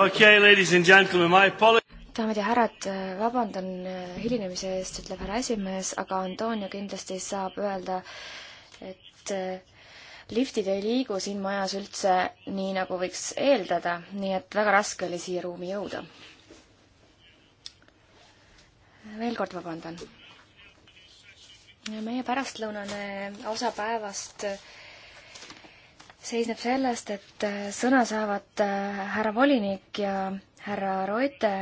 okei okay,, ladies and gentlemen, my apologies. daamid ja härrad, vabandan äh, hilinemise eest, ütleb härra esimees, aga Antonio kindlasti saab öelda, et äh, liftid ei liigu siin majas üldse nii, nagu võiks eeldada, nii et väga raske oli siia ruumi jõuda. veel kord vabandan. meie pärastlõunane osa päevast seisneb sellest, et äh, sõna saavad äh, härra volinik ja härra Roite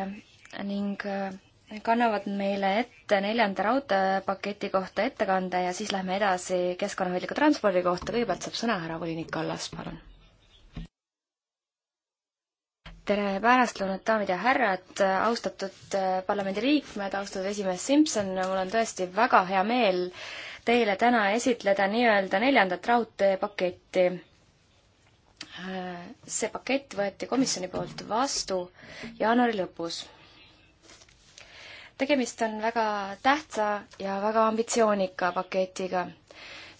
ning äh, kannavad meile ette neljanda raudteepaketi kohta ettekande ja siis lähme edasi keskkonnahoidliku transpordi kohta. kõigepealt saab sõna härra volinik Kallas, palun. tere pärastlõunat, daamid ja härrad, austatud parlamendiliikmed, austatud esimees Simson, mul on tõesti väga hea meel teile täna esitleda nii-öelda neljandat raudteepaketti Äh, see pakett võeti komisjoni poolt vastu jaanuari lõpus. tegemist on väga tähtsa ja väga ambitsioonika paketiga.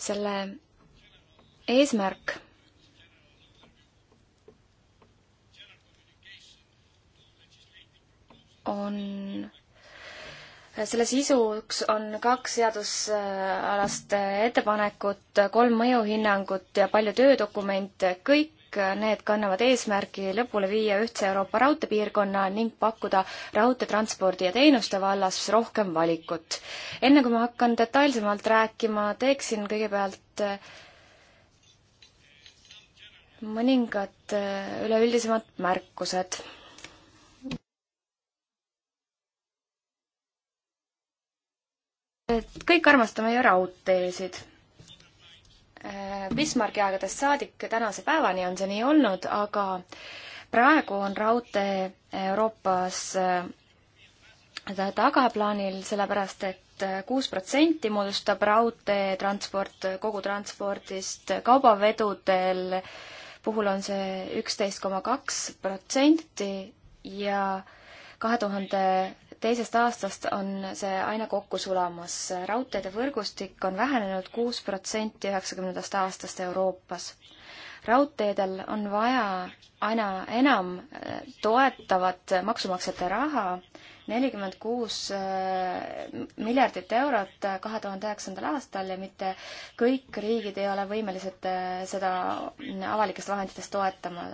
selle eesmärk on selle sisuks on kaks seadusalast ettepanekut, kolm mõjuhinnangut ja palju töödokumente, kõik kõik need kannavad eesmärki lõpule viia ühtse Euroopa raudteepiirkonna ning pakkuda raudteetranspordi ja teenuste vallas rohkem valikut. enne kui ma hakkan detailsemalt rääkima, teeksin kõigepealt äh, mõningad äh, üleüldisemad märkused et kõik armastame ju raudteesid. Bismarcki aegadest saadik tänase päevani on see nii olnud, aga praegu on raudtee Euroopas äh, tagaplaanil, sellepärast et äh, kuus protsenti moodustab raudteetransport kogu transpordist, kaubavedudel puhul on see üksteist koma kaks protsenti ja kahe tuhande teisest aastast on see aina kokku sulamas. raudteede võrgustik on vähenenud kuus protsenti üheksakümnendast aastast Euroopas. raudteedel on vaja aina enam eh, toetavat maksumaksjate raha, nelikümmend kuus eh, miljardit eurot kahe tuhande üheksandal aastal ja mitte kõik riigid ei ole võimelised eh, seda avalikest vahenditest toetama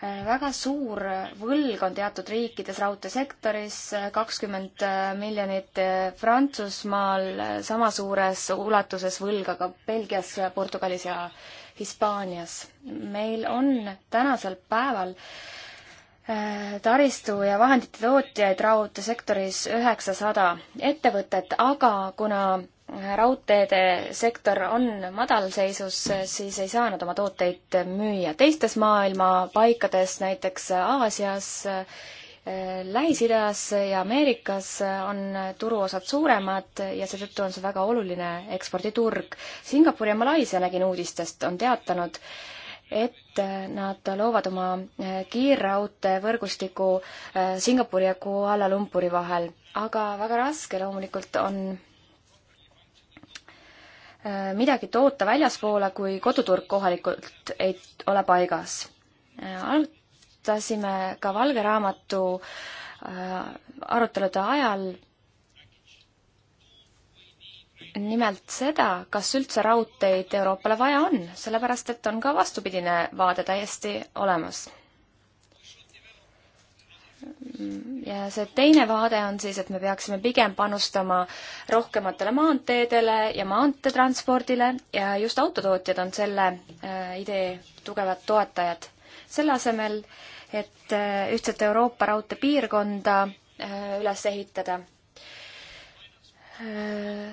väga suur võlg on teatud riikides raudteesektoris, kakskümmend miljonit Prantsusmaal, sama suures ulatuses võlg aga Belgias, Portugalis ja Hispaanias. meil on tänasel päeval äh, taristu ja vahendite tootjaid raudteesektoris üheksasada ettevõtet, aga kuna raudteede sektor on madalseisus, siis ei saa nad oma tooteid müüa. teistes maailma paikades, näiteks Aasias, Lähis-Idas ja Ameerikas on turuosad suuremad ja seetõttu on see väga oluline eksporditurg. Singapur ja Malaisia, nägin uudistest, on teatanud, et nad loovad oma kiirraudteevõrgustiku Singapuri ja Kuala Lumpuri vahel. aga väga raske loomulikult on Äh, midagi toota väljaspoole, kui koduturg kohalikult ei ole paigas. Äh, arutasime ka Valge Raamatu äh, arutelude ajal nimelt seda, kas üldse raudteid Euroopale vaja on, sellepärast et on ka vastupidine vaade täiesti olemas ja see teine vaade on siis, et me peaksime pigem panustama rohkematele maanteedele ja maanteetranspordile ja just autotootjad on selle äh, idee tugevad toetajad. selle asemel, et äh, ühtset Euroopa raudteepiirkonda äh, üles ehitada äh,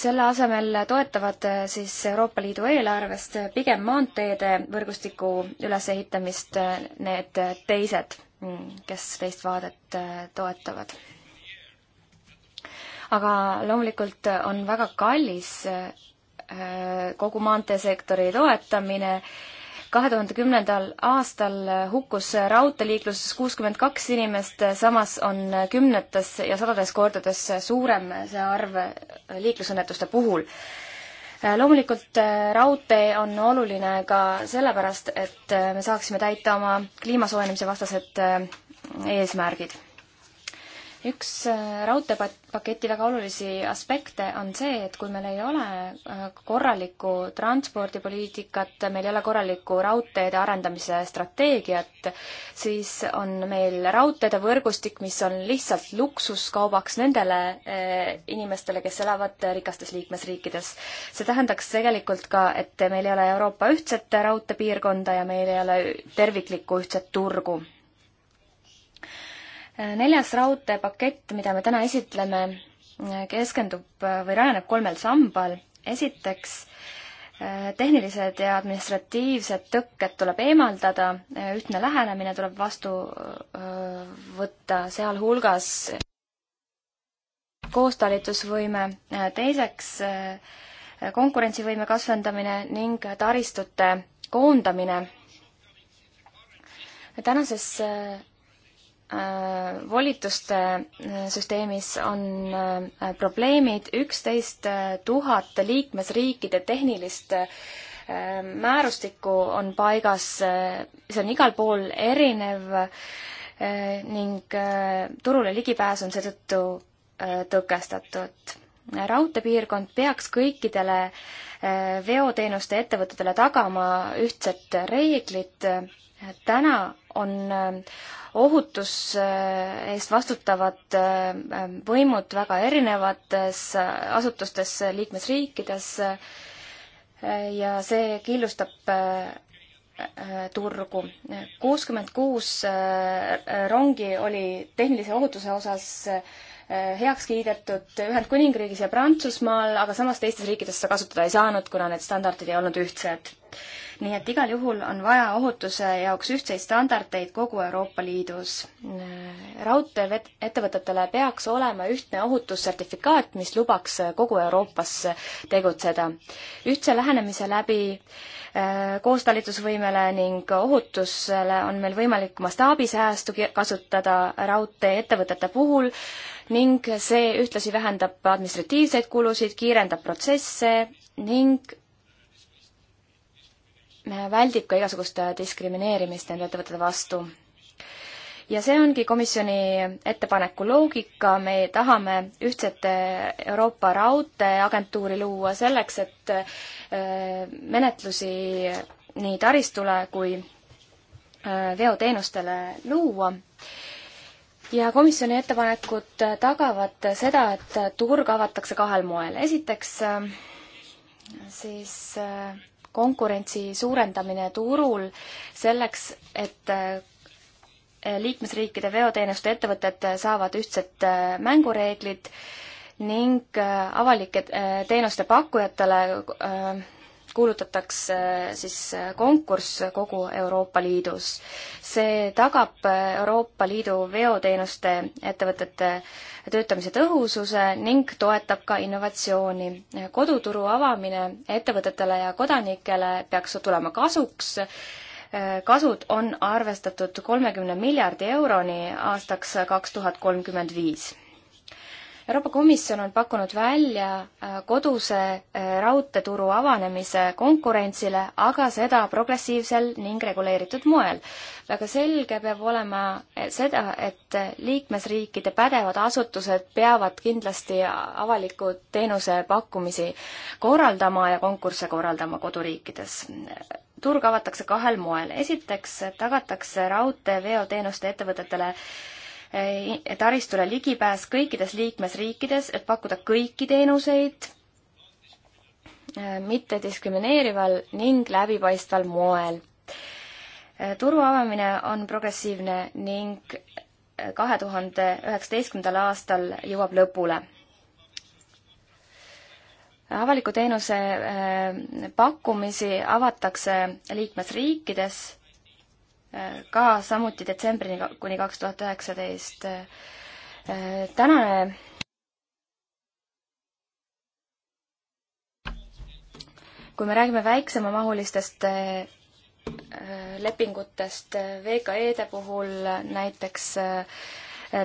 selle asemel toetavad äh, siis Euroopa Liidu eelarvest pigem maanteede võrgustiku ülesehitamist äh, need äh, teised. Mm, kes teist vaadet äh, toetavad. aga loomulikult on väga kallis äh, kogu maanteesektori toetamine. kahe tuhande kümnendal aastal hukkus raudteeliikluses kuuskümmend kaks inimest, samas on kümnetes ja sadades kordades suurem see arv liiklusõnnetuste puhul Äh, loomulikult äh, raudtee on oluline ka sellepärast, et äh, me saaksime täita oma kliima soojenemise vastased eesmärgid üks äh, raudteepaketi väga olulisi aspekte on see, et kui meil ei ole äh, korralikku transpordipoliitikat, meil ei ole korralikku raudteede arendamise strateegiat, siis on meil raudteede võrgustik, mis on lihtsalt luksuskaubaks nendele äh, inimestele, kes elavad rikastes liikmesriikides. see tähendaks tegelikult ka, et meil ei ole Euroopa ühtset raudteepiirkonda ja meil ei ole terviklikku ühtset turgu neljas raudteepakett, mida me täna esitleme, keskendub või rajaneb kolmel sambal. esiteks, tehnilised ja administratiivsed tõkked tuleb eemaldada, ühtne lähenemine tuleb vastu võtta, sealhulgas koostalitusvõime, teiseks konkurentsivõime kasvandamine ning taristute koondamine. tänases Äh, volituste äh, süsteemis on äh, probleemid, üksteist tuhat liikmesriikide tehnilist määrustikku on paigas, see on igal pool erinev ning turule ligipääs on seetõttu tõkestatud. raudteepiirkond peaks kõikidele veoteenuste ettevõtetele tagama ühtsed reeglid täna on äh, ohutuse äh, eest vastutavad äh, võimud väga erinevates asutustes liikmesriikides ja see killustab turgu. kuuskümmend kuus rongi oli tehnilise ohutuse osas Eh, heaks kiidetud Ühendkuningriigis ja Prantsusmaal, aga samas teistes riikides seda kasutada ei saanud, kuna need standardid ei olnud ühtsed. nii et igal juhul on vaja ohutuse jaoks ühtseid standardeid kogu Euroopa Liidus. Eh, raudteeettevõtetele peaks olema ühtne ohutussertifikaat, mis lubaks kogu Euroopas tegutseda. ühtse lähenemise läbi eh, koostalitusvõimele ning ohutusele on meil võimalik mastaabisäästu kasutada raudteeettevõtete puhul, ning see ühtlasi vähendab administratiivseid kulusid, kiirendab protsesse ning väldib ka igasugust diskrimineerimist nende ettevõtete vastu. ja see ongi komisjoni ettepaneku loogika, me tahame ühtset Euroopa Raudteeagentuuri luua selleks, et äh, menetlusi nii taristule kui äh, veoteenustele luua ja komisjoni ettepanekud tagavad seda, et turg avatakse kahel moel. esiteks äh, siis äh, konkurentsi suurendamine turul selleks, et äh, liikmesriikide veoteenuste ettevõtted saavad ühtsed mängureeglid ning avalike teenuste pakkujatele kuulutatakse siis äh, konkurss kogu Euroopa Liidus. see tagab äh, Euroopa Liidu veoteenuste ettevõtete töötamise tõhususe ning toetab ka innovatsiooni. koduturu avamine ettevõtetele ja kodanikele peaks tulema kasuks äh, kasud on arvestatud kolmekümne miljardi euroni aastaks kaks tuhat kolmkümmend viis Euroopa Komisjon on pakkunud välja äh, koduse äh, raudteeturu avanemise konkurentsile, aga seda progressiivsel ning reguleeritud moel. väga selge peab olema äh, seda, et liikmesriikide pädevad asutused peavad kindlasti avaliku teenuse pakkumisi korraldama ja konkursse korraldama koduriikides turg avatakse kahel moel. esiteks tagatakse raudteeveoteenuste ettevõtetele Eh, taristule ligipääs kõikides liikmesriikides, et pakkuda kõiki teenuseid eh, mitte diskrimineerival ning läbipaistval moel. Eh, turu avamine on progressiivne ning kahe tuhande üheksateistkümnendal aastal jõuab lõpule avaliku teenuse pakkumisi avatakse liikmesriikides ka samuti detsembrini kuni kaks tuhat üheksateist. tänane kui me räägime väiksemamahulistest äh, lepingutest äh, VKE-de puhul näiteks äh,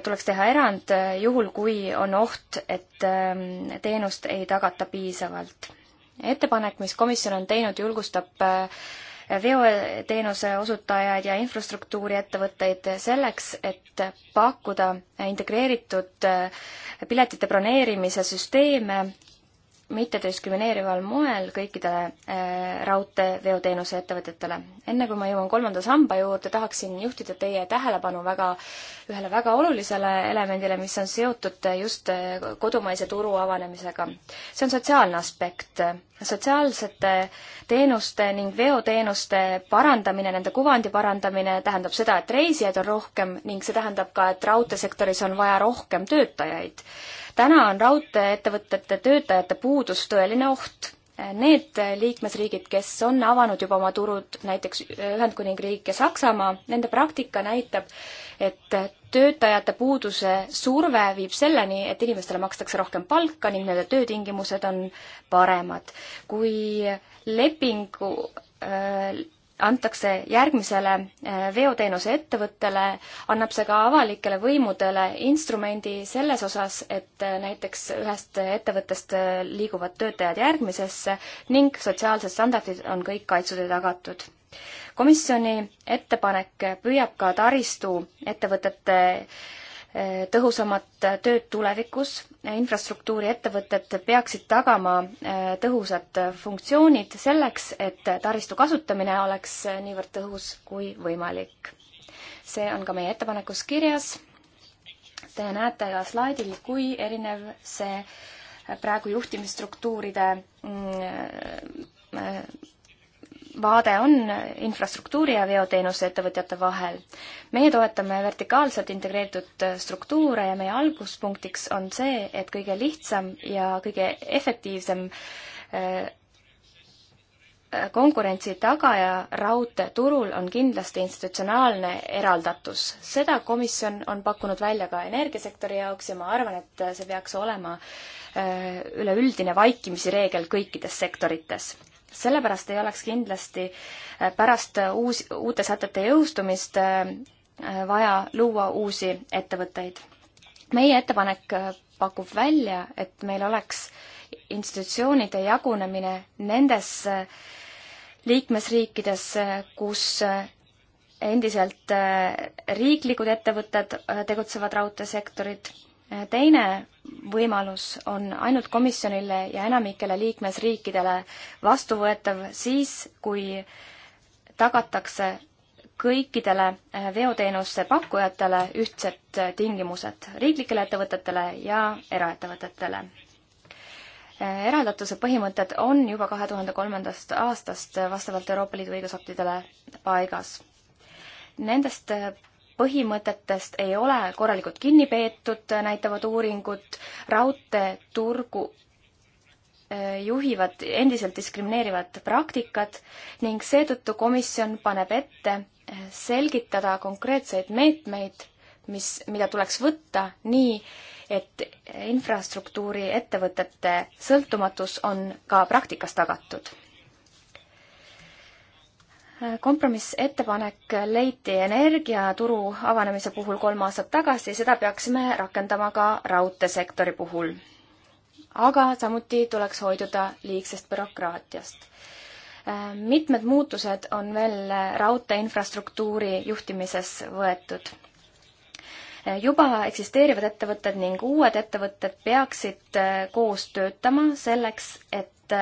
tuleks teha erand juhul, kui on oht, et ähm, teenust ei tagata piisavalt. ettepanek, mis komisjon on teinud, julgustab veoteenuse osutajaid ja infrastruktuuriettevõtteid selleks, et pakkuda integreeritud äh, piletite broneerimise süsteeme mittediskrimineerival moel kõikidele äh, raudteeveoteenuse ettevõtetele. enne kui ma jõuan kolmanda samba juurde, tahaksin juhtida teie tähelepanu väga, ühele väga olulisele elemendile, mis on seotud just äh, kodumaise turu avanemisega. see on sotsiaalne aspekt sotsiaalsete teenuste ning veoteenuste parandamine, nende kuvandi parandamine tähendab seda, et reisijaid on rohkem ning see tähendab ka, et raudteesektoris on vaja rohkem töötajaid. täna on raudteeettevõtete töötajate puudus tõeline oht Need liikmesriigid, kes on avanud juba oma turud, näiteks Ühendkuningriik ja Saksamaa, nende praktika näitab, et töötajate puuduse surve viib selleni, et inimestele makstakse rohkem palka ning nende töötingimused on paremad. kui lepingu äh, antakse järgmisele äh, veoteenuse ettevõttele, annab see ka avalikele võimudele instrumendi selles osas, et äh, näiteks ühest ettevõttest äh, liiguvad töötajad järgmisesse ning sotsiaalsed standardid on kõik kaitstud ja tagatud komisjoni ettepanek püüab ka taristuettevõtete eh, tõhusamat tööd tulevikus. infrastruktuuriettevõtted peaksid tagama eh, tõhusad funktsioonid selleks, et taristu kasutamine oleks niivõrd tõhus kui võimalik. see on ka meie ettepanekus kirjas. Te näete ka slaidil, kui erinev see praegu juhtimisstruktuuride mm, eh, vaade on infrastruktuuri ja veoteenuse ettevõtjate vahel. meie toetame vertikaalselt integreeritud struktuure ja meie alguspunktiks on see, et kõige lihtsam ja kõige efektiivsem äh, konkurentsi tagaja raudteeturul on kindlasti institutsionaalne eraldatus. seda komisjon on pakkunud välja ka energiasektori jaoks ja ma arvan, et see peaks olema äh, üleüldine vaikimisi reegel kõikides sektorites sellepärast ei oleks kindlasti äh, pärast äh, uus, uute sätete jõustumist äh, vaja luua uusi ettevõtteid. meie ettepanek pakub välja, et meil oleks institutsioonide jagunemine nendes liikmesriikides, kus endiselt riiklikud ettevõtted tegutsevad raudteesektorit teine võimalus on ainult komisjonile ja enamikele liikmesriikidele vastuvõetav siis, kui tagatakse kõikidele äh, veoteenuse pakkujatele ühtsed tingimused riiklikele ettevõtetele ja eraettevõtetele. Äh, eraldatuse põhimõtted on juba kahe tuhande kolmandast aastast vastavalt Euroopa Liidu õigusaktidele paigas. Nendest äh, põhimõtetest ei ole korralikult kinni peetud, näitavad uuringud, raudteeturgu äh, juhivad endiselt diskrimineerivad praktikad ning seetõttu komisjon paneb ette äh, selgitada konkreetseid meetmeid, mis, mida tuleks võtta nii, et infrastruktuuriettevõtete sõltumatus on ka praktikas tagatud kompromissettepanek leiti energiaturu avanemise puhul kolm aastat tagasi, seda peaksime rakendama ka raudteesektori puhul. aga samuti tuleks hoiduda liigsest bürokraatiast. mitmed muutused on veel raudtee infrastruktuuri juhtimises võetud. juba eksisteerivad ettevõtted ning uued ettevõtted peaksid koos töötama selleks, et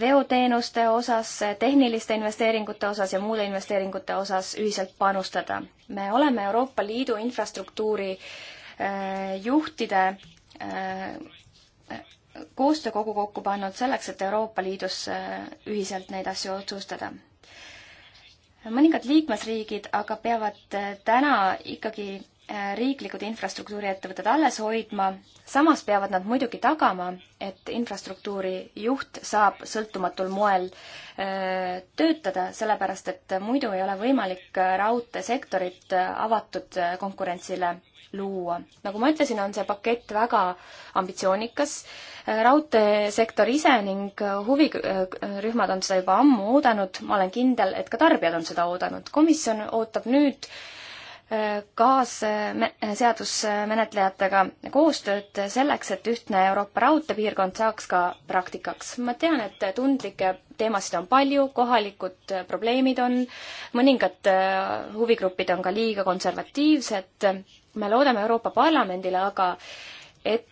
veoteenuste osas, tehniliste investeeringute osas ja muude investeeringute osas ühiselt panustada. me oleme Euroopa Liidu infrastruktuuri äh, juhtide äh, koostöökogu kokku pannud selleks, et Euroopa Liidus äh, ühiselt neid asju otsustada. mõningad liikmesriigid aga peavad täna ikkagi Äh, riiklikud infrastruktuuriettevõtted alles hoidma, samas peavad nad muidugi tagama, et infrastruktuuri juht saab sõltumatul moel öö, äh, töötada, sellepärast et muidu ei ole võimalik äh, raudteesektorit avatud konkurentsile luua. nagu ma ütlesin, on see pakett väga ambitsioonikas, raudteesektor ise ning huvirühmad on seda juba ammu oodanud, ma olen kindel, et ka tarbijad on seda oodanud. komisjon ootab nüüd äh, kaasseadusmenetlejatega koostööd selleks, et ühtne Euroopa raudteepiirkond saaks ka praktikaks. ma tean, et tundlikke teemasid on palju, kohalikud probleemid on, mõningad äh, huvigrupid on ka liiga konservatiivsed. me loodame Euroopa Parlamendile aga, et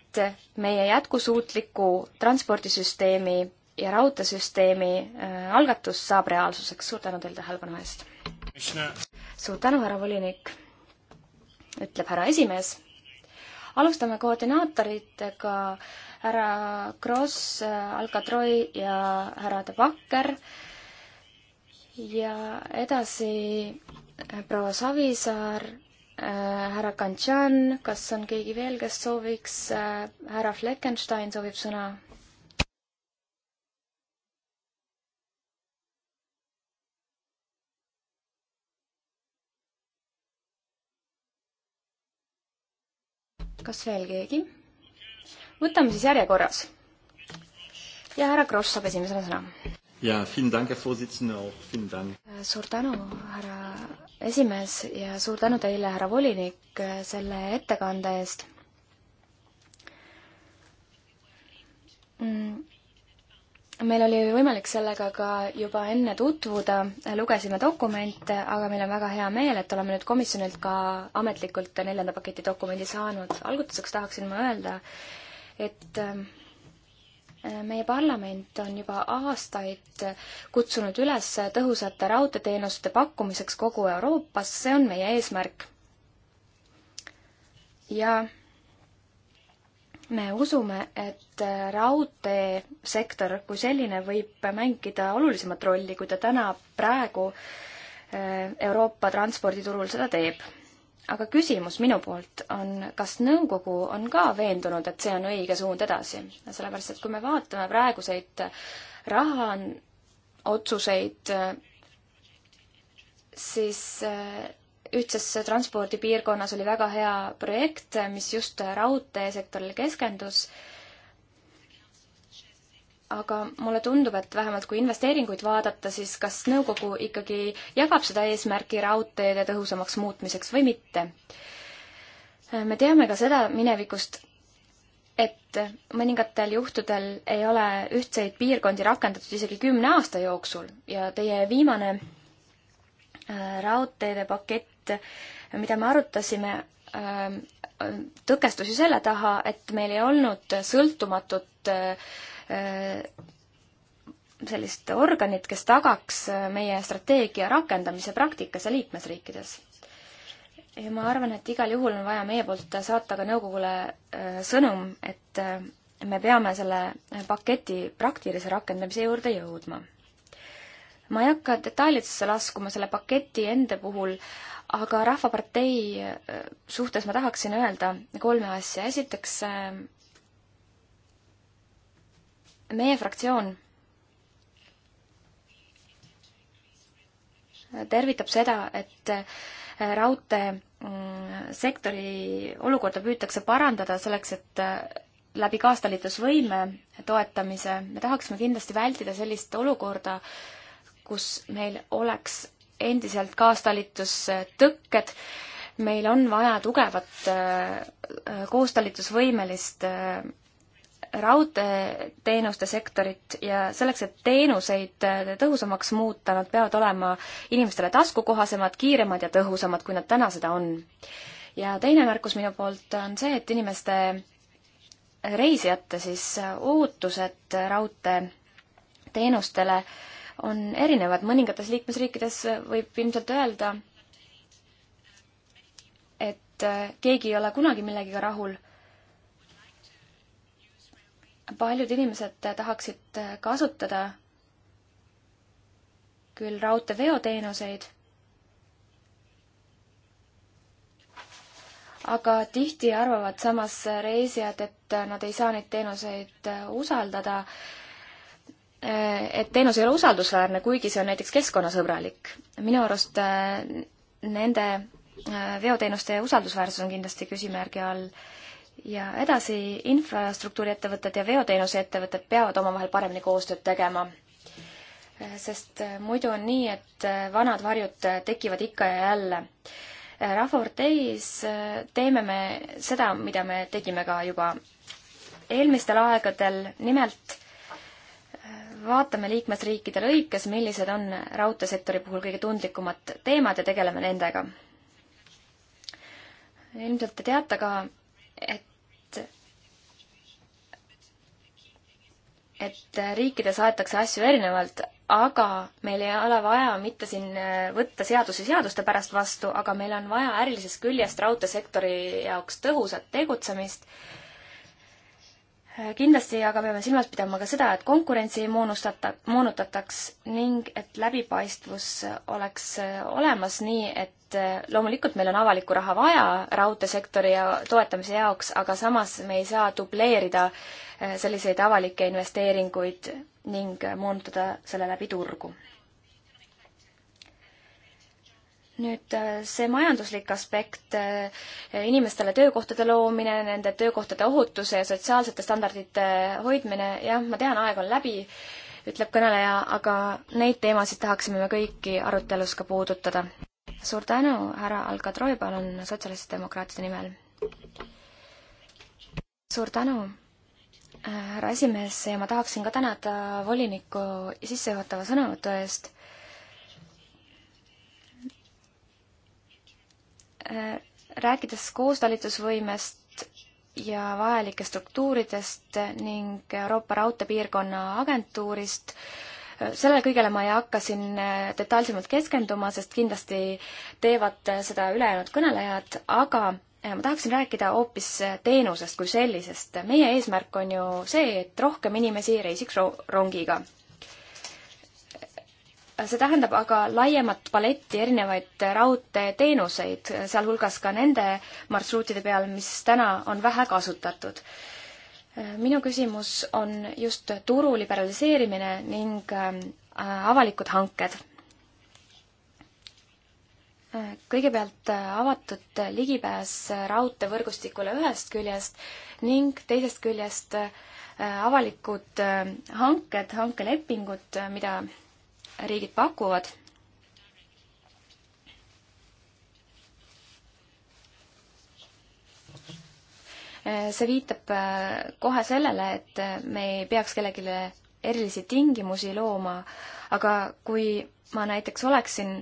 meie jätkusuutliku transpordisüsteemi ja raudteesüsteemi äh, algatus saab reaalsuseks. suur tänu teile tähelepanu eest! suur tänu, härra volinik! ütleb härra esimees. alustame koordinaatoritega härra Kross, Alcatroi ja härra De Backer ja edasi eh, proua Savisaar eh, härra Kantšan, kas on keegi veel, kes sooviks, eh, härra Fleckenstein soovib sõna? kas veel keegi? võtame siis järjekorras. ja härra Kross saab esimesena sõna. ja, äh, suur tänu, härra esimees ja suur tänu teile, härra volinik, äh, selle ettekande eest mm meil oli võimalik sellega ka juba enne tutvuda, lugesime dokumente, aga meil on väga hea meel, et oleme nüüd komisjonilt ka ametlikult neljanda paketi dokumendi saanud. algutuseks tahaksin ma öelda, et äh, meie parlament on juba aastaid kutsunud üles tõhusate raudteeteenuste pakkumiseks kogu Euroopas, see on meie eesmärk. ja me usume, et äh, raudteesektor kui selline võib mängida olulisemat rolli, kui ta täna praegu äh, Euroopa transporditurul seda teeb. aga küsimus minu poolt on, kas nõukogu on ka veendunud, et see on õige suund edasi? sellepärast, et kui me vaatame praeguseid äh, rahaotsuseid, siis ühtses transpordipiirkonnas oli väga hea projekt, mis just raudteesektorile keskendus. aga mulle tundub, et vähemalt kui investeeringuid vaadata, siis kas nõukogu ikkagi jagab seda eesmärki raudteede tõhusamaks muutmiseks või mitte? me teame ka seda minevikust, et mõningatel juhtudel ei ole ühtseid piirkondi rakendatud isegi kümne aasta jooksul ja teie viimane äh, raudteede pakett et äh, mida me arutasime, äh, tõkestus ju selle taha, et meil ei olnud sõltumatut äh, sellist organit, kes tagaks meie strateegia rakendamise praktikas ja liikmesriikides. ja ma arvan, et igal juhul on vaja meie poolt saata ka nõukogule sõnum, et me peame selle paketi praktilise rakendamise juurde jõudma ma ei hakka detailidesse laskuma selle paketi enda puhul, aga Rahvapartei äh, suhtes ma tahaksin öelda kolme asja. esiteks, äh, meie fraktsioon tervitab seda, et äh, raudteesektori mm, olukorda püütakse parandada selleks, et läbi kaastalitusvõime toetamise me tahaksime kindlasti vältida sellist olukorda, kus meil oleks endiselt kaastalitustõkked, meil on vaja tugevat äh, äh, koostalitusvõimelist äh, raudteeteenuste sektorit ja selleks, et teenuseid tõhusamaks muuta, nad peavad olema inimestele taskukohasemad, kiiremad ja tõhusamad, kui nad täna seda on. ja teine märkus minu poolt on see, et inimeste reisijate siis ootused raudteeteenustele äh, on erinevad, mõningates liikmesriikides võib ilmselt öelda, et äh, keegi ei ole kunagi millegiga rahul. paljud inimesed tahaksid äh, kasutada küll raudteeveoteenuseid, aga tihti arvavad samas reisijad, et nad ei saa neid teenuseid äh, usaldada Äh, et teenus ei ole usaldusväärne, kuigi see on näiteks keskkonnasõbralik. minu arust äh, nende äh, veoteenuste usaldusväärsus on kindlasti küsimärgi all. ja edasi, infrastruktuuriettevõtted ja veoteenuseettevõtted peavad omavahel paremini koostööd tegema. sest muidu on nii, et vanad varjud tekivad ikka ja jälle. rahvaparteis teeme me seda, mida me tegime ka juba eelmistel aegadel, nimelt vaatame liikmesriikide lõikes, millised on raudteesektori puhul kõige tundlikumad teemad ja tegeleme nendega. ilmselt te teate ka, et et riikides aetakse asju erinevalt, aga meil ei ole vaja mitte siin võtta seadusi seaduste pärast vastu, aga meil on vaja ärilisest küljest raudteesektori jaoks tõhusat tegutsemist äh, Äh, kindlasti aga peame silmas pidama ka seda, et konkurentsi ei moonustata, moonutataks ning et läbipaistvus oleks äh, olemas, nii et äh, loomulikult meil on avalikku raha vaja raudteesektori ja toetamise jaoks, aga samas me ei saa dubleerida selliseid avalikke investeeringuid ning moonutada selle läbi turgu nüüd äh, see majanduslik aspekt, äh, inimestele töökohtade loomine, nende töökohtade ohutuse ja sotsiaalsete standardite hoidmine, jah, ma tean, aeg on läbi, ütleb kõneleja, aga neid teemasid tahaksime me kõiki arutelus ka puudutada. suur tänu, härra Alcatroi, palun sotsialistide demokraatide nimel. suur tänu, äh, härra esimees, ja ma tahaksin ka tänada volinikku sissejuhatava sõnavõtu eest Äh, rääkides koostalitusvõimest ja vajalike struktuuridest ning Euroopa raudteepiirkonna agentuurist, äh, sellele kõigele ma ei hakka siin äh, detailsemalt keskenduma, sest kindlasti teevad seda ülejäänud kõnelejad, aga ma tahaksin rääkida hoopis teenusest kui sellisest. meie eesmärk on ju see, et rohkem inimesi reisiks rongiga. Rongiga see tähendab aga laiemat paletti erinevaid raudteeteenuseid, sealhulgas ka nende marsruutide peal, mis täna on vähe kasutatud. minu küsimus on just turu liberaliseerimine ning äh, avalikud hanked. kõigepealt äh, avatud ligipääs raudteevõrgustikule ühest küljest ning teisest küljest äh, avalikud hanked, hankelepingud, mida riigid pakuvad. see viitab äh, kohe sellele, et me ei peaks kellelegi erilisi tingimusi looma, aga kui ma näiteks oleksin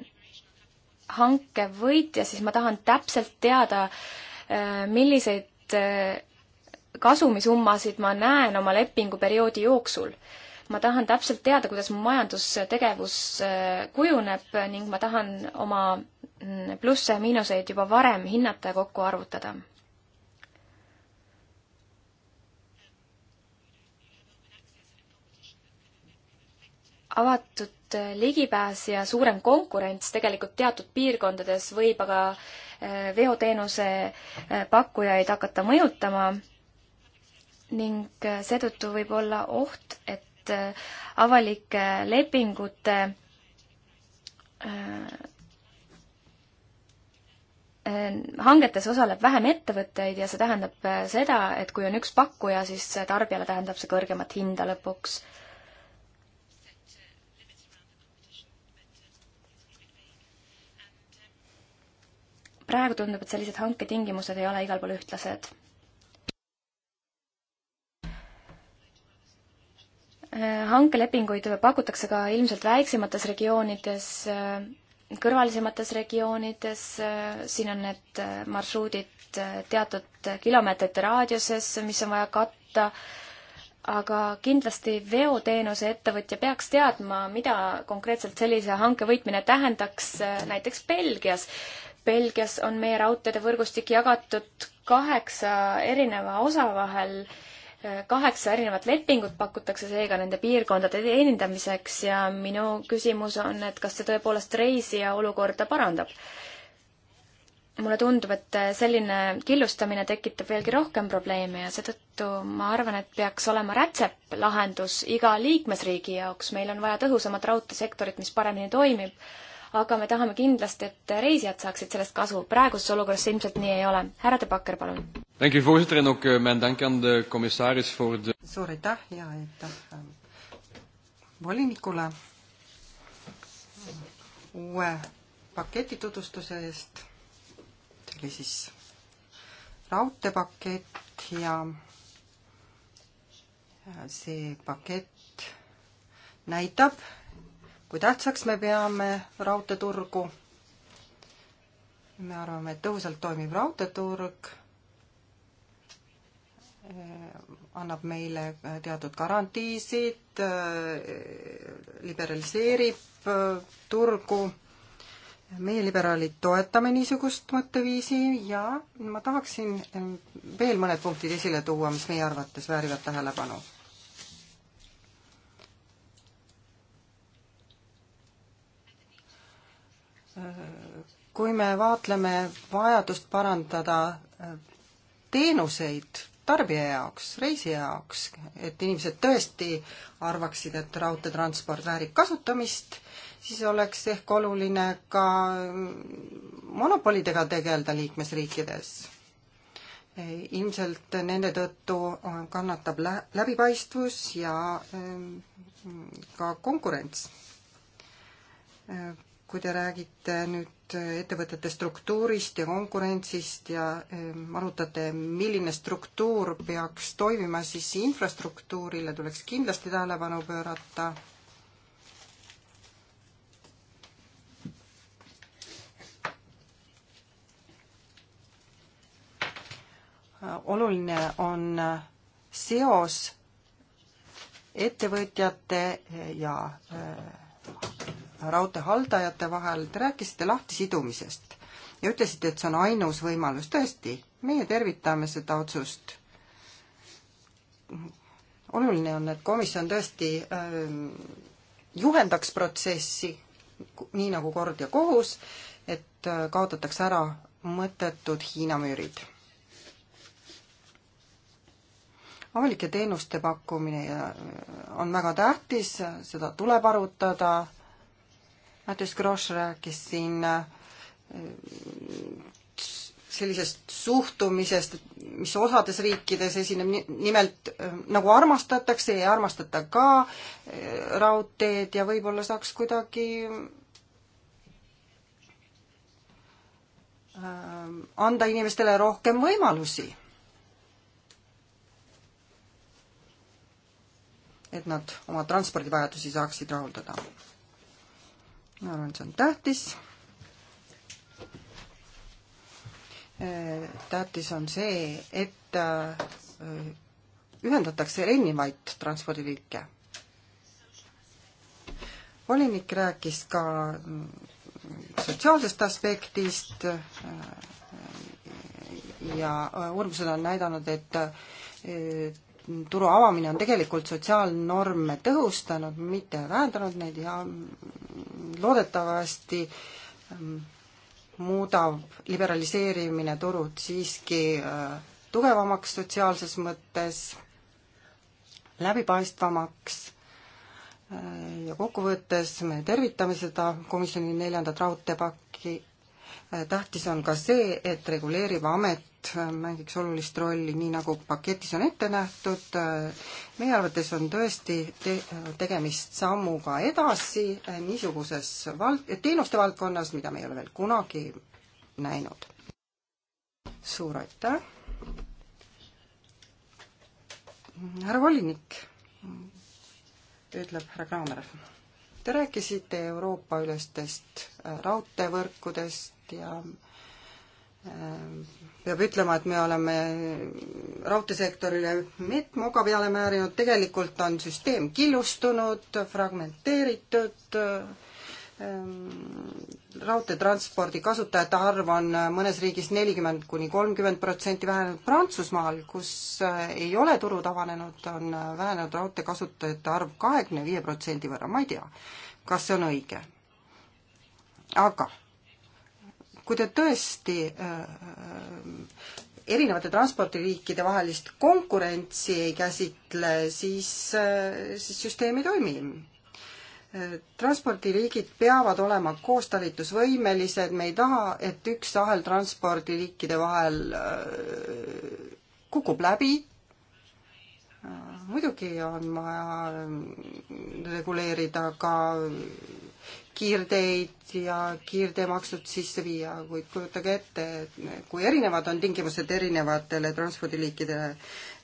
hanke võitja, siis ma tahan täpselt teada, äh, milliseid äh, kasumisummasi ma näen oma lepinguperioodi jooksul ma tahan täpselt teada, kuidas mu majandustegevus äh, kujuneb ning ma tahan oma mm, plusse ja miinuseid juba varem hinnata ja kokku arvutada. avatud äh, ligipääs ja suurem konkurents tegelikult teatud piirkondades võib aga äh, veoteenuse pakkujaid hakata mõjutama ning seetõttu võib olla oht, et et äh, avalike lepingute äh, äh, hangetes osaleb vähem ettevõtteid ja see tähendab seda, et kui on üks pakkuja, siis tarbijale tähendab see kõrgemat hinda lõpuks. praegu tundub, et sellised hanketingimused ei ole igal pool ühtlased Äh, hankelepinguid pakutakse ka ilmselt väiksemates regioonides, äh, kõrvalisemates regioonides, äh, siin on need marsruudid teatud kilomeetrite raadiuses, mis on vaja katta, aga kindlasti veoteenuse ettevõtja peaks teadma, mida konkreetselt sellise hanke võitmine tähendaks näiteks Belgias. Belgias on meie raudteede võrgustik jagatud kaheksa erineva osa vahel äh, kaheksa erinevat lepingut pakutakse seega nende piirkondade teenindamiseks ja minu küsimus on, et kas see tõepoolest reisija olukorda parandab? mulle tundub, et selline killustamine tekitab veelgi rohkem probleeme ja seetõttu ma arvan, et peaks olema rätsep lahendus iga liikmesriigi jaoks, meil on vaja tõhusamat raudteesektorit, mis paremini toimib aga me tahame kindlasti, et reisijad saaksid sellest kasu. praeguses olukorras see ilmselt nii ei ole. härra De Backer, palun. Eh, suur aitäh ja aitäh eh, volinikule uue paketi tutvustuse eest. see oli siis raudteepakett ja eh, see pakett näitab, kui tähtsaks me peame raudteeturgu. me arvame, et tõhusalt toimiv raudteeturg eh, annab meile teatud garantiisid, eh, liberaliseerib eh, turgu. meie liberaalid toetame niisugust mõtteviisi ja ma tahaksin veel mõned punktid esile tuua, mis meie arvates väärivad tähelepanu kui me vaatleme vajadust parandada äh, teenuseid tarbija jaoks, reisija jaoks, et inimesed tõesti arvaksid, et raudteetransport väärib kasutamist, siis oleks ehk oluline ka äh, monopolidega tegeleda liikmesriikides. ilmselt nende tõttu kannatab lä-, läbipaistvus ja äh, ka konkurents kui te räägite nüüd ettevõtete struktuurist ja konkurentsist ja ehm, arutate, milline struktuur peaks toimima, siis infrastruktuurile tuleks kindlasti tähelepanu pöörata. oluline on seos ettevõtjate ja äh, raudtee haldajate vahel, te rääkisite lahtisidumisest ja ütlesite, et see on ainus võimalus. tõesti, meie tervitame seda otsust. oluline on, et komisjon tõesti ähm, juhendaks protsessi nii nagu kord ja kohus, et äh, kaotatakse ära mõttetud Hiina müürid. avalike teenuste pakkumine äh, on väga tähtis, seda tuleb arutada Mattias Grosch rääkis siin äh, sellisest suhtumisest, mis osades riikides esineb, nimelt äh, nagu armastatakse ja ei armastata ka äh, raudteed ja võib-olla saaks kuidagi anda inimestele rohkem võimalusi. et nad oma transpordivajadusi saaksid rahuldada ma arvan, et see on tähtis. Äh, tähtis on see, et äh, ühendatakse erinevaid transpordiliike. volinik rääkis ka mm, sotsiaalsest aspektist äh, ja uurimused on näidanud, et turu avamine on tegelikult sotsiaalnorme tõhustanud, mitte vähendanud neid ja mm, loodetavasti ähm, muudab liberaliseerimine turud siiski äh, tugevamaks sotsiaalses mõttes, läbipaistvamaks äh, ja kokkuvõttes me tervitame seda komisjoni neljandat raudteepakki. Äh, tähtis on ka see, et reguleeriv amet Liit äh, mängiks olulist rolli, nii nagu paketis on ette nähtud. Äh, meie arvates on tõesti te tegemist sammuga edasi äh, niisuguses vald-, teenuste valdkonnas, mida me ei ole veel kunagi näinud. suur aitäh! härra volinik, ütleb härra Kraamer. Te rääkisite Euroopa ülestest raudteevõrkudest ja äh, peab ütlema, et me oleme raudteesektorile mett moka peale määrinud, tegelikult on süsteem killustunud, fragmenteeritud, ehm, raudteetranspordi kasutajate arv on mõnes riigis nelikümmend kuni kolmkümmend protsenti vähenenud, Prantsusmaal, kus ei ole turud avanenud, on vähenenud raudtee kasutajate arv kahekümne viie protsendi võrra, ma ei tea, kas see on õige. aga kui te tõesti äh, äh, erinevate transpordiliikide vahelist konkurentsi ei käsitle, siis, äh, siis süsteem ei toimi. transpordiliigid peavad olema koostalitusvõimelised, me ei taha, et üks ahel transpordiliikide vahel kukub läbi, muidugi on vaja reguleerida ka kiirteid ja kiirteemaksud sisse viia, kuid kujutage ette, et kui erinevad on tingimused erinevatele transpordiliikidele.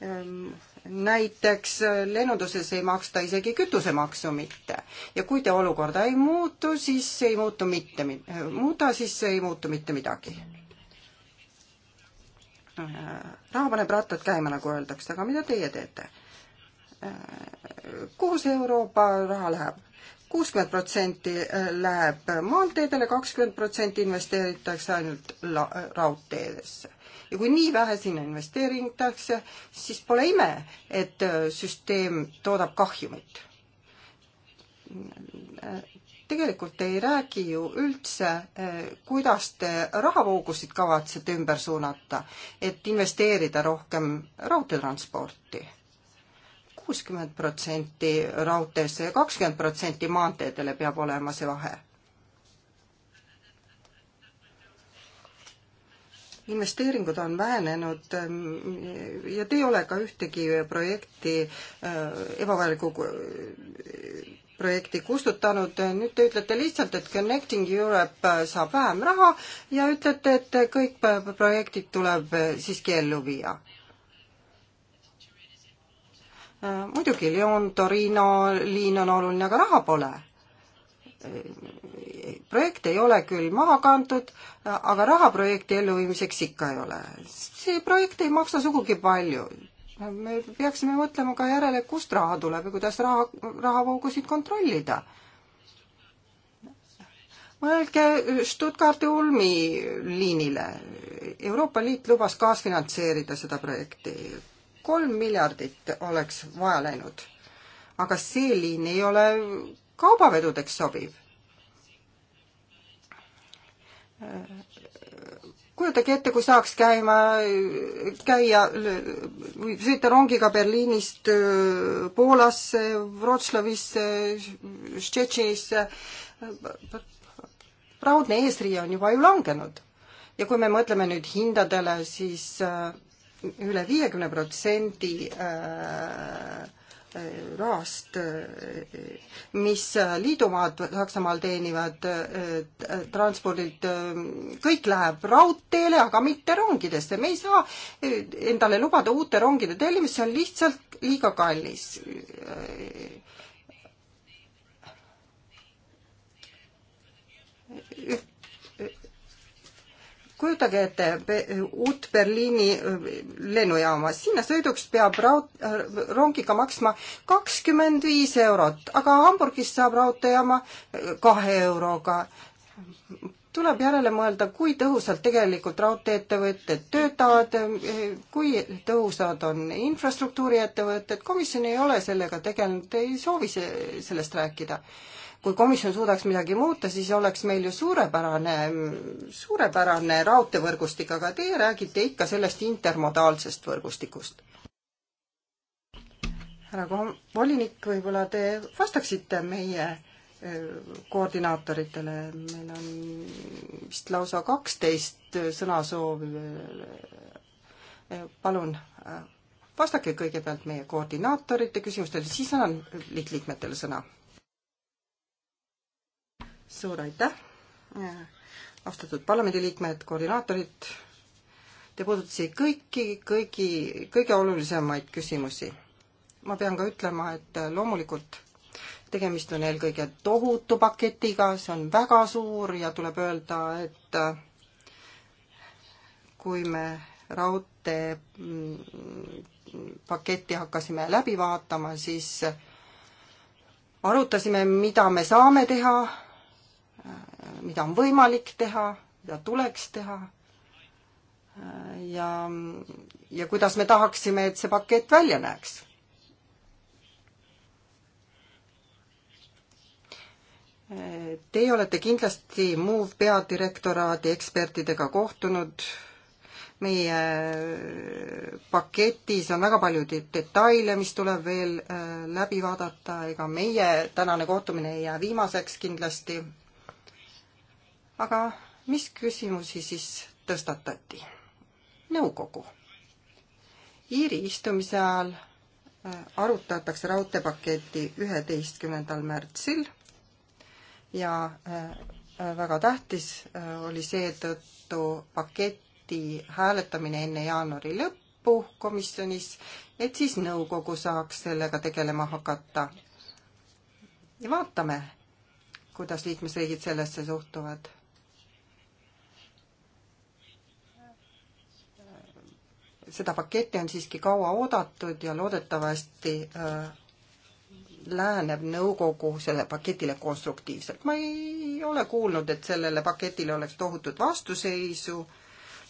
Ehm, näiteks äh, lennunduses ei maksta isegi kütusemaksu mitte ja kui te olukorda ei muutu, siis ei muutu mitte, muuda, siis ei muutu mitte midagi äh, raha paneb rattad käima, nagu öeldakse, aga mida teie teete? Äh, kuhu see Euroopa raha läheb? kuuskümmend protsenti läheb maanteedele, kakskümmend protsenti investeeritakse ainult la-, raudteedesse. ja kui nii vähe sinna investeeritakse, siis pole ime, et äh, süsteem toodab kahjumit. tegelikult te ei räägi ju üldse, äh, kuidas te rahavoogusid kavatsete ümber suunata, et investeerida rohkem raudteetransporti kuuskümmend protsenti raudteesse ja kakskümmend protsenti maanteedele peab olema see vahe. investeeringud on vähenenud mm, ja te ei ole ka ühtegi projekti, äh, ebavajalikku projekti kustutanud, nüüd te ütlete lihtsalt, et Connecting Europe äh, saab vähem raha ja ütlete, et kõik äh, projektid tuleb siiski ellu viia muidugi Lyon, Torino liin on oluline, aga raha pole. projekt ei ole küll maha kantud, aga raha projekti elluviimiseks ikka ei ole. see projekt ei maksa sugugi palju. me peaksime mõtlema ka järele, kust raha tuleb ja kuidas raha, rahavoogusid kontrollida. mõelge Stuttgardi Ulmi liinile. Euroopa Liit lubas kaasfinantseerida seda projekti kolm miljardit oleks vaja läinud. aga see liin ei ole kaubavedudeks sobiv. kujutage ette, kui saaks käima, käia, sõita rongiga Berliinist äh, Poolasse, Wroclawisse, Štetšinisse. raudne eesriie on juba ju langenud ja kui me mõtleme nüüd hindadele, siis äh, üle viiekümne protsendi äh, rahast, äh, mis äh, liidumaad Saksamaal teenivad transpordilt, kõik läheb raudteele, aga mitte rongidesse. me ei saa endale lubada uute rongide tellimist, see on lihtsalt liiga kallis kujutage ette uut Berliini äh, lennujaama, sinna sõiduks peab raud-, äh, rongiga maksma kakskümmend viis eurot, aga Hamburgist saab raudteejaama äh, kahe euroga. tuleb järele mõelda, kui tõhusalt tegelikult raudtee-ettevõtted töötavad, kui tõhusad on infrastruktuuriettevõtted, komisjon ei ole sellega tegelenud, ei soovi sellest rääkida kui komisjon suudaks midagi muuta, siis oleks meil ju suurepärane, suurepärane raudteevõrgustik, aga teie räägite ikka sellest intermodaalsest võrgustikust. härra volinik, võib-olla te vastaksite meie koordinaatoritele, meil on vist lausa kaksteist sõnasoovi. palun äh, vastake kõigepealt meie koordinaatorite küsimustele, siis annan lihtliikmetele sõna suur aitäh, austatud parlamendiliikmed, koordinaatorid. Te puudutasite kõiki, kõigi, kõige olulisemaid küsimusi. ma pean ka ütlema, et loomulikult tegemist on eelkõige tohutu paketiga, see on väga suur ja tuleb öelda, et kui me raudtee mm, paketti hakkasime läbi vaatama, siis arutasime, mida me saame teha mida on võimalik teha, mida tuleks teha ja, ja kuidas me tahaksime, et see pakett välja näeks. Teie olete kindlasti MOVE peadirektoraadi ekspertidega kohtunud. meie paketis on väga palju detaile, mis tuleb veel äh, läbi vaadata, ega meie tänane kohtumine ei jää viimaseks kindlasti aga mis küsimusi siis tõstatati? nõukogu. Iiri istumise ajal äh, arutatakse raudteepaketi üheteistkümnendal märtsil ja äh, äh, väga tähtis oli seetõttu paketi hääletamine enne jaanuari lõppu komisjonis, et siis nõukogu saaks sellega tegelema hakata. ja vaatame, kuidas liikmesriigid sellesse suhtuvad seda paketti on siiski kaua oodatud ja loodetavasti äh, läheneb nõukogu selle paketile konstruktiivselt. ma ei ole kuulnud, et sellele paketile oleks tohutut vastuseisu.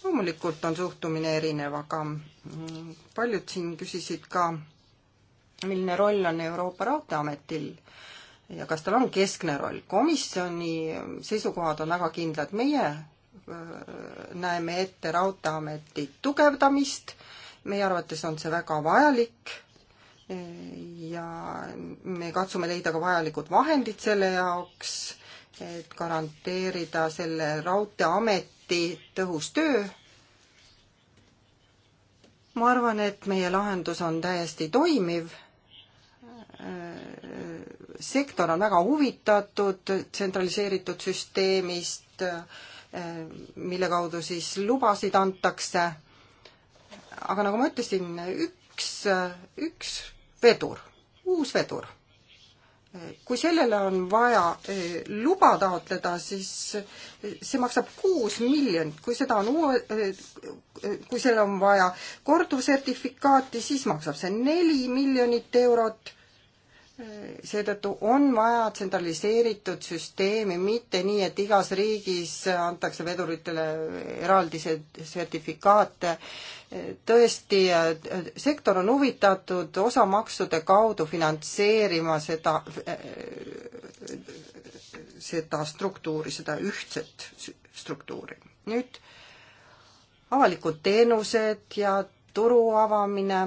loomulikult on suhtumine erinev, aga mm, paljud siin küsisid ka, milline roll on Euroopa Raudteeametil ja kas tal on keskne roll. komisjoni seisukohad on väga kindlad. meie Äh, näeme ette Raudteeameti tugevdamist, meie arvates on see väga vajalik äh, ja me katsume leida ka vajalikud vahendid selle jaoks, et garanteerida selle Raudteeameti tõhus töö. ma arvan, et meie lahendus on täiesti toimiv äh, sektor on väga huvitatud tsentraliseeritud süsteemist, mille kaudu siis lubasid antakse. aga nagu ma ütlesin, üks, üks vedur, uus vedur. kui sellele on vaja eh, luba taotleda, siis see maksab kuus miljonit, kui seda on uue, eh, kui sellele on vaja korduvsertifikaati, siis maksab see neli miljonit eurot seetõttu on vaja tsentraliseeritud süsteemi, mitte nii, et igas riigis antakse veduritele eraldiseid sertifikaate. tõesti, sektor on huvitatud osamaksude kaudu finantseerima seda, seda struktuuri, seda ühtset struktuuri. nüüd avalikud teenused ja turu avamine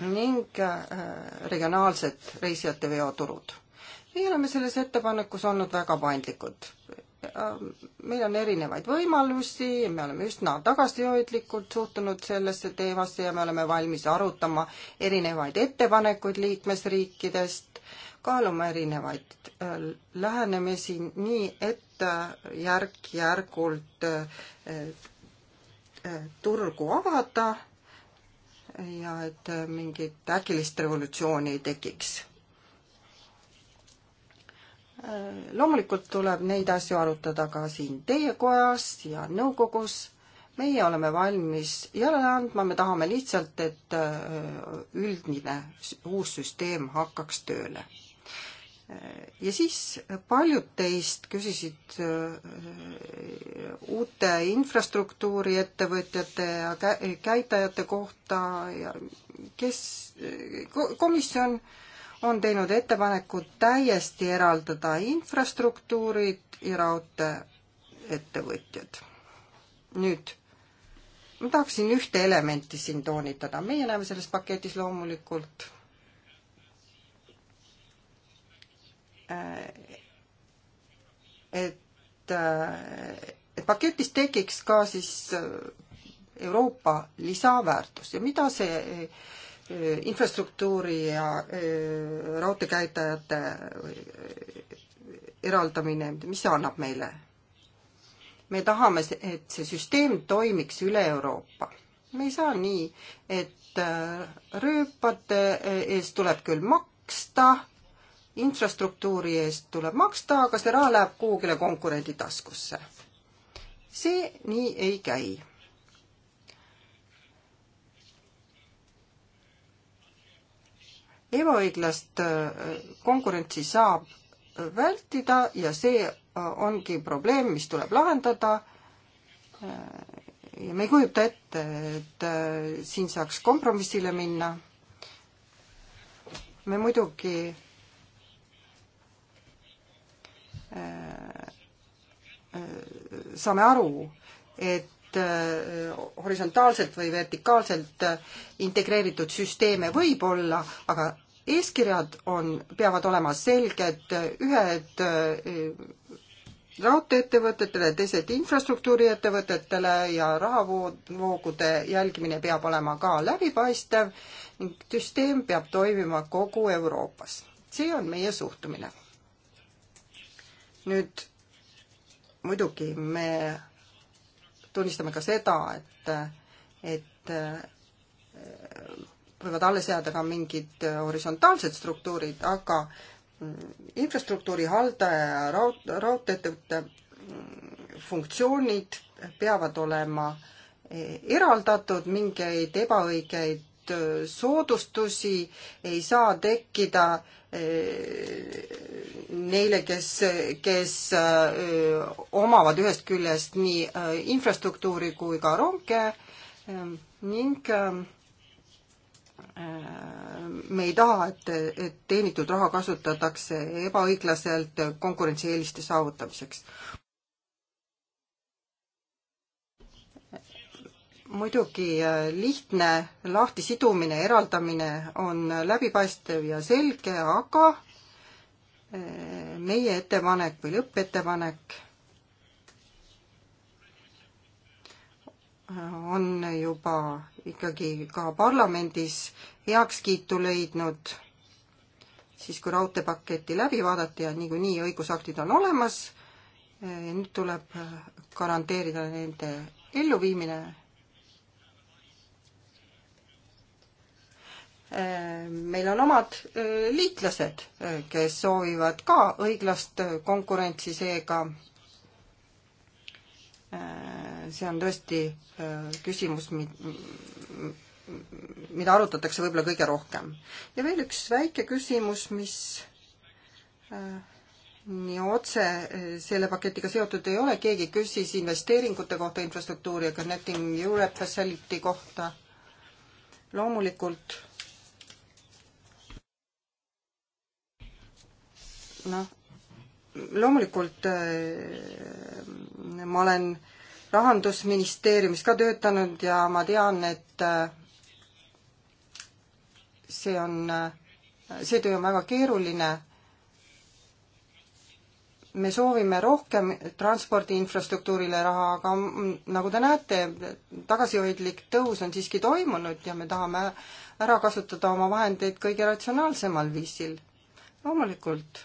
ning äh, regionaalsed reisijate veoturud. meie oleme selles ettepanekus olnud väga paindlikud. Äh, meil on erinevaid võimalusi, me oleme üsna tagasihoidlikult suhtunud sellesse teemasse ja me oleme valmis arutama erinevaid ettepanekuid liikmesriikidest, kaaluma erinevaid äh, lähenemisi nii, et järk-järgult turgu avada ja et mingit äkilist revolutsiooni ei tekiks. loomulikult tuleb neid asju arutada ka siin teie kojas ja nõukogus meie oleme valmis järele andma, me tahame lihtsalt, et äh, üldine uus süsteem hakkaks tööle ja siis paljud teist küsisid äh, uute infrastruktuuriettevõtjate ja käitajate kohta ja kes, komisjon on teinud ettepaneku täiesti eraldada infrastruktuurid ja raudteeettevõtjad. nüüd, ma tahaksin ühte elementi siin toonitada, meie näeme selles paketis loomulikult Äh, et, äh, et paketist tekiks ka siis äh, Euroopa lisaväärtus ja mida see infrastruktuuri ja raudteekäitajate eraldamine, mis see annab meile? me tahame, et see süsteem toimiks üle Euroopa. me ei saa nii, et rööpade eest tuleb küll maksta, infrastruktuuri eest tuleb maksta, aga see raha läheb kuhugile konkurendi taskusse. see nii ei käi. ebaõiglast äh, konkurentsi saab vältida ja see äh, ongi probleem, mis tuleb lahendada. Äh, ja me ei kujuta ette, et siin saaks kompromissile minna. me muidugi saame aru, et äh, horisontaalselt või vertikaalselt äh, integreeritud süsteeme võib olla, aga eeskirjad on, peavad olema selged, ühed äh, raudteeettevõtetele, teised infrastruktuuriettevõtetele ja rahavoogude jälgimine peab olema ka läbipaistev ning süsteem peab toimima kogu Euroopas. see on meie suhtumine nüüd muidugi me tunnistame ka seda, et, et äh, võivad alles jääda ka mingid horisontaalsed struktuurid, aga mm, infrastruktuuri haldaja ja raud-, raudteeettevõtte mm, funktsioonid peavad olema e, eraldatud, mingeid ebaõigeid soodustusi ei saa tekkida äh, neile, kes, kes äh, omavad ühest küljest nii äh, infrastruktuuri kui ka ronge ähm, ning ähm, äh, me ei taha, et, et teenitud raha kasutatakse ebaõiglaselt konkurentsieeliste saavutamiseks. muidugi äh, lihtne lahtisidumine, eraldamine on läbipaistev ja selge, aga äh, meie ettepanek või lõppettepanek äh, on juba ikkagi ka parlamendis heakskiitu leidnud, siis kui raudteepaketti läbi vaadati ja niikuinii õigusaktid on olemas, nüüd tuleb garanteerida nende elluviimine Äh, meil on omad äh, liitlased, äh, kes soovivad ka õiglast konkurentsi, seega see on tõesti küsimus, mida arutatakse võib-olla kõige rohkem. ja veel üks väike küsimus, mis nii otse selle paketiga seotud ei ole, keegi küsis investeeringute kohta infrastruktuuri ja Connecting Europe Facility kohta. loomulikult noh, loomulikult äh, ma olen rahandusministeeriumis ka töötanud ja ma tean, et äh, see on, äh, see töö on väga keeruline. me soovime rohkem transpordi infrastruktuurile raha, aga nagu te näete, tagasihoidlik tõus on siiski toimunud ja me tahame ära kasutada oma vahendeid kõige ratsionaalsemal viisil. loomulikult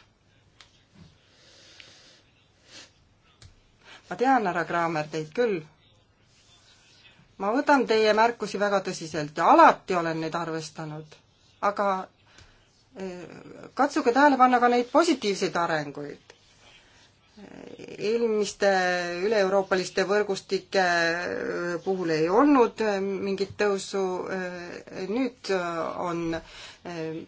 ma tean, härra Kraamer, teid küll. ma võtan teie märkusi väga tõsiselt ja alati olen neid arvestanud, aga eh, katsuge tähele panna ka neid positiivseid arenguid eelmiste üle-euroopaliste võrgustike äh, puhul ei olnud äh, mingit tõusu. Äh, nüüd on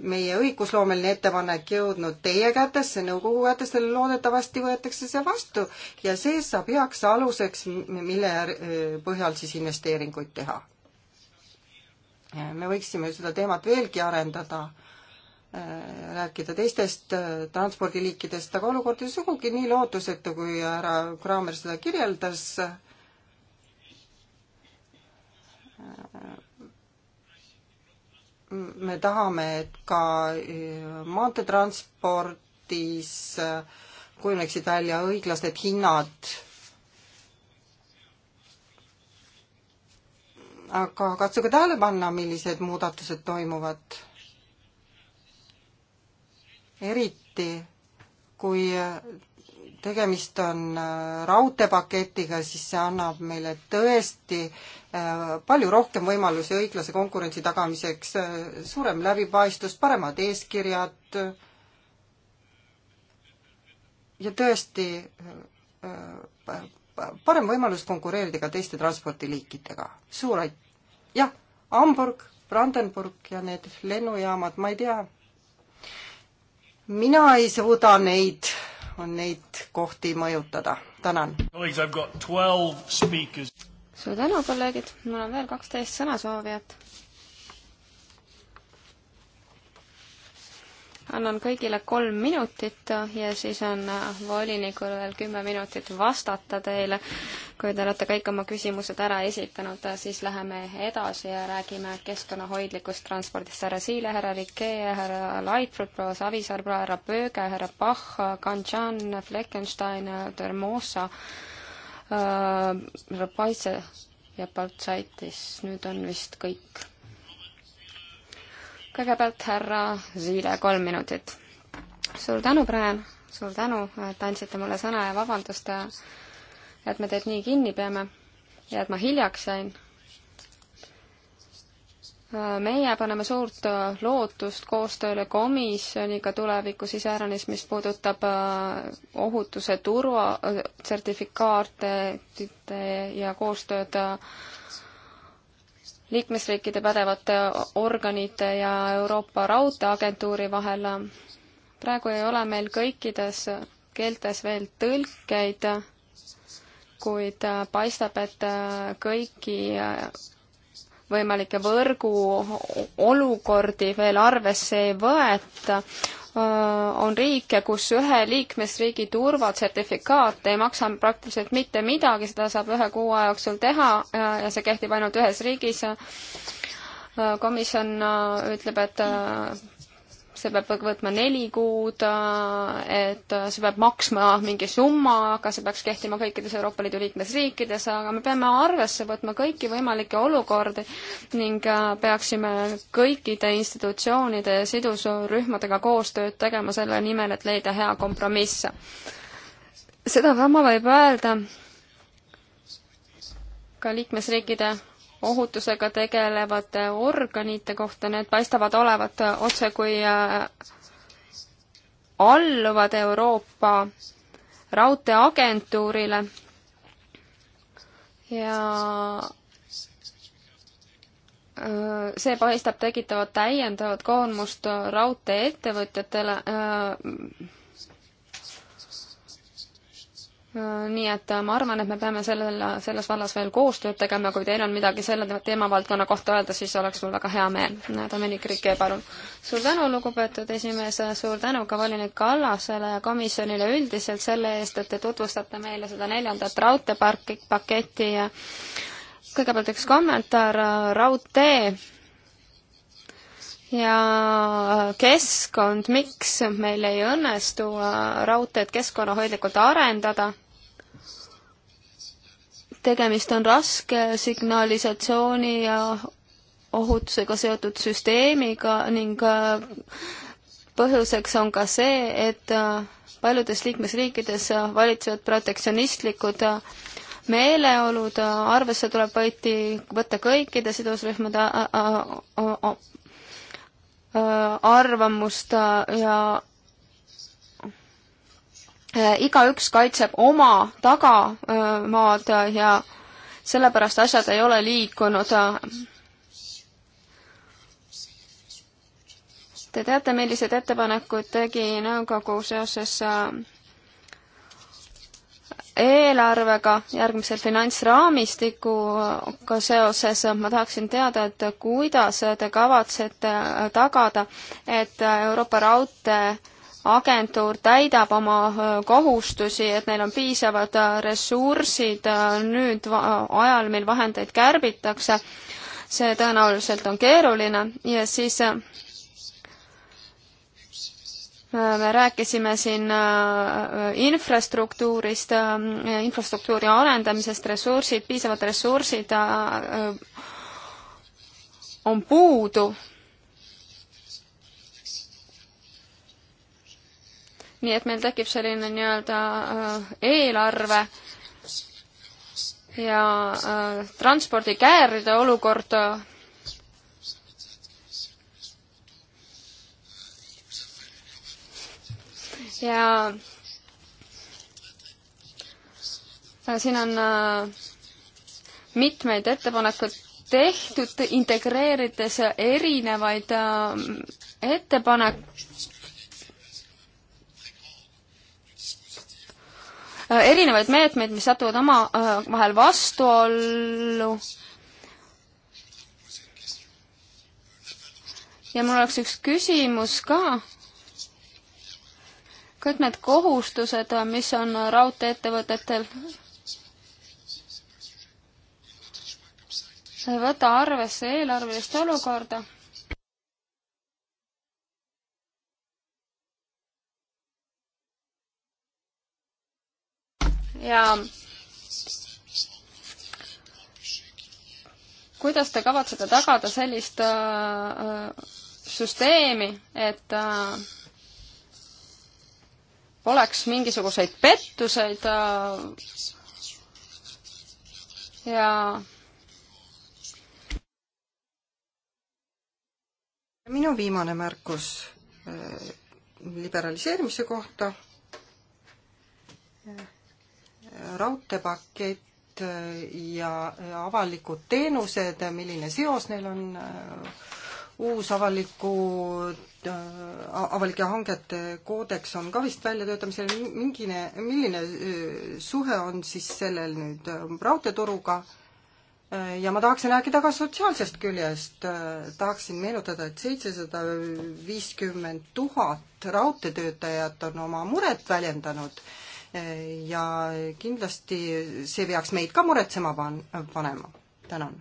meie õigusloomeline ettepanek jõudnud teie kätesse, nõukogu kätesse, loodetavasti võetakse see vastu ja see saab heaks aluseks, mille põhjal siis investeeringuid teha. me võiksime seda teemat veelgi arendada Äh, rääkida teistest äh, transpordiliikidest, aga olukord ei sugugi nii lootusetu, kui härra Kraamer seda kirjeldas. Äh, me tahame, et ka maanteetranspordis kujuneksid välja õiglased hinnad aga katsuge tähele panna, millised muudatused toimuvad eriti kui tegemist on äh, raudteepaketiga, siis see annab meile tõesti äh, palju rohkem võimalusi õiglase konkurentsi tagamiseks, äh, suurem läbipaistvus, paremad eeskirjad ja tõesti parem võimalus konkureerida ka teiste transpordiliikidega. suur aitäh! jah, Hamburg, Brandenburg ja need lennujaamad, ma ei tea, mina ei suuda neid, neid kohti mõjutada. tänan. suur tänu, kolleegid, mul on veel kaksteist sõnasoovijat annan kõigile kolm minutit ja siis on volinikul veel kümme minutit vastata teile. kui te olete kõik oma küsimused ära esitanud, siis läheme edasi ja räägime keskkonnahoidlikust transpordist. härra Siile, härra Rikee, härra Lightfoot, proua Savisaar, härra Pööge, härra Bach, Kanchan, Fleckenstein, Dermosa, äh, Rapaise ja Baltsaitis. nüüd on vist kõik kõigepealt härra Ziile, kolm minutit. suur tänu, Brian, suur tänu, et andsite mulle sõna ja vabandust, et me teid nii kinni peame ja et ma hiljaks jäin. meie paneme suurt lootust koostööle komisjoniga tulevikus iseäranis, mis puudutab ohutuse turva, sertifikaate ja koostööd liikmesriikide pädevate organite ja Euroopa Raudteeagentuuri vahel. praegu ei ole meil kõikides keeltes veel tõlkeid, kuid paistab, et kõiki võimalikke võrgu olukordi veel arvesse ei võeta, Äh, on riike, kus ühe liikmesriigi turvatsertifikaat ei maksa praktiliselt mitte midagi, seda saab ühe kuu aja jooksul teha äh, ja see kehtib ainult ühes riigis. Äh, komisjon ütleb, et see peab võtma neli kuud, äh, et see peab maksma mingi summa, aga see peaks kehtima kõikides Euroopa Liidu liikmesriikides, aga me peame arvesse võtma kõiki võimalikke olukordi ning äh, peaksime kõikide institutsioonide ja sidusrühmadega koostööd tegema selle nimel, et leida hea kompromiss. sedasama võib öelda ka liikmesriikide ohutusega tegelevate organite kohta, need paistavad olevat otsekui äh, alluvad Euroopa raudteeagentuurile ja äh, see paistab tekitavat täiendavat koormust raudteeettevõtjatele äh, nii et äh, ma arvan, et me peame sellel, selles vallas veel koostööd tegema, kui teil on midagi selle teemavaldkonna kohta öelda, siis oleks mul väga hea meel. Äh, Dominic Rikke, palun. suur tänu, lugupeetud esimees, äh, suur tänu ka volinik Kallasele ja komisjonile üldiselt selle eest, et te tutvustate meile seda neljandat raudteeparki, paketti ja kõigepealt üks kommentaar, raudtee ja keskkond, miks meil ei õnnestu raudteed keskkonnahoidlikult arendada, tegemist on raske signalisatsiooni ja ohutusega seotud süsteemiga ning äh, põhjuseks on ka see, et äh, paljudes liikmesriikides äh, valitsevad protektsionistlikud meeleolud, arvesse tuleb võeti, võtta kõikide sidusrühmade arvamust ja Äh, igaüks kaitseb oma tagamaad äh, ja sellepärast asjad ei ole liikunud. Äh. Te teate, millised ettepanekud tegi nõukogu seoses eelarvega, järgmisel finantsraamistikuga seoses ma tahaksin teada, et kuidas te kavatsete tagada, et Euroopa raudtee agentuur täidab oma kohustusi, et neil on piisavad ressursid nüüd ajal, mil vahendeid kärbitakse, see tõenäoliselt on keeruline ja siis me rääkisime siin infrastruktuurist, infrastruktuuri arendamisest, ressursid, piisavad ressursid on puudu nii et meil tekib selline nii-öelda äh, eelarve ja äh, transpordikääride olukord äh, ja siin on mitmeid ettepanekuid tehtud, integreerides erinevaid ettepanek-, Äh, erinevaid meetmeid, mis satuvad omavahel äh, vastuollu. ja mul oleks üks küsimus ka. kõik need kohustused, äh, mis on raudtee-ettevõtetel, ei võta arvesse eelarvelist olukorda ja kuidas te kavatsete tagada sellist äh, äh süsteemi, et äh, poleks mingisuguseid pettuseid äh, ja minu viimane märkus äh, liberaliseerimise kohta raudteepakett ja avalikud teenused, milline seos neil on, uus avaliku, avalike hangete koodeks on ka vist väljatöötamisel, mingine, milline äh, suhe on siis sellel nüüd äh, raudteeturuga äh, ja ma tahaksin rääkida ka sotsiaalsest küljest. tahaksin meenutada, et seitsesada viiskümmend tuhat raudteetöötajat on oma muret väljendanud ja kindlasti see peaks meid ka muretsema pan-, panema. tänan.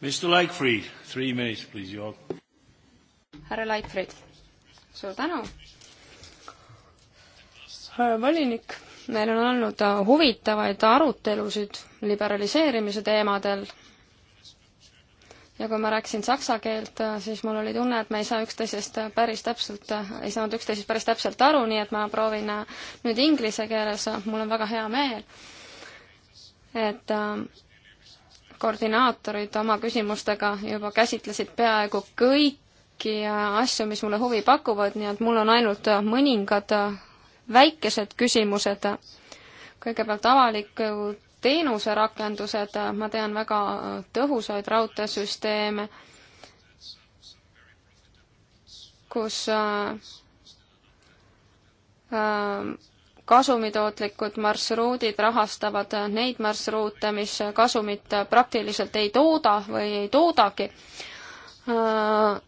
Mr Lightfried, three minutes please, you are. härra Lightfried, suur tänu. volinik, meil on olnud huvitavaid arutelusid liberaliseerimise teemadel ja kui ma rääkisin saksa keelt, äh, siis mul oli tunne, et me ei saa üksteisest äh, päris täpselt, äh, ei saanud üksteisest päris täpselt aru, nii et ma proovin nüüd inglise keeles, mul on väga hea meel, et koordinaatorid oma küsimustega juba käsitlesid peaaegu kõiki asju, mis mulle huvi pakuvad, nii et mul on ainult mõningad väikesed küsimused. kõigepealt avalikud teenuserakendused, ma tean väga tõhusaid raudteesüsteeme, kus äh, kasumitootlikud marsruudid rahastavad neid marsruute, mis kasumit praktiliselt ei tooda või ei toodagi äh,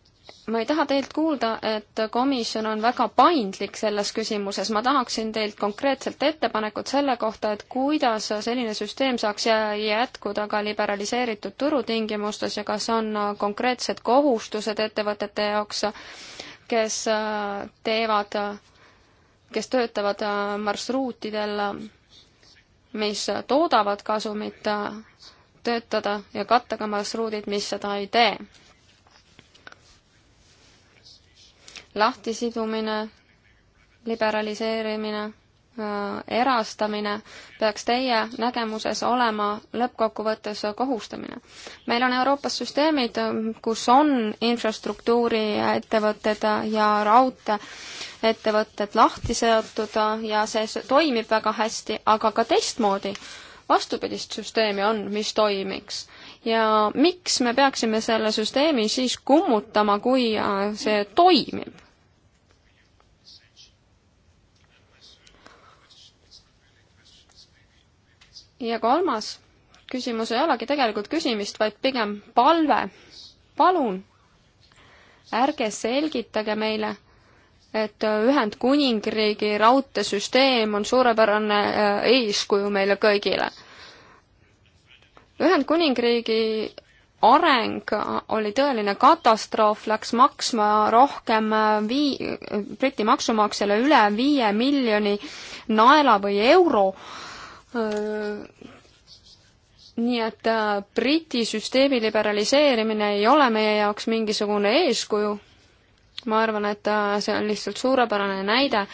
ma ei taha teilt kuulda, et komisjon on väga paindlik selles küsimuses, ma tahaksin teilt konkreetselt ettepanekut selle kohta, et kuidas selline süsteem saaks jätkuda ka liberaliseeritud turutingimustes ja kas on konkreetsed kohustused ettevõtete jaoks, kes äh, teevad, kes töötavad äh, marsruutidel, mis toodavad kasumit, töötada ja katta ka marsruudid, mis seda ei tee lahtisidumine, liberaliseerimine, äh, erastamine peaks teie nägemuses olema lõppkokkuvõttes kohustamine. meil on Euroopas süsteemid, kus on infrastruktuuriettevõtted ja raudteeettevõtted lahti seotud ja see toimib väga hästi, aga ka teistmoodi vastupidist süsteemi on, mis toimiks ja miks me peaksime selle süsteemi siis kummutama, kui äh, see toimib? ja kolmas küsimus ei olegi tegelikult küsimist, vaid pigem palve. palun ärge selgitage meile, et Ühendkuningriigi raudteesüsteem on suurepärane äh, eeskuju meile kõigile Ühendkuningriigi areng oli tõeline katastroof, läks maksma rohkem vii-, Briti maksumaksjale üle viie miljoni naela või euro. nii et äh, Briti süsteemi liberaliseerimine ei ole meie jaoks mingisugune eeskuju. ma arvan, et äh, see on lihtsalt suurepärane näide äh,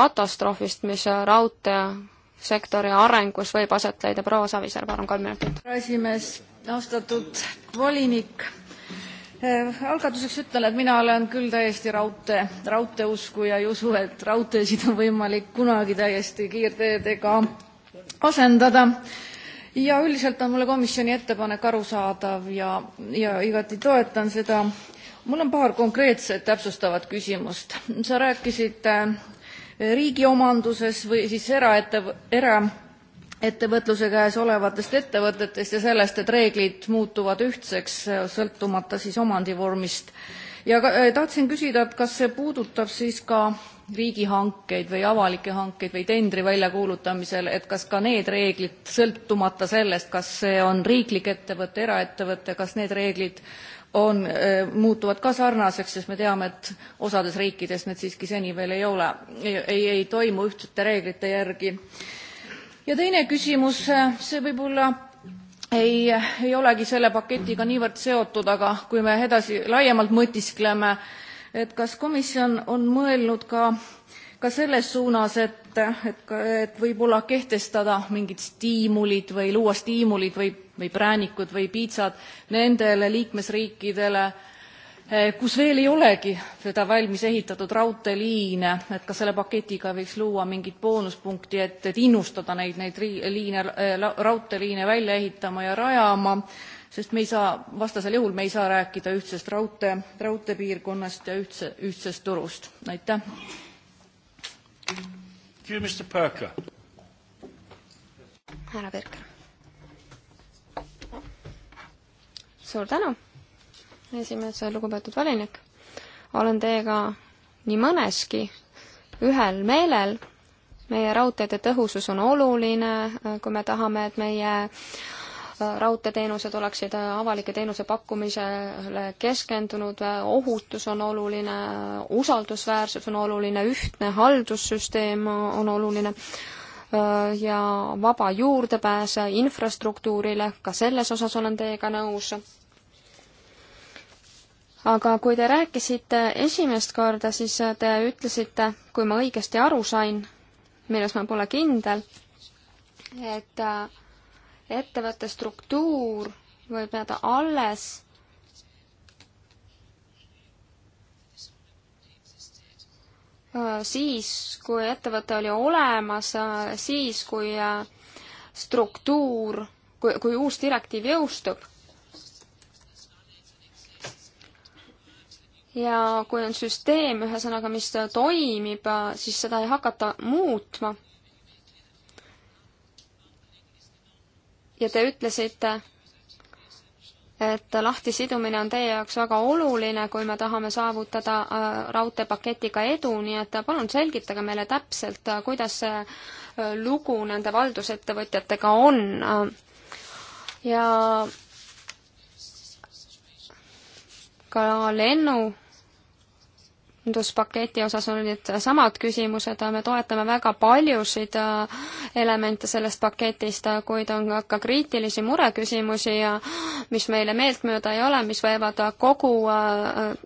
katastroofist, mis raudtee sektori arengus võib aset leida. proua Savisaar, palun kolm minutit. esimees, austatud volinik, eh, algatuseks ütlen, et mina olen küll täiesti raudtee, raudteeusku ja ei usu, et raudteesid on võimalik kunagi täiesti kiirteedega asendada ja üldiselt on mulle komisjoni ettepanek arusaadav ja, ja igati toetan seda. mul on paar konkreetset täpsustavat küsimust. sa rääkisid eh, riigi omanduses või siis eraettevõ-, eraettevõtluse käes olevatest ettevõtetest ja sellest, et reeglid muutuvad ühtseks, sõltumata siis omandivormist. ja ka, äh, tahtsin küsida, et kas see puudutab siis ka riigihankeid või avalikke hankeid või tendri väljakuulutamisel, et kas ka need reeglid, sõltumata sellest, kas see on riiklik ettevõte, eraettevõte, kas need reeglid on, muutuvad ka sarnaseks, sest me teame, et osades riikides need siiski seni veel ei ole, ei, ei toimu ühtsete reeglite järgi. ja teine küsimus, see võib-olla ei, ei olegi selle paketiga niivõrd seotud, aga kui me edasi laiemalt mõtiskleme, et kas komisjon on mõelnud ka ka selles suunas, et, et, et võib-olla kehtestada mingid stiimulid või luua stiimulid või või präänikud või piitsad nendele liikmesriikidele, eh, kus veel ei olegi seda valmis ehitatud raudteeliine, et ka selle paketiga võiks luua mingit boonuspunkti, et, et innustada neid, neid liine, eh, raudteeliine välja ehitama ja rajama, sest me ei saa, vastasel juhul me ei saa rääkida ühtsest raudtee, raudteepiirkonnast ja ühtse, ühtsest turust. aitäh. härra Pirker. suur tänu, esimees, lugupeetud volinik. olen teiega nii mõneski ühel meelel. meie raudteede tõhusus on oluline, kui me tahame, et meie äh, raudteeteenused oleksid äh, avalike teenuse pakkumisele keskendunud, ohutus on oluline, usaldusväärsus on oluline, ühtne haldussüsteem on oluline äh, ja vaba juurdepääs infrastruktuurile, ka selles osas olen teiega nõus aga kui te rääkisite esimest korda, siis te ütlesite, kui ma õigesti aru sain, milles ma pole kindel, et äh, ettevõtte struktuur võib jääda alles äh, siis, kui ettevõte oli olemas, äh, siis, kui struktuur, kui, kui uus direktiiv jõustub ja kui on süsteem, ühesõnaga, mis toimib, siis seda ei hakata muutma. ja te ütlesite, et lahtisidumine on teie jaoks väga oluline, kui me tahame saavutada äh, raudteepaketiga edu, nii et palun selgitage meile täpselt, äh, kuidas see äh, lugu nende valdusettevõtjatega on. ja ka lennu rakenduspaketi osas olid samad küsimused, me toetame väga paljusid äh, elemente sellest paketist, kuid on ka kriitilisi mureküsimusi ja mis meile meeltmööda ei ole, mis võivad kogu äh,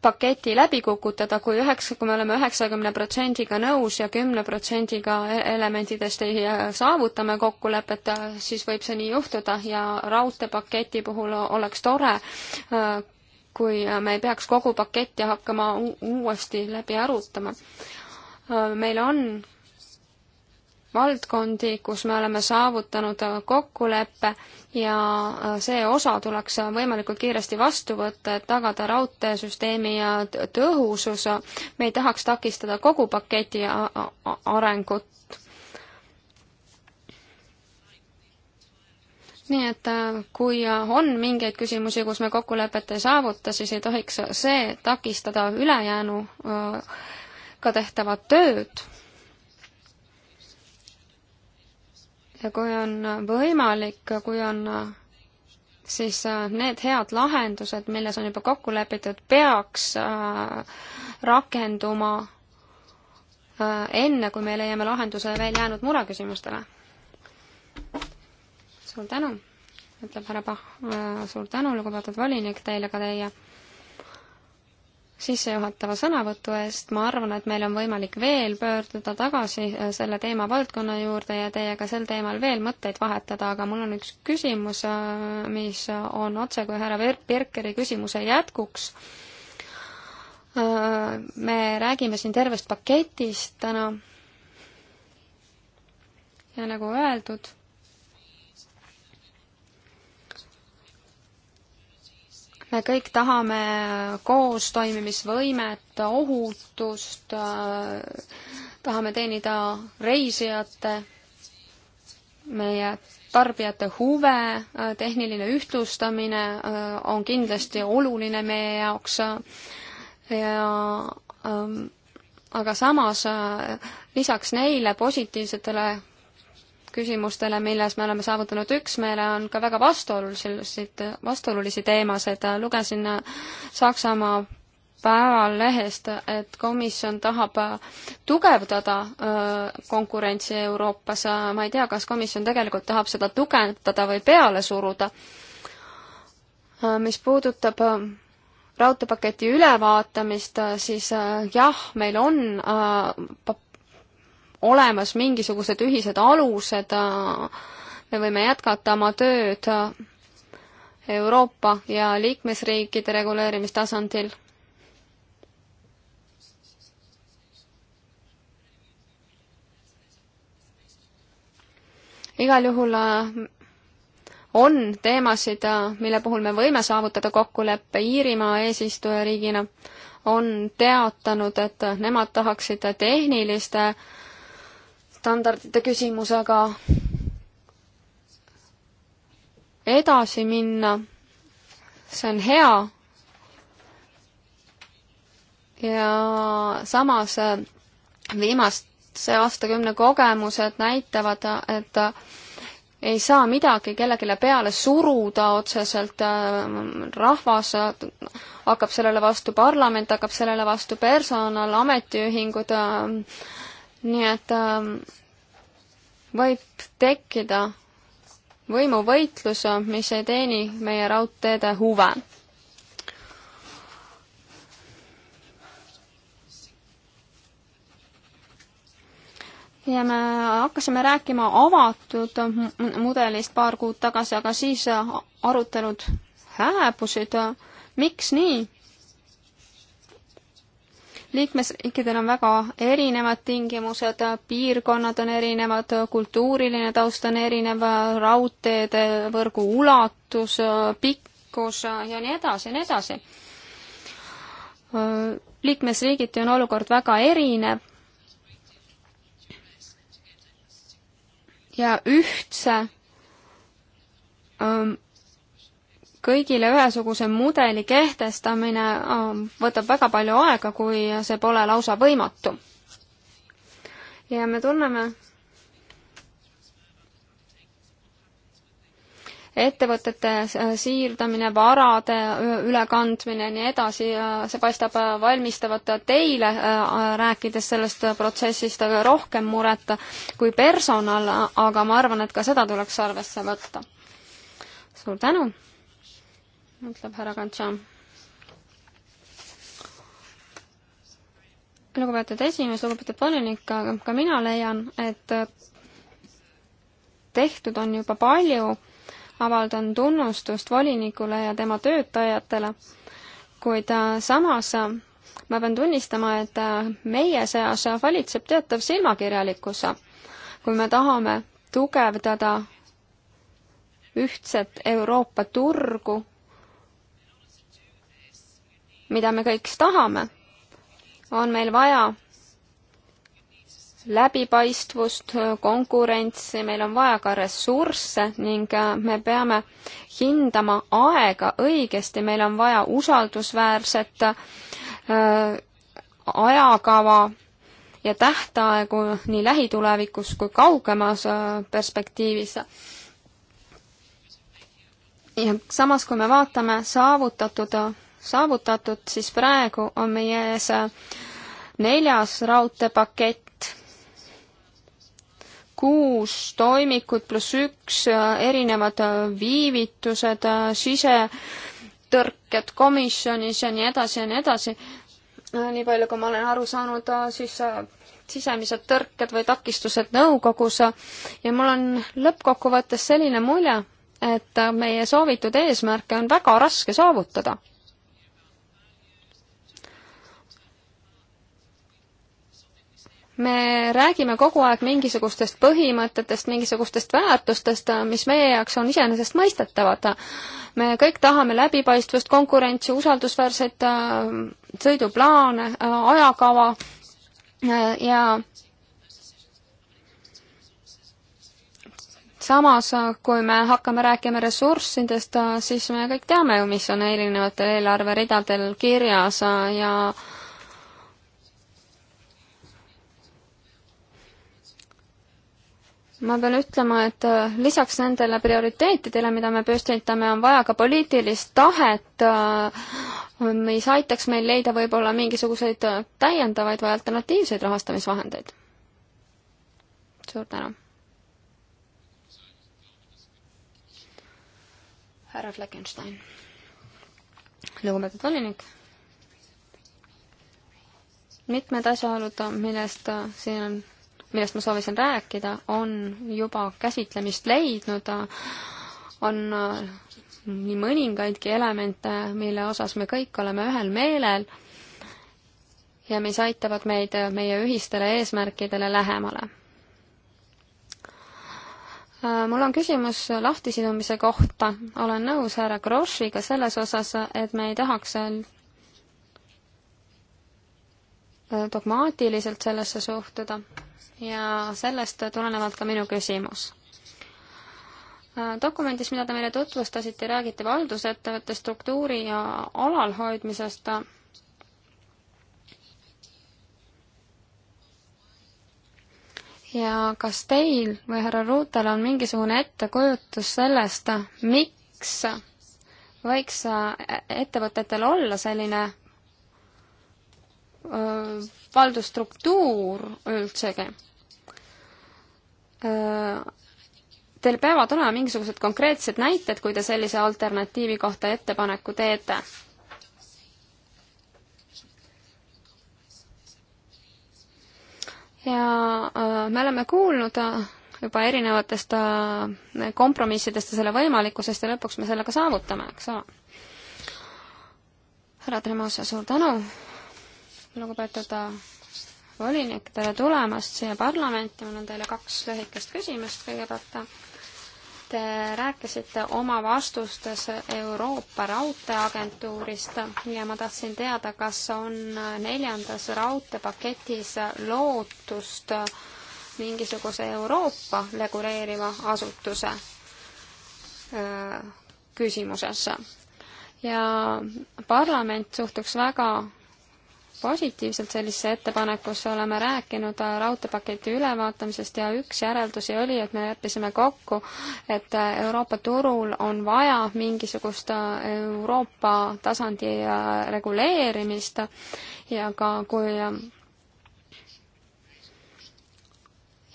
paketi läbi kukutada, kui üheksa, kui me oleme üheksakümne protsendiga nõus ja kümne protsendiga e-, elementidest ei äh, saavutame kokkulepet, siis võib see nii juhtuda ja raudteepaketi puhul oleks tore, kui äh, me ei peaks kogu paketti hakkama uuesti läbi arutama. Äh, meil on valdkondi, kus me oleme saavutanud äh, kokkuleppe ja see osa tuleks võimalikult kiiresti vastu võtta, et tagada raudteesüsteemi tõhusus. me ei tahaks takistada kogu paketi arengut nii et äh, kui äh, on mingeid küsimusi, kus me kokkulepet ei saavuta, siis ei tohiks see takistada ülejäänuga äh, tehtavat tööd. ja kui on võimalik, kui on siis need head lahendused, milles on juba kokku lepitud, peaks rakenduma enne, kui me leiame lahenduse veel jäänud mureküsimustele suur tänu, ütleb härra Pah-, äh, suur tänu, lugupeetud volinik, teile ka teie sissejuhatava sõnavõtu eest, ma arvan, et meil on võimalik veel pöörduda tagasi äh, selle teema valdkonna juurde ja teiega sel teemal veel mõtteid vahetada, aga mul on üks küsimus, äh, mis on otsekui härra Birkeri küsimuse jätkuks. Me räägime siin tervest paketist täna ja nagu öeldud me kõik tahame koostoimimisvõimet, ohutust, tahame teenida reisijate, meie tarbijate huve, tehniline ühtlustamine äh, on kindlasti oluline meie jaoks ja ähm, aga samas äh, lisaks neile positiivsetele küsimustele, milles me oleme saavutanud üksmeele, on ka väga vastuolulised, vastuolulisi teemasid. lugesin Saksamaa päevalehest, et komisjon tahab tugevdada äh, konkurentsi Euroopas. ma ei tea, kas komisjon tegelikult tahab seda tugevdada või peale suruda. Äh, mis puudutab äh, raudteepaketi ülevaatamist, siis jah, meil on olemas mingisugused ühised alused, me võime jätkata oma tööd Euroopa ja liikmesriikide reguleerimistasandil. igal juhul äh, on teemasid, äh, mille puhul me võime saavutada kokkuleppe Iirimaa eesistujariigina, on teatanud, et nemad tahaksid tehniliste äh, standardite küsimusega edasi minna, see on hea ja samas äh, viimase aastakümne kogemused näitavad, et äh, ei saa midagi kellelegi peale suruda otseselt, äh, rahvas hakkab sellele vastu, parlament hakkab sellele vastu, personal, ametiühingud, nii et äh, võib tekkida võimuvõitlus, mis ei teeni meie raudteede huve. ja me hakkasime rääkima avatud mudelist paar kuud tagasi, aga siis arutelud hääbusid. miks nii? liikmesriikidel on väga erinevad tingimused, piirkonnad on erinevad, kultuuriline taust on erinev, raudteede võrgu ulatus, pikkus ja nii edasi ja nii edasi. liikmesriigiti on olukord väga erinev ja ühtse ähm, kõigile ühesuguse mudeli kehtestamine äh, võtab väga palju aega, kui see pole lausa võimatu. ja me tunneme ettevõtete siirdamine, varade ülekandmine ja nii edasi ja see paistab valmistavat teile, äh, rääkides sellest protsessist rohkem muret kui personal, aga ma arvan, et ka seda tuleks arvesse võtta. suur tänu! ütleb härra Kantšan. lugupeetud esimees, lugupeetud volinik, ka mina leian, et tehtud on juba palju, avaldan tunnustust volinikule ja tema töötajatele, kuid äh, samas äh, ma pean tunnistama, et äh, meie seas valitseb teatav silmakirjalikkus. kui me tahame tugevdada ühtset Euroopa turgu, mida me kõik tahame, on meil vaja läbipaistvust, konkurentsi, meil on vaja ka ressursse ning äh, me peame hindama aega õigesti, meil on vaja usaldusväärset äh, ajakava ja tähtaegu nii lähitulevikus kui kaugemas äh, perspektiivis. ja samas, kui me vaatame saavutatud saavutatud, siis praegu on meie ees äh, neljas raudteepakett, kuus toimikut pluss üks äh, erinevad äh, viivitused, sisetõrked komisjonis ja nii edasi ja nii edasi. nii palju, kui ma olen aru saanud, siis sisemised tõrked või takistused nõukogus ja mul on lõppkokkuvõttes selline mulje, et meie soovitud eesmärke on väga raske saavutada. me räägime kogu aeg mingisugustest põhimõtetest, mingisugustest väärtustest, mis meie jaoks on iseenesestmõistetavad. me kõik tahame läbipaistvust, konkurentsi, usaldusväärseid äh, sõiduplaane, äh, ajakava äh, ja samas, kui me hakkame rääkima ressurssidest, siis me kõik teame ju, mis on erinevatel eelarveridadel kirjas ja äh, ma pean ütlema, et äh, lisaks nendele prioriteetidele, mida me püstitame, on vaja ka poliitilist tahet, äh, mis aitaks meil leida võib-olla mingisuguseid äh, täiendavaid või alternatiivseid rahastamisvahendeid. suur tänu. härra Fleckenstein. lugupeetud volinik. mitmed asjaolud, millest siin on millest ma soovisin rääkida, on juba käsitlemist leidnud, on äh, nii mõningaidki elemente, mille osas me kõik oleme ühel meelel ja mis aitavad meid äh, meie ühistele eesmärkidele lähemale. Äh, mul on küsimus lahtisidumise kohta. olen nõus härra Groschiga selles osas, et me ei tahaks dogmaatiliselt sellesse suhtuda ja sellest tulenevalt ka minu küsimus. Äh, dokumendis, mida te meile tutvustasite, räägite valdusettevõtte struktuuri ja alalhoidmisest. ja kas teil või härra Ruutel on mingisugune ettekujutus sellest, miks võiks äh, ettevõtetel olla selline äh, valdusstruktuur üldsegi. Teil peavad olema mingisugused konkreetsed näited, kui te sellise alternatiivi kohta ettepaneku teete. ja äh, me oleme kuulnud äh, juba erinevatest äh, kompromissidest ja selle võimalikkusest ja lõpuks me selle ka saavutame, eks ole. härra Tremos, suur tänu, lugupeetud volinik, tere tulemast siia parlamenti, mul on teile kaks lühikest küsimust kõigepealt. Te rääkisite oma vastustes Euroopa Raudteeagentuurist ja ma tahtsin teada, kas on neljandas raudteepaketis lootust mingisuguse Euroopa reguleeriva asutuse küsimuses. ja parlament suhtuks väga positiivselt sellisesse ettepanekusse, oleme rääkinud äh, raudteepaketi ülevaatamisest ja üks järeldusi oli, et me leppisime kokku, et äh, Euroopa turul on vaja mingisugust äh, Euroopa tasandi reguleerimist ja ka kui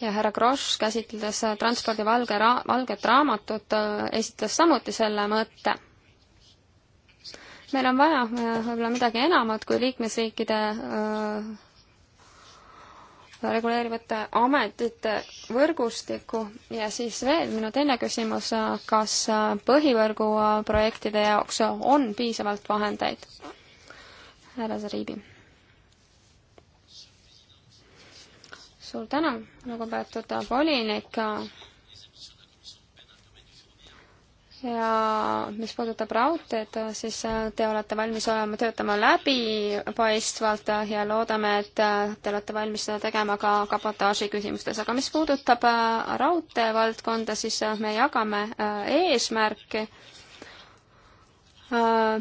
ja härra Grosch, käsitledes transpordi valge ra-, valget raamatut, esitas samuti selle mõtte meil on vaja äh, võib-olla midagi enamat kui liikmesriikide äh, reguleerivate ametite võrgustikku ja siis veel minu teine küsimus, äh, kas põhivõrgu projektide jaoks on piisavalt vahendeid? härra Zaribi. suur tänu, lugupeetud volinik ja mis puudutab raudteed, siis äh, te olete valmis olema, töötama läbipaistvalt ja loodame, et äh, te olete valmis seda tegema ka kabotaaži küsimustes, aga mis puudutab äh, raudtee valdkonda, siis me jagame eesmärki.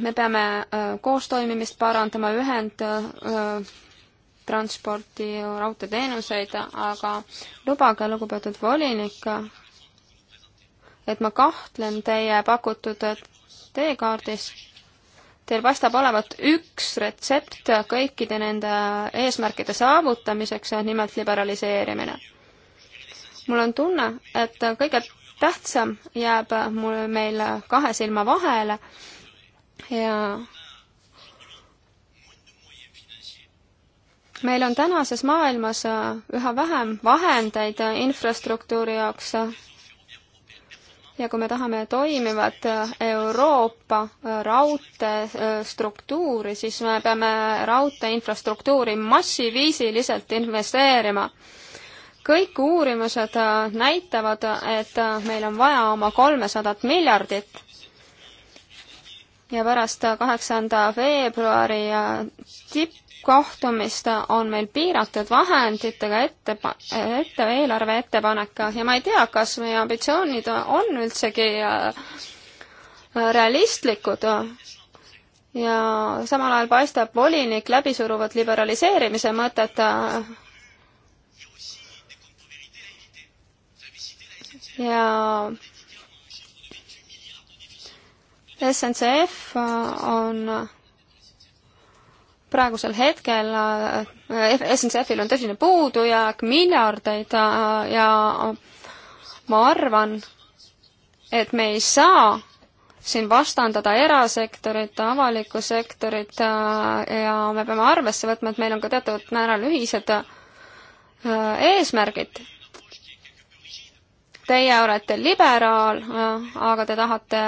me peame koostoimimist parandama, ühend transporti, raudteeteenuseid, aga lubage, lugupeetud volinik, et ma kahtlen teie pakutud teekaardis. Teil paistab olevat üks retsept kõikide nende eesmärkide saavutamiseks, nimelt liberaliseerimine. mul on tunne, et kõige tähtsam jääb mul meil kahe silma vahele ja meil on tänases maailmas üha vähem vahendeid infrastruktuuri jaoks ja kui me tahame toimivat äh, Euroopa äh, raudteestruktuuri, äh, siis me peame raudteeinfrastruktuuri massiviisiliselt investeerima. kõik uurimused näitavad, et meil on vaja oma kolmesadat miljardit ja pärast kaheksanda veebruari tipp kohtumist on meil piiratud vahenditega ette, ette eelarve ettepanek ja ma ei tea, kas meie ambitsioonid on üldsegi äh, realistlikud ja samal ajal paistab volinik läbi suruvat liberaliseerimise mõtet äh, ja SNCF on praegusel hetkel äh, SNCF-il on tõsine puudujääk, miljardeid äh, ja ma arvan, et me ei saa siin vastandada erasektorit, avalikku sektorit äh, ja me peame arvesse võtma, et meil on ka teatud määral ühised eesmärgid Teie olete liberaal, äh, aga te tahate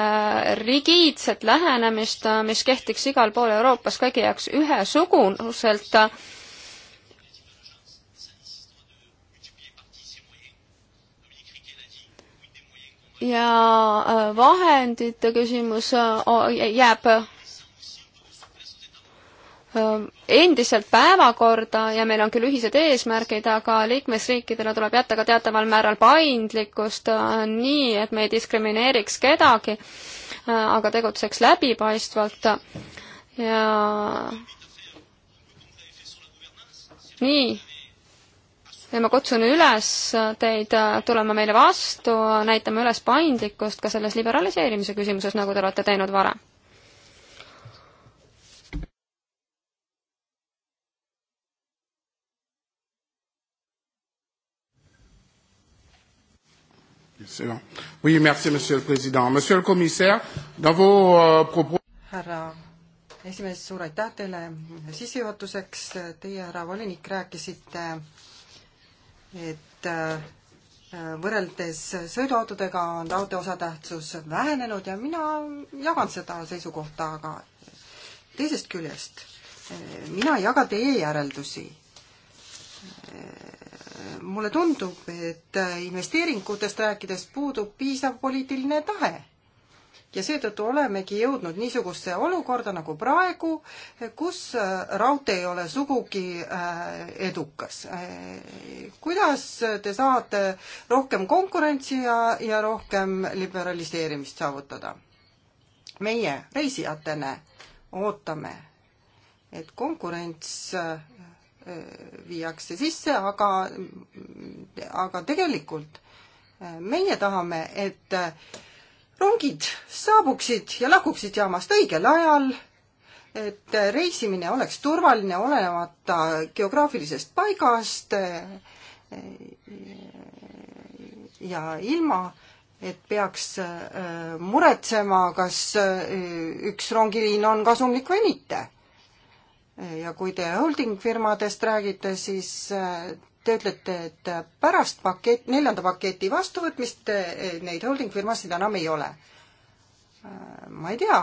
rigiidset lähenemist, äh, mis kehtiks igal pool Euroopas kõigi jaoks ühesuguselt ja äh, vahendite küsimus jääb endiselt päevakorda ja meil on küll ühised eesmärgid, aga liikmesriikidele tuleb jätta ka teataval määral paindlikkust, nii et me ei diskrimineeriks kedagi, aga tegutseks läbipaistvalt ja nii ja ma kutsun üles teid tulema meile vastu, näitama üles paindlikkust ka selles liberaliseerimise küsimuses, nagu te olete teinud varem. see on. Oui, merci, monsieur le president. Monsieur le commissaire, dans vos euh, propos... härra esimees, suur aitäh teile sissejuhatuseks. Teie, härra volinik, rääkisite, et äh, võrreldes sõiduautodega on raudtee osatähtsus vähenenud ja mina jagan seda seisukohta, aga teisest küljest äh, mina ei jaga teie järeldusi. Äh, mulle tundub, et investeeringutest rääkides puudub piisav poliitiline tahe. ja seetõttu olemegi jõudnud niisugusesse olukorda nagu praegu, kus raudtee ei ole sugugi äh, edukas. Äh, kuidas te saate rohkem konkurentsi ja, ja rohkem liberaliseerimist saavutada? meie reisijatena ootame, et konkurents äh, viiakse sisse, aga, aga tegelikult äh, meie tahame, et äh, rongid saabuksid ja lahkuksid jaamast õigel ajal, et äh, reisimine oleks turvaline, olenemata geograafilisest paigast ja ilma, et peaks muretsema, kas üks rongiliin on kasumlik või mitte ja kui te holdingfirmadest räägite, siis äh, te ütlete, et pärast pakett, neljanda paketi vastuvõtmist äh, neid holdingfirmasid enam ei ole. Äh, ma ei tea,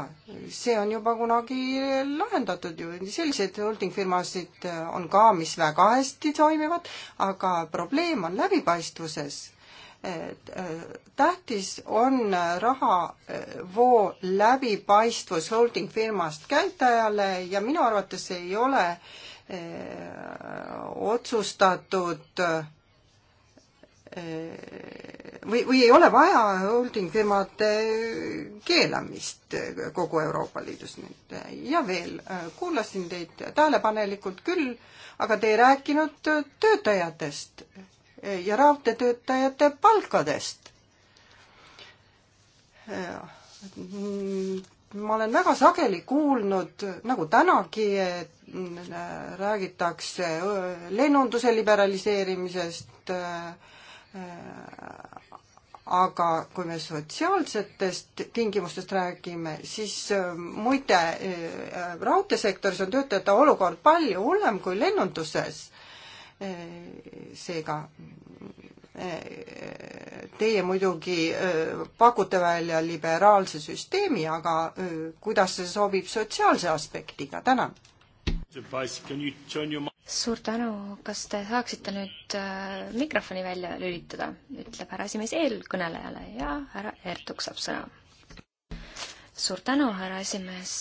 see on juba kunagi lahendatud ju, selliseid holdingfirmasid on ka, mis väga hästi toimivad, aga probleem on läbipaistvuses Äh, tähtis on äh, rahavoo äh, läbipaistvus holding firmast käitajale ja minu arvates ei ole otsustatud või, või ei ole vaja holding firmade keelamist kogu Euroopa Liidus nüüd. ja veel, kuulasin teid tähelepanelikult küll, aga te ei rääkinud töötajatest ja raudteetöötajate palkadest. ma olen väga sageli kuulnud, nagu tänagi, räägitakse lennunduse liberaliseerimisest, aga kui me sotsiaalsetest tingimustest räägime, siis muide, raudteesektoris on töötajate olukord palju hullem kui lennunduses. Äh, seega äh, teie muidugi äh, pakute välja liberaalse süsteemi, aga kuidas see sobib sotsiaalse aspektiga, tänan. suur tänu, kas te saaksite nüüd mikrofoni välja lülitada, ütleb härra esimees eelkõnelejale ja härra Ertuk saab sõna. suur tänu, härra esimees,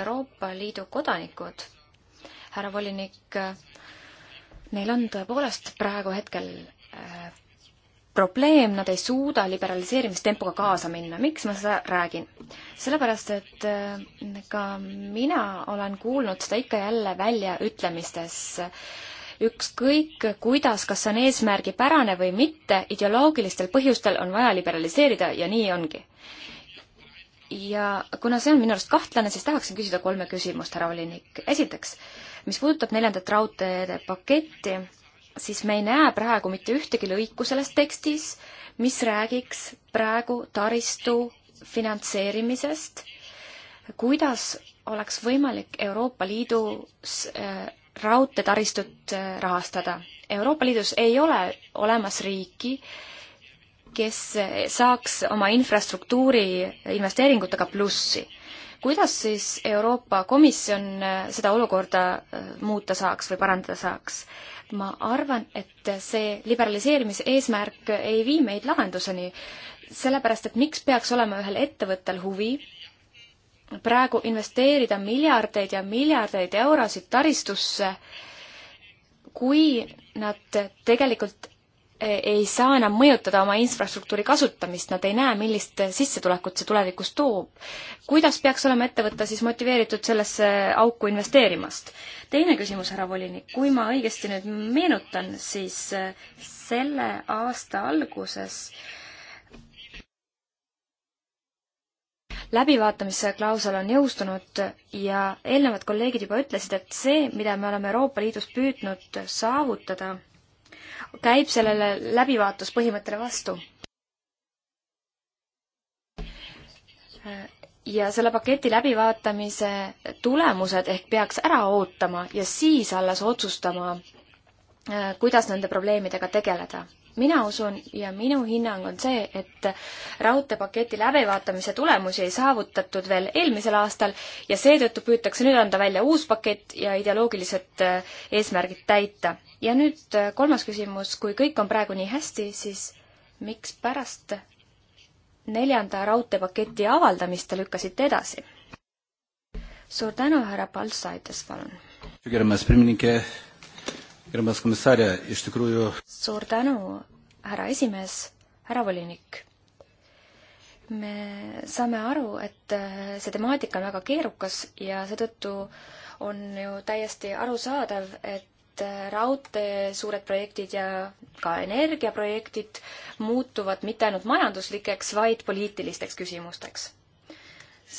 Euroopa Liidu kodanikud, härra volinik, neil on tõepoolest praegu hetkel äh, probleem, nad ei suuda liberaliseerimistempoga kaasa minna. miks ma seda räägin? sellepärast, et äh, ka mina olen kuulnud seda ikka jälle väljaütlemistes äh, ükskõik kuidas, kas see on eesmärgipärane või mitte, ideoloogilistel põhjustel on vaja liberaliseerida ja nii ongi. ja kuna see on minu arust kahtlane, siis tahaksin küsida kolme küsimust, härra volinik. esiteks äh,, mis puudutab neljandat raudteede paketti, siis me ei näe praegu mitte ühtegi lõiku selles tekstis, mis räägiks praegu taristu finantseerimisest, kuidas oleks võimalik Euroopa Liidus äh, raudteetaristut äh, rahastada. Euroopa Liidus ei ole olemas riiki, kes saaks oma infrastruktuuri investeeringutega plussi kuidas siis Euroopa Komisjon äh, seda olukorda äh, muuta saaks või parandada saaks? ma arvan, et see liberaliseerimise eesmärk ei vii meid lahenduseni, sellepärast et miks peaks olema ühel ettevõttel huvi praegu investeerida miljardeid ja miljardeid eurosid taristusse, kui nad tegelikult Eh, ei saa enam mõjutada oma infrastruktuuri kasutamist, nad ei näe, millist sissetulekut see tulevikus toob. kuidas peaks olema ettevõte siis motiveeritud sellesse auku investeerimast? teine küsimus, härra volinik, kui ma õigesti nüüd meenutan, siis eh, selle aasta alguses läbivaatamise klausel on jõustunud ja eelnevad kolleegid juba ütlesid, et see, mida me oleme Euroopa Liidus püüdnud saavutada, käib sellele läbivaatuspõhimõttele vastu. ja selle paketi läbivaatamise tulemused ehk peaks ära ootama ja siis alles otsustama, kuidas nende probleemidega tegeleda mina usun ja minu hinnang on see, et raudteepaketi läbivaatamise tulemusi ei saavutatud veel eelmisel aastal ja seetõttu püütakse nüüd anda välja uus pakett ja ideoloogilised äh, eesmärgid täita. ja nüüd äh, kolmas küsimus, kui kõik on praegu nii hästi, siis miks pärast neljanda raudteepaketi avaldamist te lükkasite edasi? suur tänu, härra Paltsaitis, palun! Gerbiamas komisarė, iš tikrųjų. suur tänu, härra esimees, härra volinik. me saame aru, et äh, see temaatika on väga keerukas ja seetõttu on ju täiesti arusaadav, et äh, raudtee suured projektid ja ka energiaprojektid muutuvad mitte ainult majanduslikeks, vaid poliitilisteks küsimusteks.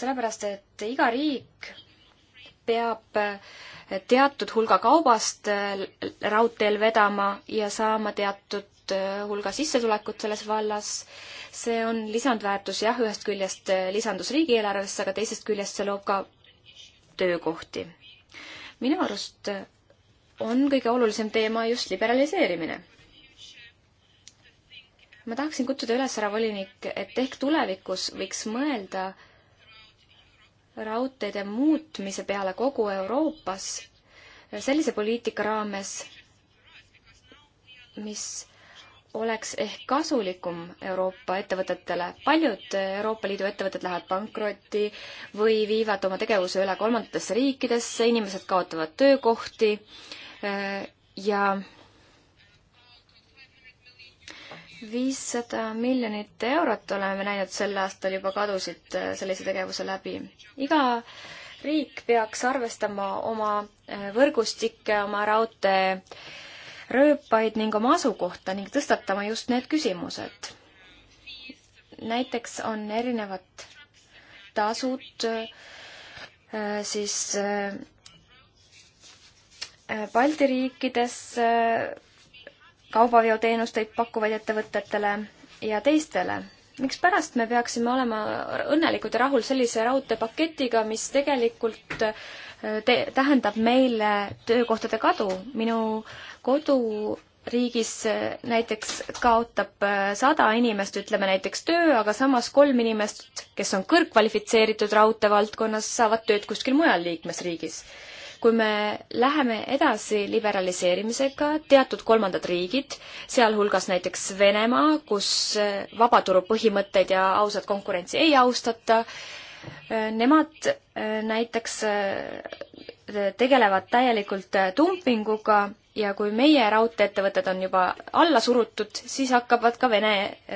sellepärast, et iga riik peab eh, teatud hulga kaubast eh, raudteel vedama ja saama teatud eh, hulga sissetulekut selles vallas. see on lisandväärtus jah, ühest küljest lisandus riigieelarvesse, aga teisest küljest see loob ka töökohti. minu arust on kõige olulisem teema just liberaliseerimine ma tahaksin kutsuda üles, härra volinik, et ehk tulevikus võiks mõelda äh, raudteede muutmise peale kogu Euroopas sellise poliitika raames, mis oleks ehk kasulikum Euroopa ettevõtetele. paljud Euroopa Liidu ettevõtted lähevad pankrotti või viivad oma tegevuse üle kolmandatesse riikidesse, inimesed kaotavad töökohti äh, ja viissada miljonit eurot oleme näinud sel aastal juba kadusid äh, sellise tegevuse läbi. iga riik peaks arvestama oma äh, võrgustikke, oma raudteerööpaid ning oma asukohta ning tõstatama just need küsimused. näiteks on erinevad tasud äh, siis Balti riikides kaubaveoteenusteid pakkuvaid ettevõtetele ja teistele. mikspärast me peaksime olema õnnelikud ja rahul sellise raudteepaketiga, mis tegelikult äh, te-, tähendab meile töökohtade kadu. minu koduriigis äh, näiteks kaotab äh, sada inimest, ütleme näiteks töö, aga samas kolm inimest, kes on kõrgkvalifitseeritud raudtee valdkonnas, saavad tööd kuskil mujal liikmesriigis kui me läheme edasi liberaliseerimisega, teatud kolmandad riigid, sealhulgas näiteks Venemaa, kus eh, vabaturu põhimõtteid ja ausat konkurentsi ei austata, eh, nemad eh, näiteks tegelevad täielikult dumpinguga ja kui meie raudteeettevõtted on juba alla surutud, siis hakkavad ka Vene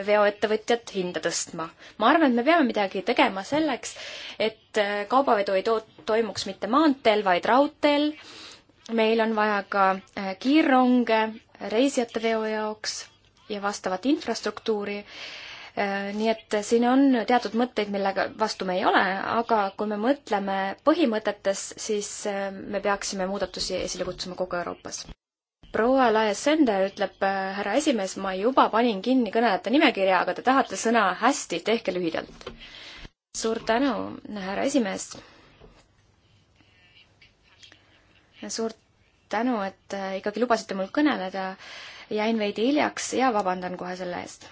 veoettevõtjad hinda tõstma. ma arvan, et me peame midagi tegema selleks, et äh, kaubavedu ei to-, toimuks mitte maanteel, vaid raudteel. meil on vaja ka äh, kiirronge reisijate veo jaoks ja vastavat infrastruktuuri äh, nii et siin on teatud mõtteid, millega vastu me ei ole, aga kui me mõtleme põhimõtetes, siis me peaksime muudatusi esile kutsuma kogu Euroopas proua Laia-Sender ütleb, äh, härra esimees, ma juba panin kinni kõnelejate nimekirja, aga te tahate sõna hästi, tehke lühidalt. suur tänu, härra esimees. suur tänu, et äh, ikkagi lubasite mul kõneleda. jäin veidi hiljaks ja vabandan kohe selle eest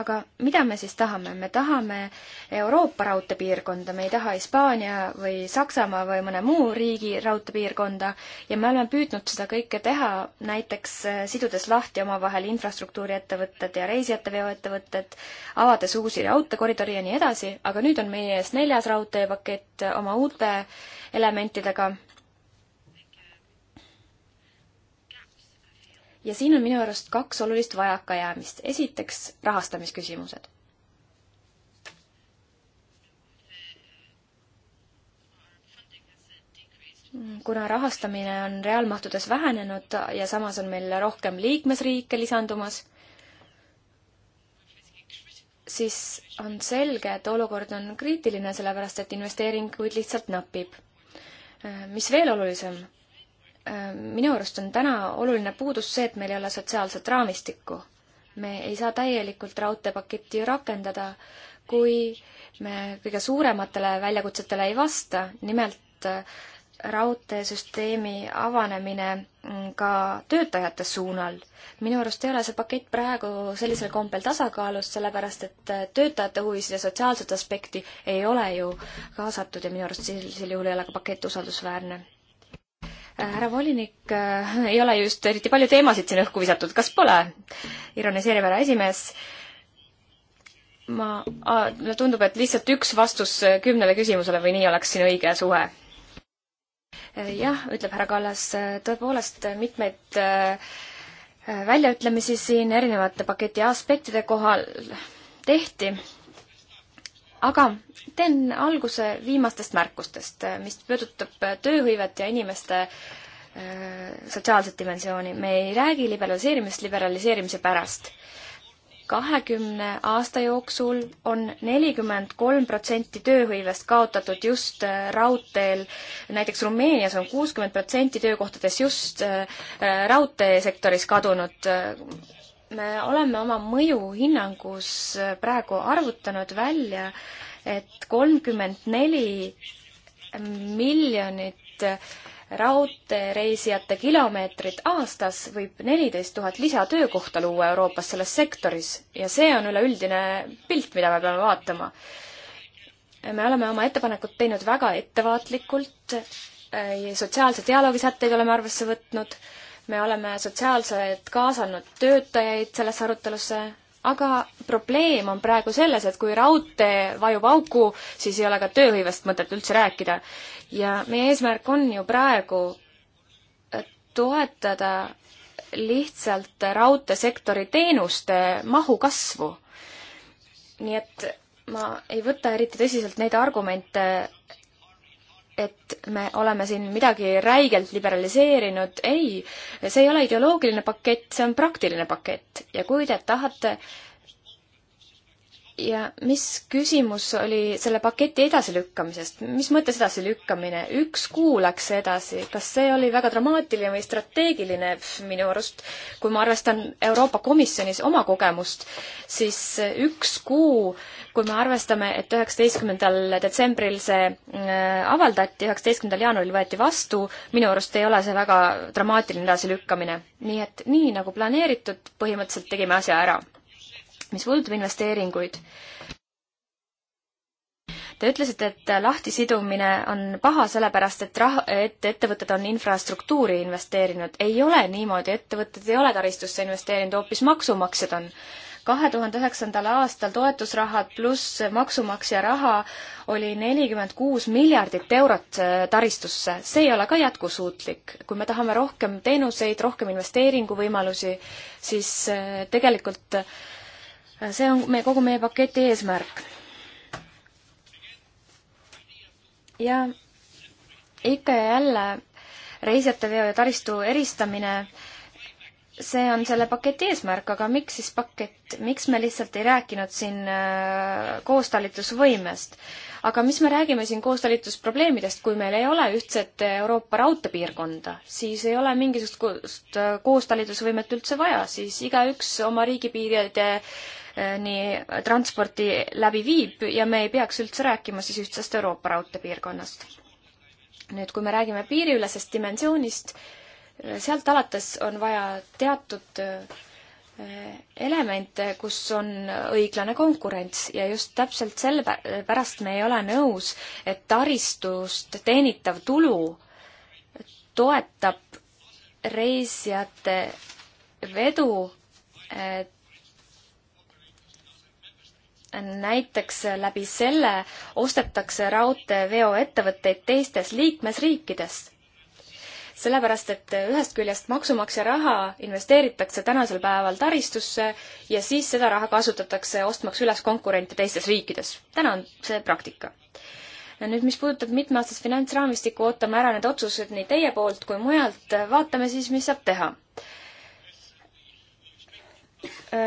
aga mida me siis tahame? me tahame Euroopa raudteepiirkonda, me ei taha Hispaania või Saksamaa või mõne muu riigi raudteepiirkonda ja me oleme püüdnud seda kõike teha, näiteks äh, sidudes lahti omavahel infrastruktuuriettevõtted ja reisijateveoettevõtted, avades uusi raudteekoridori ja nii edasi, aga nüüd on meie ees neljas raudteepakett oma uute elementidega ja siin on minu arust kaks olulist vajakajäämist. esiteks rahastamisküsimused. kuna rahastamine on reaalmahtudes vähenenud ja samas on meil rohkem liikmesriike lisandumas, siis on selge, et olukord on kriitiline, sellepärast et investeeringuid lihtsalt napib. mis veel olulisem Äh, minu arust on täna oluline puudus see, et meil ei ole sotsiaalset raamistikku. me ei saa täielikult raudteepaketti rakendada, kui me kõige suurematele väljakutsetele ei vasta, nimelt äh, raudteesüsteemi avanemine mm, ka töötajate suunal. minu arust ei ole see pakett praegu sellisel kombel tasakaalus, sellepärast et äh, töötajate huvisid ja sotsiaalset aspekti ei ole ju kaasatud ja minu arust sellisel juhul ei ole ka pakett usaldusväärne Äh, härra volinik, äh, ei ole just eriti palju teemasid siin õhku visatud, kas pole? ironiseerib härra esimees. ma, mulle tundub, et lihtsalt üks vastus äh, kümnele küsimusele või nii oleks siin õige suhe. jah, ütleb härra Kallas, tõepoolest mitmeid väljaütlemisi siin erinevate paketi aspektide kohal tehti aga teen alguse viimastest märkustest, mis puudutab tööhõivet ja inimeste äh, sotsiaalset dimensiooni. me ei räägi liberaliseerimisest liberaliseerimise pärast. kahekümne aasta jooksul on nelikümmend kolm protsenti tööhõivest kaotatud just äh, raudteel, näiteks Rumeenias on kuuskümmend protsenti töökohtadest just äh, raudteesektoris kadunud me oleme oma mõjuhinnangus praegu arvutanud välja, et kolmkümmend neli miljonit raudteereisijate kilomeetrit aastas võib neliteist tuhat lisatöökohta luua Euroopas selles sektoris ja see on üleüldine pilt, mida me peame vaatama. me oleme oma ettepanekud teinud väga ettevaatlikult, sotsiaalse dialoogi sätteid oleme arvesse võtnud me oleme sotsiaalselt kaasanud töötajaid sellesse arutelusse, aga probleem on praegu selles, et kui raudtee vajub auku, siis ei ole ka tööhõivest mõtet üldse rääkida. ja meie eesmärk on ju praegu äh, toetada lihtsalt raudteesektori teenuste mahu kasvu. nii et ma ei võta eriti tõsiselt neid argumente, et me oleme siin midagi räigelt liberaliseerinud, ei, see ei ole ideoloogiline pakett, see on praktiline pakett ja kui te tahate ja mis küsimus oli selle paketi edasilükkamisest, mis mõttes edasilükkamine, üks kuu läks edasi, kas see oli väga dramaatiline või strateegiline Pff, minu arust, kui ma arvestan Euroopa Komisjonis oma kogemust, siis üks kuu, kui me arvestame, et üheksateistkümnendal detsembril see äh, avaldati, üheksateistkümnendal jaanuaril võeti vastu, minu arust ei ole see väga dramaatiline edasilükkamine. nii et nii, nagu planeeritud, põhimõtteliselt tegime asja ära mis puudutab investeeringuid, Te ütlesite, et lahtisidumine on paha, sellepärast et rah-, et ettevõtted on infrastruktuuri investeerinud. ei ole niimoodi, ettevõtted ei ole taristusse investeerinud, hoopis maksumaksjad on. kahe tuhande üheksandal aastal toetusrahad pluss maksumaksja raha oli nelikümmend kuus miljardit eurot äh, taristusse. see ei ole ka jätkusuutlik. kui me tahame rohkem teenuseid, rohkem investeeringuvõimalusi, siis äh, tegelikult äh, see on meie, kogu meie paketi eesmärk. ja ikka ja jälle reisijateveo ja taristu eristamine, see on selle paketi eesmärk, aga miks siis pakett, miks me lihtsalt ei rääkinud siin äh, koostalitusvõimest? aga mis me räägime siin koostalitusprobleemidest, kui meil ei ole ühtset Euroopa raudteepiirkonda, siis ei ole mingisugust äh, koostalitusvõimet üldse vaja, siis igaüks oma riigipiiride Äh, nii transporti läbi viib ja me ei peaks üldse rääkima siis ühtsest Euroopa raudteepiirkonnast. nüüd, kui me räägime piiriülesest dimensioonist, äh, sealt alates on vaja teatud äh, elemente, kus on õiglane konkurents ja just täpselt selle pärast me ei ole nõus, et taristust teenitav tulu toetab reisijate vedu näiteks läbi selle ostetakse raudteeveoettevõtteid teistes liikmesriikides. sellepärast, et ühest küljest maksumaksja raha investeeritakse tänasel päeval taristusse ja siis seda raha kasutatakse ostmaks üles konkurente teistes riikides. täna on see praktika. nüüd, mis puudutab mitmeaastast finantsraamistikku, ootame ära need otsused nii teie poolt kui mujalt, vaatame siis, mis saab teha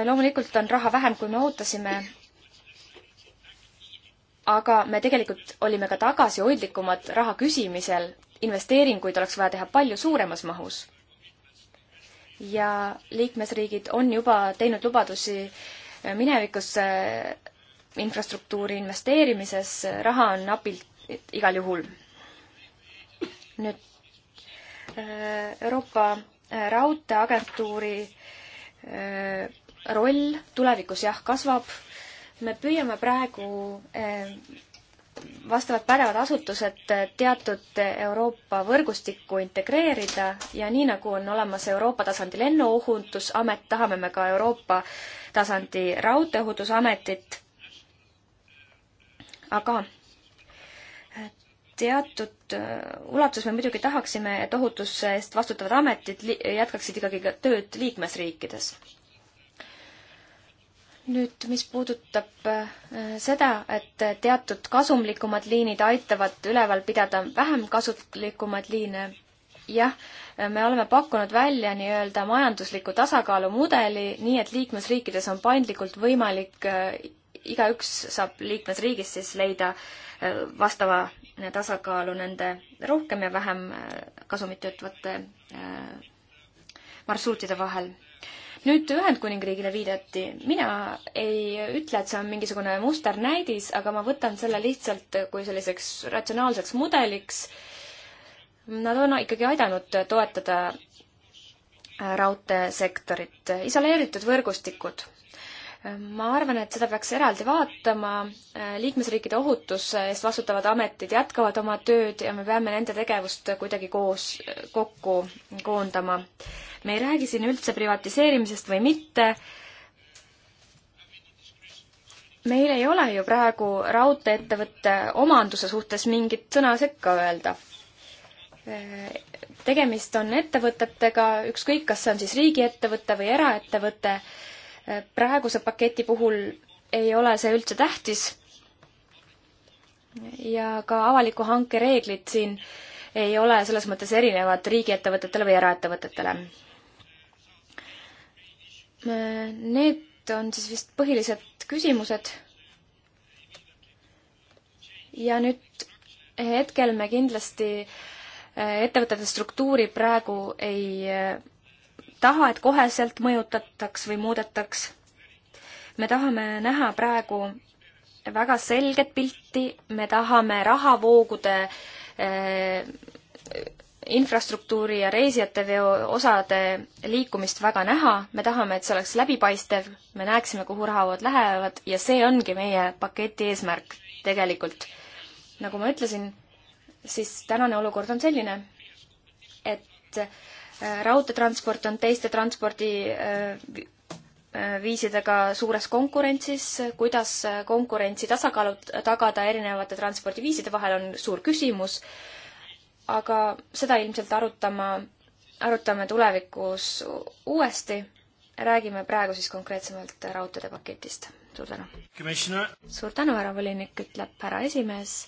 loomulikult on raha vähem, kui me ootasime, aga me tegelikult olime ka tagasihoidlikumad raha küsimisel, investeeringuid oleks vaja teha palju suuremas mahus. ja liikmesriigid on juba teinud lubadusi minevikus äh, infrastruktuuri investeerimises, raha on napilt igal juhul. nüüd äh, Euroopa äh, Raudteeagentuuri roll tulevikus jah, kasvab me püüame praegu eh, vastavad pädevad asutused eh, teatud Euroopa võrgustikku integreerida ja nii nagu on olemas Euroopa tasandi lennuohutusamet, tahame me ka Euroopa tasandi raudteeohutusametit. aga eh, teatud ulatuses me muidugi tahaksime, et ohutuse eest vastutavad ametid jätkaksid ikkagi tööd liikmesriikides nüüd, mis puudutab äh, seda, et teatud kasumlikumad liinid aitavad üleval pidada vähem kasutlikumaid liine, jah, me oleme pakkunud välja nii-öelda majandusliku tasakaalu mudeli, nii et liikmesriikides on paindlikult võimalik, äh, igaüks saab liikmesriigis siis leida äh, vastava tasakaalu nende rohkem ja vähem kasumit töötavate marsruutide vahel nüüd Ühendkuningriigile viidati. mina ei ütle, et see on mingisugune musternäidis, aga ma võtan selle lihtsalt kui selliseks ratsionaalseks mudeliks. Nad on ikkagi aidanud toetada raudteesektorit, isoleeritud võrgustikud ma arvan, et seda peaks eraldi vaatama, liikmesriikide ohutuse eest vastutavad ametid jätkavad oma tööd ja me peame nende tegevust kuidagi koos, kokku koondama. me ei räägi siin üldse privatiseerimisest või mitte, meil ei ole ju praegu raudtee-ettevõtte omanduse suhtes mingit sõna sekka öelda tegemist on ettevõtetega, ükskõik, kas see on siis riigiettevõte või eraettevõte, praeguse paketi puhul ei ole see üldse tähtis. ja ka avaliku hanke reeglid siin ei ole selles mõttes erinevad riigiettevõtetele või eraettevõtetele. Need on siis vist põhilised küsimused. ja nüüd hetkel me kindlasti eh, ettevõtete struktuuri praegu ei eh, taha, et koheselt mõjutataks või muudetaks. me tahame näha praegu väga selget pilti, me tahame rahavoogude äh, infrastruktuuri ja reisijateveo osade liikumist väga näha, me tahame, et see oleks läbipaistev, me näeksime, kuhu rahavood lähevad ja see ongi meie paketi eesmärk tegelikult. nagu ma ütlesin, siis tänane olukord on selline, et Äh, raudteetransport on teiste transpordiviisidega äh, äh, suures konkurentsis, kuidas konkurentsi tasakaalu tagada erinevate transpordiviiside vahel, on suur küsimus, aga seda ilmselt arutama, arutame tulevikus uuesti räägime praegu siis konkreetsemalt raudteede paketist. suur tänu. suur tänu, härra volinik, ütleb härra esimees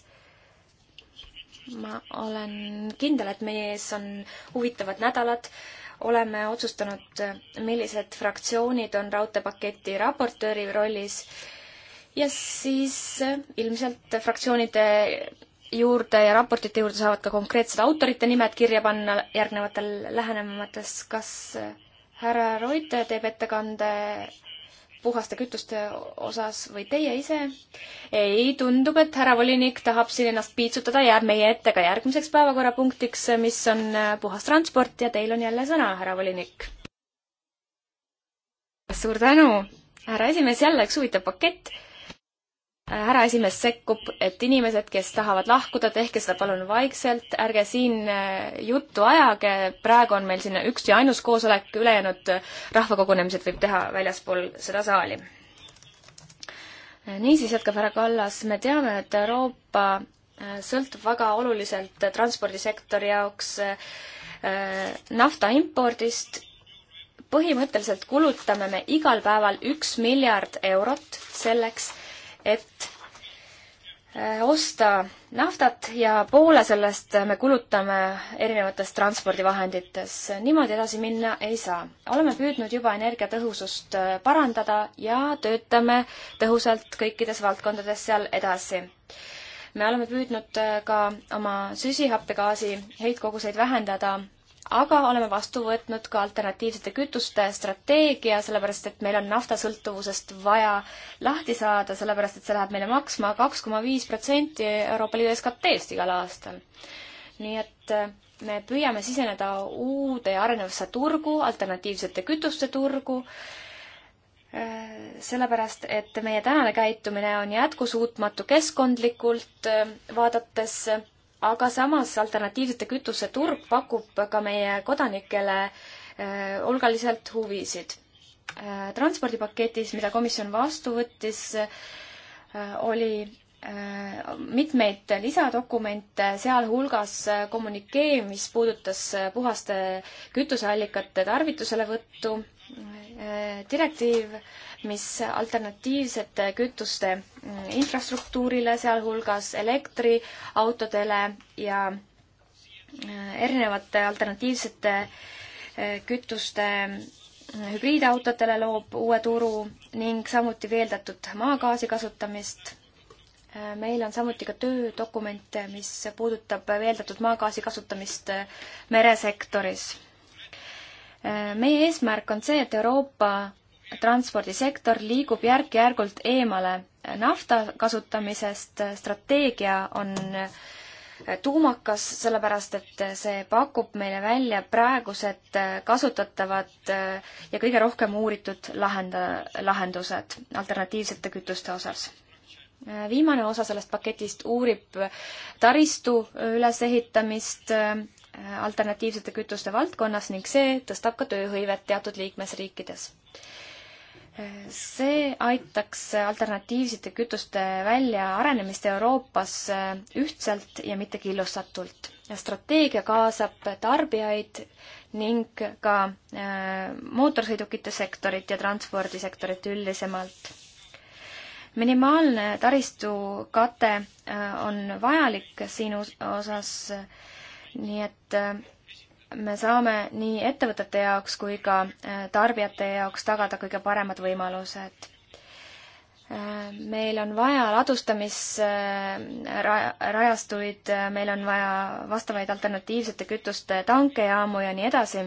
ma olen kindel, et meie ees on huvitavad nädalad. oleme otsustanud, millised fraktsioonid on raudteepaketi raportööri rollis ja siis ilmselt fraktsioonide juurde ja raportite juurde saavad ka konkreetsed autorite nimed kirja panna järgnevatel lähenematest. kas härra Reuter teeb ettekande puhaste kütuste osas või teie ise. ei, tundub, et härra volinik tahab siin ennast piitsutada, jääb meie ette ka järgmiseks päevakorrapunktiks, mis on äh, puhas transport ja teil on jälle sõna, härra volinik. suur tänu, härra esimees, jälle üks huvitav pakett härra esimees sekkub, et inimesed, kes tahavad lahkuda, tehke seda palun vaikselt, ärge siin äh, juttu ajage, praegu on meil siin üks ja ainus koosolek, ülejäänud rahvakogunemised võib teha väljaspool seda saali. Äh, niisiis, jätkab härra Kallas, me teame, et Euroopa äh, sõltub väga oluliselt transpordisektori jaoks nafta impordist põhimõtteliselt kulutame me igal päeval üks miljard eurot selleks, et äh, osta naftat ja poole sellest me kulutame erinevates transpordivahendites. niimoodi edasi minna ei saa. oleme püüdnud juba energiatõhusust äh, parandada ja töötame tõhusalt kõikides valdkondades seal edasi. me oleme püüdnud äh, ka oma süsihappegaasi heitkoguseid vähendada aga oleme vastu võtnud ka alternatiivsete kütuste strateegia, sellepärast et meil on naftasõltuvusest vaja lahti saada, sellepärast et see läheb meile maksma kaks koma viis protsenti Euroopa Liidu SKT-st igal aastal. nii et eh, me püüame siseneda uude ja arenevasse turgu, alternatiivsete kütuste turgu, eh, sellepärast, et meie tänane käitumine on jätkusuutmatu keskkondlikult eh, vaadates aga samas alternatiivsete kütuse turg pakub ka meie kodanikele äh, hulgaliselt huvisid. Äh, transpordipaketis, mida komisjon vastu võttis, äh, oli mitmeid lisadokumente, sealhulgas kommünikee, mis puudutas puhaste kütuseallikate tarvituselevõttu, direktiiv mis alternatiivsete kütuste mm, infrastruktuurile, sealhulgas elektriautodele ja äh, erinevate alternatiivsete äh, kütuste mm, hübriidautodele loob uue turu ning samuti veeldatud maagaasi kasutamist. Äh, meil on samuti ka töödokument, mis puudutab veeldatud maagaasi kasutamist meresektoris. meie eesmärk on see, et Euroopa transpordisektor liigub järk-järgult eemale nafta kasutamisest, strateegia on tuumakas, sellepärast et see pakub meile välja praegused kasutatavad ja kõige rohkem uuritud lahenda, lahendused alternatiivsete kütuste osas viimane osa sellest paketist uurib taristu ülesehitamist alternatiivsete kütuste valdkonnas ning see tõstab ka tööhõivet teatud liikmesriikides see aitaks alternatiivsete kütuste väljaarenemist Euroopas ühtselt ja mitte killustatult. strateegia kaasab tarbijaid ning ka äh, mootorsõidukite sektorit ja transpordisektorit üldisemalt. minimaalne taristukate äh, on vajalik siin osas, äh, nii et me saame nii ettevõtete jaoks kui ka äh, tarbijate jaoks tagada kõige paremad võimalused. Äh, meil on vaja ladustamisrajastuid, äh, meil on vaja vastavaid alternatiivsete kütuste tankejaamu ja nii edasi.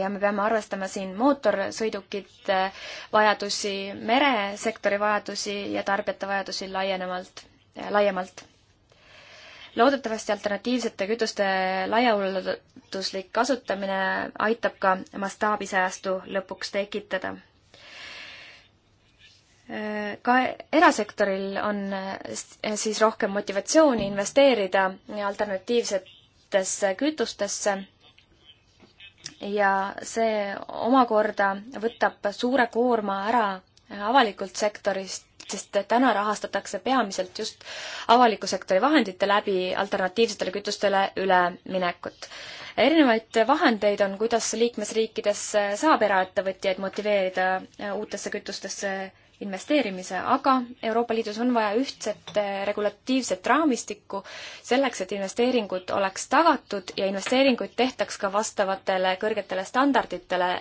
ja me peame arvestama siin mootorsõidukite vajadusi, meresektori vajadusi ja tarbijate vajadusi laienemalt, laiemalt loodetavasti alternatiivsete kütuste laiaulatuslik kasutamine aitab ka mastaabisäästu lõpuks tekitada. Ka erasektoril on siis rohkem motivatsiooni investeerida alternatiivsetesse kütustesse ja see omakorda võtab suure koorma ära avalikult sektorist sest täna rahastatakse peamiselt just avaliku sektori vahendite läbi alternatiivsetele kütustele üleminekut. erinevaid vahendeid on, kuidas liikmesriikides saab eraettevõtjaid motiveerida uutesse kütustesse investeerimise, aga Euroopa Liidus on vaja ühtset eh, regulatiivset raamistikku selleks, et investeeringud oleks tagatud ja investeeringuid tehtaks ka vastavatele kõrgetele standarditele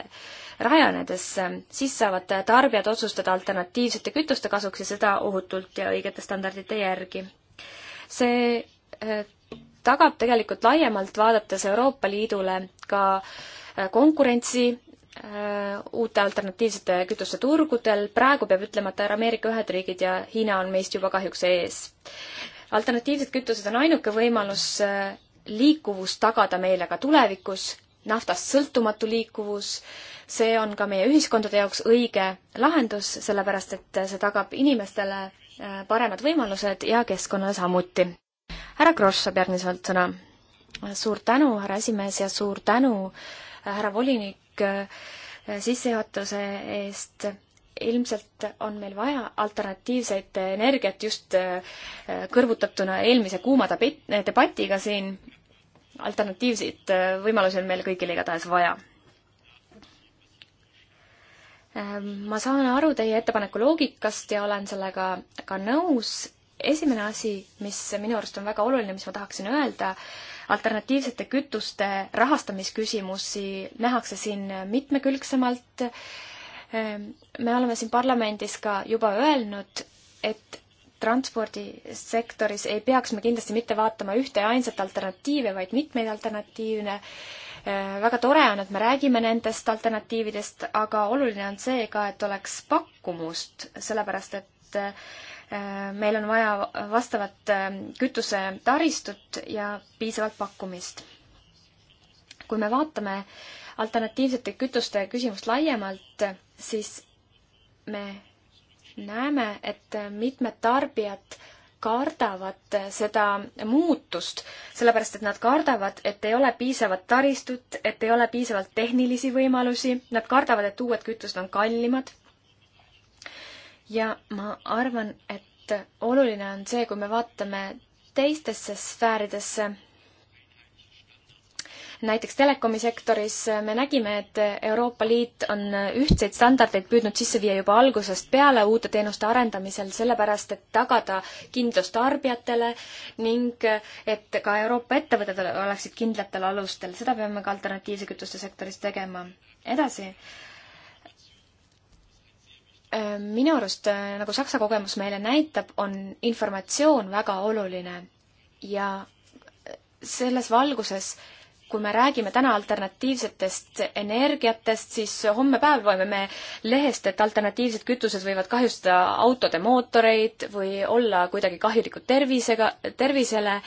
rajanedes. siis saavad tarbijad otsustada alternatiivsete kütuste kasuks ja seda ohutult ja õigete standardite järgi. see eh, tagab tegelikult laiemalt vaadates Euroopa Liidule ka eh, konkurentsi Äh, uute alternatiivsete kütuste turgudel, praegu peab ütlema, et Ameerika Ühendriigid ja Hiina on meist juba kahjuks ees. alternatiivsed kütused on ainuke võimalus äh, liikuvust tagada meile ka tulevikus, naftast sõltumatu liikuvus, see on ka meie ühiskondade jaoks õige lahendus, sellepärast et see tagab inimestele äh, paremad võimalused ja keskkonnale samuti. härra Kross saab järgmiselt sõna. suur tänu, härra esimees, ja suur tänu, härra volinik, tänulik äh, sissejuhatuse eest. ilmselt on meil vaja alternatiivseid energiat just äh, kõrvutatuna eelmise kuuma debatiga siin. alternatiivseid äh, võimalusi on meil kõigil igatahes vaja ähm, ma saan aru teie ettepaneku loogikast ja olen sellega ka nõus. esimene asi, mis minu arust on väga oluline, mis ma tahaksin öelda, alternatiivsete kütuste rahastamisküsimusi nähakse siin mitmekülgsemalt. Ehm, me oleme siin parlamendis ka juba öelnud, et transpordisektoris ei peaks me kindlasti mitte vaatama ühte ja ainsat alternatiivi, vaid mitmeid alternatiivne. Ehm, väga tore on, et me räägime nendest alternatiividest, aga oluline on see ka, et oleks pakkumust, sellepärast et Äh, meil on vaja vastavat äh, kütusetaristut ja piisavalt pakkumist. kui me vaatame alternatiivsete kütuste küsimust laiemalt, siis me näeme, et mitmed tarbijad kardavad seda muutust, sellepärast et nad kardavad, et ei ole piisavat taristut, et ei ole piisavalt tehnilisi võimalusi, nad kardavad, et uued kütused on kallimad ja ma arvan, et oluline on see, kui me vaatame teistesse sfääridesse, näiteks telekomisektoris me nägime, et Euroopa Liit on ühtseid standardeid püüdnud sisse viia juba algusest peale uute teenuste arendamisel, sellepärast et tagada kindlus tarbijatele ning et ka Euroopa ettevõtted oleksid kindlatel alustel, seda peame ka alternatiivse kütuste sektoris tegema. edasi minu arust, äh, nagu Saksa kogemus meile näitab, on informatsioon väga oluline ja selles valguses, kui me räägime täna alternatiivsetest energiatest, siis homme päev loeme me lehest, et alternatiivsed kütused võivad kahjustada autode mootoreid või olla kuidagi kahjulikud tervisega, tervisele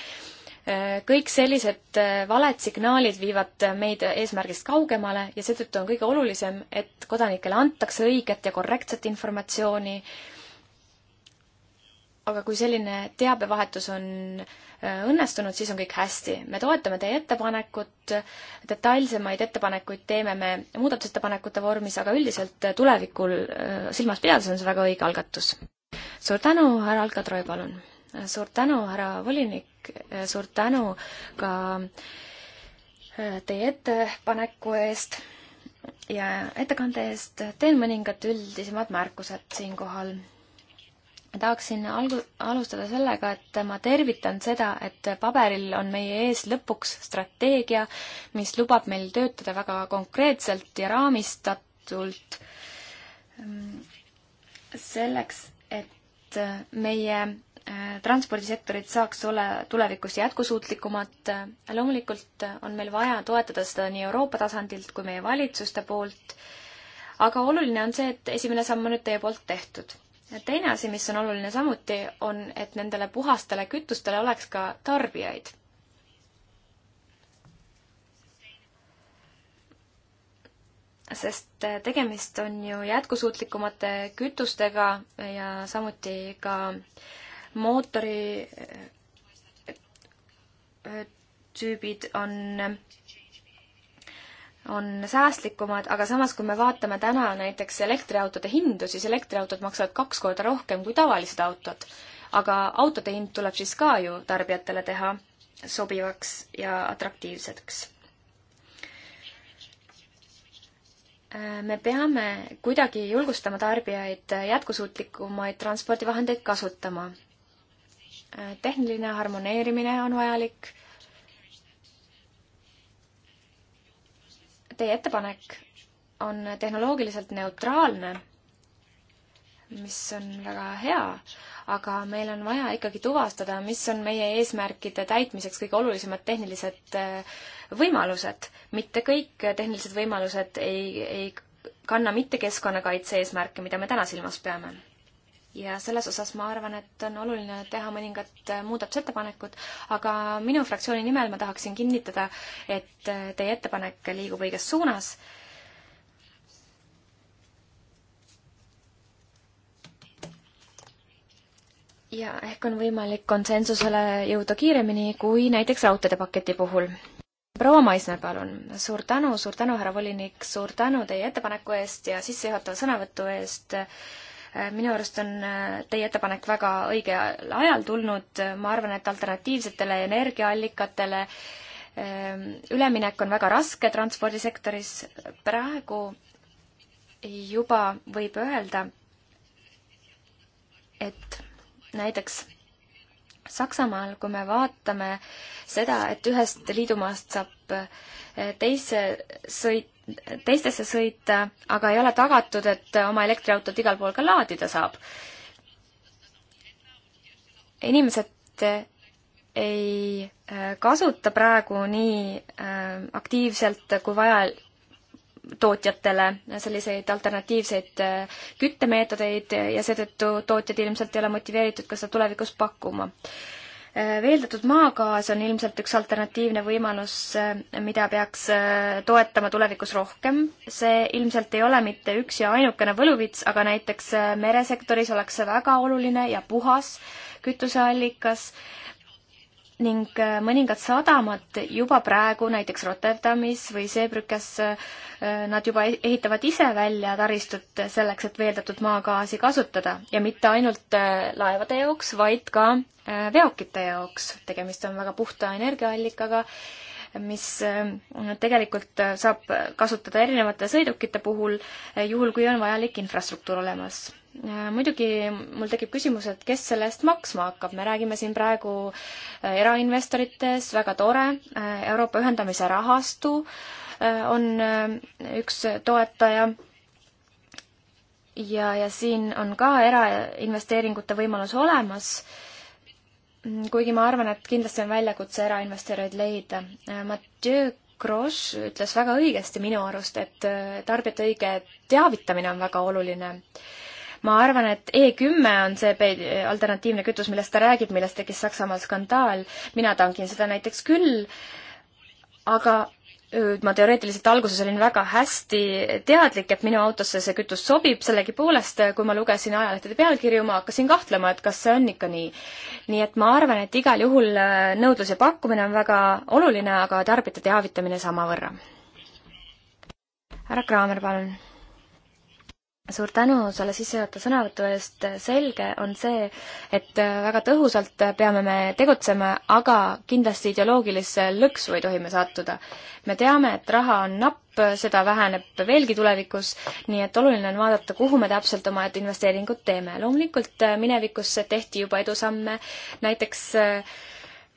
Äh, kõik sellised äh, valed signaalid viivad meid eesmärgist kaugemale ja seetõttu on kõige olulisem, et kodanikele antakse õiget ja korrektset informatsiooni. aga kui selline teabevahetus on äh, õnnestunud, siis on kõik hästi. me toetame teie ettepanekut, detailsemaid ettepanekuid teeme me muudatusettepanekute vormis, aga üldiselt tulevikul silmas pidades on see väga õige algatus. suur tänu, härra Alka Troi, palun! suur tänu, härra volinik, suur tänu ka äh, teie ettepaneku eest ja ettekande eest teen mõningad üldisemad märkused siinkohal. tahaksin algu-, alustada sellega, et ma tervitan seda, et paberil on meie ees lõpuks strateegia, mis lubab meil töötada väga konkreetselt ja raamistatult ähm, selleks, et äh, meie transpordisektorit saaks olla tulevikus jätkusuutlikumad. loomulikult on meil vaja toetada seda nii Euroopa tasandilt kui meie valitsuste poolt, aga oluline on see, et esimene samm on nüüd teie poolt tehtud. teine asi, mis on oluline samuti, on, et nendele puhastele kütustele oleks ka tarbijaid. sest tegemist on ju jätkusuutlikumate kütustega ja samuti ka äh, mootori äh, tüübid on on säästlikumad, aga samas, kui me vaatame täna näiteks elektriautode hindu, siis elektriautod maksavad kaks korda rohkem kui tavalised autod. aga autode hind tuleb siis ka ju tarbijatele teha sobivaks ja atraktiivseks. Äh, me peame kuidagi julgustama tarbijaid jätkusuutlikumaid transpordivahendeid kasutama Äh, tehniline harmoneerimine on vajalik. Teie ettepanek on tehnoloogiliselt neutraalne, mis on väga hea, aga meil on vaja ikkagi tuvastada, mis on meie eesmärkide täitmiseks kõige olulisemad tehnilised äh, võimalused. mitte kõik tehnilised võimalused ei, ei kanna mitte keskkonnakaitse eesmärke, mida me täna silmas peame ja selles osas ma arvan, et on oluline teha mõningad muudatusettepanekud, aga minu fraktsiooni nimel ma tahaksin kinnitada, et teie ettepanek liigub õiges suunas. ja ehk on võimalik konsensusele jõuda kiiremini kui näiteks raudteede paketi puhul proua Maisner, palun, suur tänu, suur tänu, härra volinik, suur tänu teie ettepaneku eest ja sissejuhatava sõnavõtu eest. Äh, minu arust on äh, teie ettepanek väga õigel ajal tulnud, äh, ma arvan, et alternatiivsetele energiaallikatele ähm, üleminek on väga raske transpordisektoris, praegu juba võib öelda, et näiteks Saksamaal, kui me vaatame seda, et ühest liidumaast saab teise sõit, teistesse sõita, aga ei ole tagatud, et oma elektriautot igal pool ka laadida saab. inimesed ei äh, kasuta praegu nii äh, aktiivselt kui vaja tootjatele selliseid alternatiivseid äh, küttemeetodeid ja seetõttu tootjad ilmselt ei ole motiveeritud ka seda tulevikus pakkuma. Äh, veeldatud maagaas on ilmselt üks alternatiivne võimalus, äh, mida peaks äh, toetama tulevikus rohkem. see ilmselt ei ole mitte üks ja ainukene võluvits, aga näiteks meresektoris oleks see väga oluline ja puhas kütuseallikas ning äh, mõningad sadamad juba praegu, näiteks Rotterdamis või Seebrükes, äh, nad juba e-, ehitavad ise välja taristut selleks, et veeldatud maagaasi kasutada ja mitte ainult äh, laevade jaoks, vaid ka veokite jaoks. tegemist on väga puhta energiaallikaga, mis tegelikult saab kasutada erinevate sõidukite puhul, juhul kui on vajalik infrastruktuur olemas Äh, muidugi mul tekib küsimus, et kes selle eest maksma hakkab, me räägime siin praegu äh, erainvestorites, väga tore, äh, Euroopa ühendamise rahastu on üks toetaja ja, ja siin on ka erainvesteeringute võimalus olemas, mm, kuigi ma arvan, et kindlasti on väljakutse erainvesteerijaid leida. Mathieu Grosch ütles väga õigesti minu arust, et tarbijate õige teavitamine on väga oluline ma arvan, et E kümme on see alternatiivne kütus, millest ta räägib, millest tekkis Saksamaal skandaal. mina tangin seda näiteks küll, aga ma teoreetiliselt alguses olin väga hästi teadlik, et minu autosse see kütus sobib, sellegipoolest, kui ma lugesin ajalehtede pealkirju, ma hakkasin kahtlema, et kas see on ikka nii. nii et ma arvan, et igal juhul nõudlus ja pakkumine on väga oluline, aga tarbijate teavitamine samavõrra. härra Kraamer, palun suur tänu selle sissejuhatava sõnavõtu eest, selge on see, et äh, väga tõhusalt peame me tegutsema, aga kindlasti ideoloogilisse lõksu ei tohi me sattuda. me teame, et raha on napp, seda väheneb veelgi tulevikus, nii et oluline on vaadata, kuhu me täpselt oma investeeringud teeme. loomulikult äh, minevikus tehti juba edusamme, näiteks äh,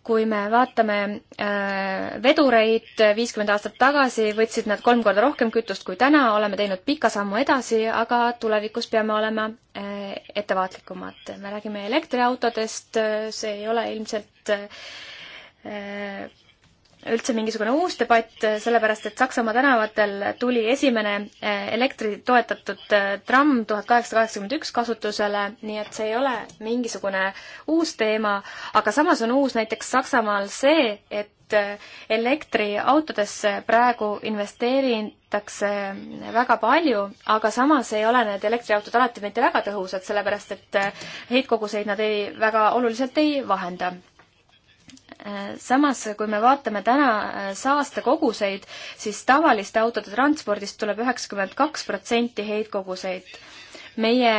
kui me vaatame äh, vedureid viiskümmend aastat tagasi, võtsid nad kolm korda rohkem kütust kui täna, oleme teinud pika sammu edasi, aga tulevikus peame olema äh, ettevaatlikumad. me räägime elektriautodest, äh, see ei ole ilmselt üldse mingisugune uus debatt, sellepärast et Saksamaa tänavatel tuli esimene eh, elektritoetatud eh, tramm tuhat kaheksasada kaheksakümmend üks kasutusele, nii et see ei ole mingisugune uus teema, aga samas on uus näiteks Saksamaal see, et eh, elektriautodesse praegu investeeritakse väga palju, aga samas ei ole need elektriautod alati mitte väga tõhusad, sellepärast et heitkoguseid nad ei, väga oluliselt ei vahenda Äh, samas, kui me vaatame täna äh, saastekoguseid, siis tavaliste autode transpordist tuleb üheksakümmend kaks protsenti heitkoguseid meie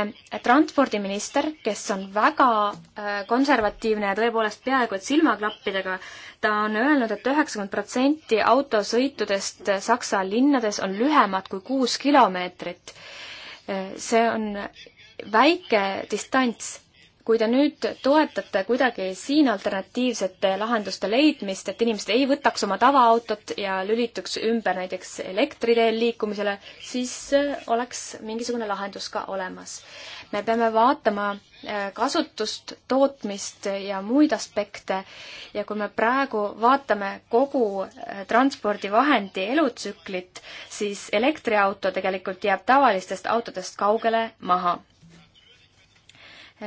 transpordiminister, kes on väga äh, konservatiivne ja tõepoolest peaaegu et silmaklappidega, ta on öelnud et, et üheksakümmend protsenti autosõitudest Saksa linnades on lühemad kui kuus kilomeetrit. see on väike distants kui te nüüd toetate kuidagi siin alternatiivsete lahenduste leidmist, et inimesed ei võtaks oma tavaautot ja lülituks ümber näiteks elektriteel liikumisele, siis äh, oleks mingisugune lahendus ka olemas. me peame vaatama äh, kasutust, tootmist ja muid aspekte ja kui me praegu vaatame kogu äh, transpordivahendi elutsüklit, siis elektriauto tegelikult jääb tavalistest autodest kaugele maha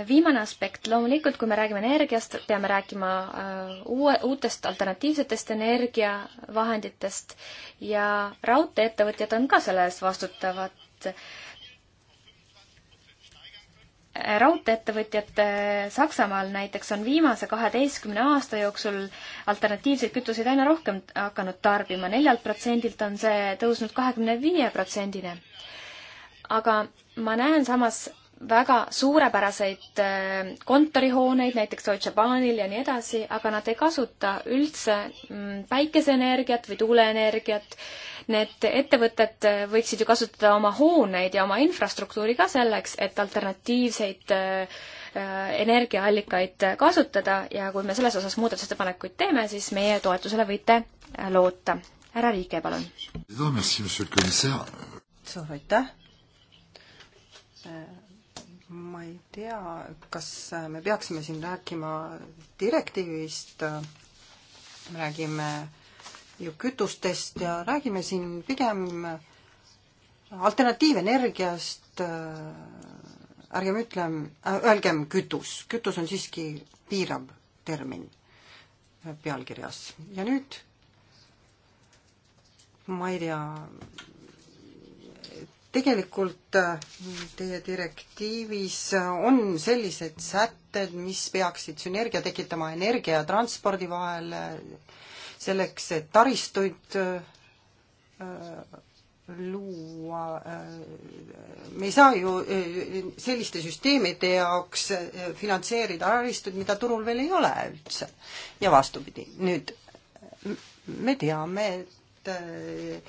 viimane aspekt, loomulikult kui me räägime energiast, peame rääkima äh, uue, uutest alternatiivsetest energiavahenditest ja raudtee-ettevõtjad on ka selle eest vastutavad. Äh, raudtee-ettevõtjad äh, Saksamaal näiteks on viimase kaheteistkümne aasta jooksul alternatiivseid kütuseid aina rohkem hakanud tarbima, neljalt protsendilt on see tõusnud kahekümne viie protsendini. aga ma näen samas väga suurepäraseid äh, kontorihooneid, näiteks Deutsche Bahnil ja nii edasi, aga nad ei kasuta üldse mm, päikeseenergiat või tuuleenergiat. Need ettevõtted äh, võiksid ju kasutada oma hooneid ja oma infrastruktuuri ka selleks, et alternatiivseid äh, energiaallikaid kasutada ja kui me selles osas muudatusettepanekuid teeme, siis meie toetusele võite loota. härra Riike, palun. suur aitäh ma ei tea, kas me peaksime siin rääkima direktiivist, me räägime ju kütustest ja räägime siin pigem alternatiivenergiast, ärgem ütlem äh,, öelgem kütus, kütus on siiski piirav termin pealkirjas ja nüüd ma ei tea, tegelikult äh, teie direktiivis äh, on sellised sätted, mis peaksid sünergia tekitama energia ja transpordi vahel äh, selleks, et taristuid luua, me ei saa ju selliste süsteemide jaoks finantseerida taristuid, mida turul veel ei ole üldse. ja vastupidi, nüüd me teame, et Äh,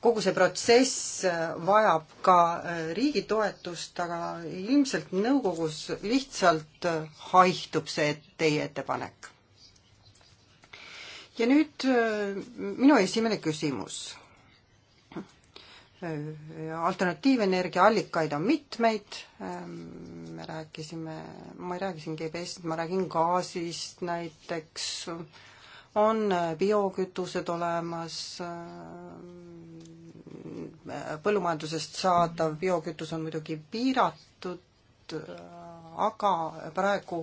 kogu see protsess äh, vajab ka äh, riigi toetust, aga ilmselt nõukogus lihtsalt haihtub see teie ettepanek. ja nüüd minu esimene küsimus. alternatiivenergia allikaid on mitmeid, ähm, me rääkisime, ma rääkisin GPS-ist, ma räägin gaasist näiteks, on biokütused olemas, põllumajandusest saadav biokütus on muidugi piiratud, aga praegu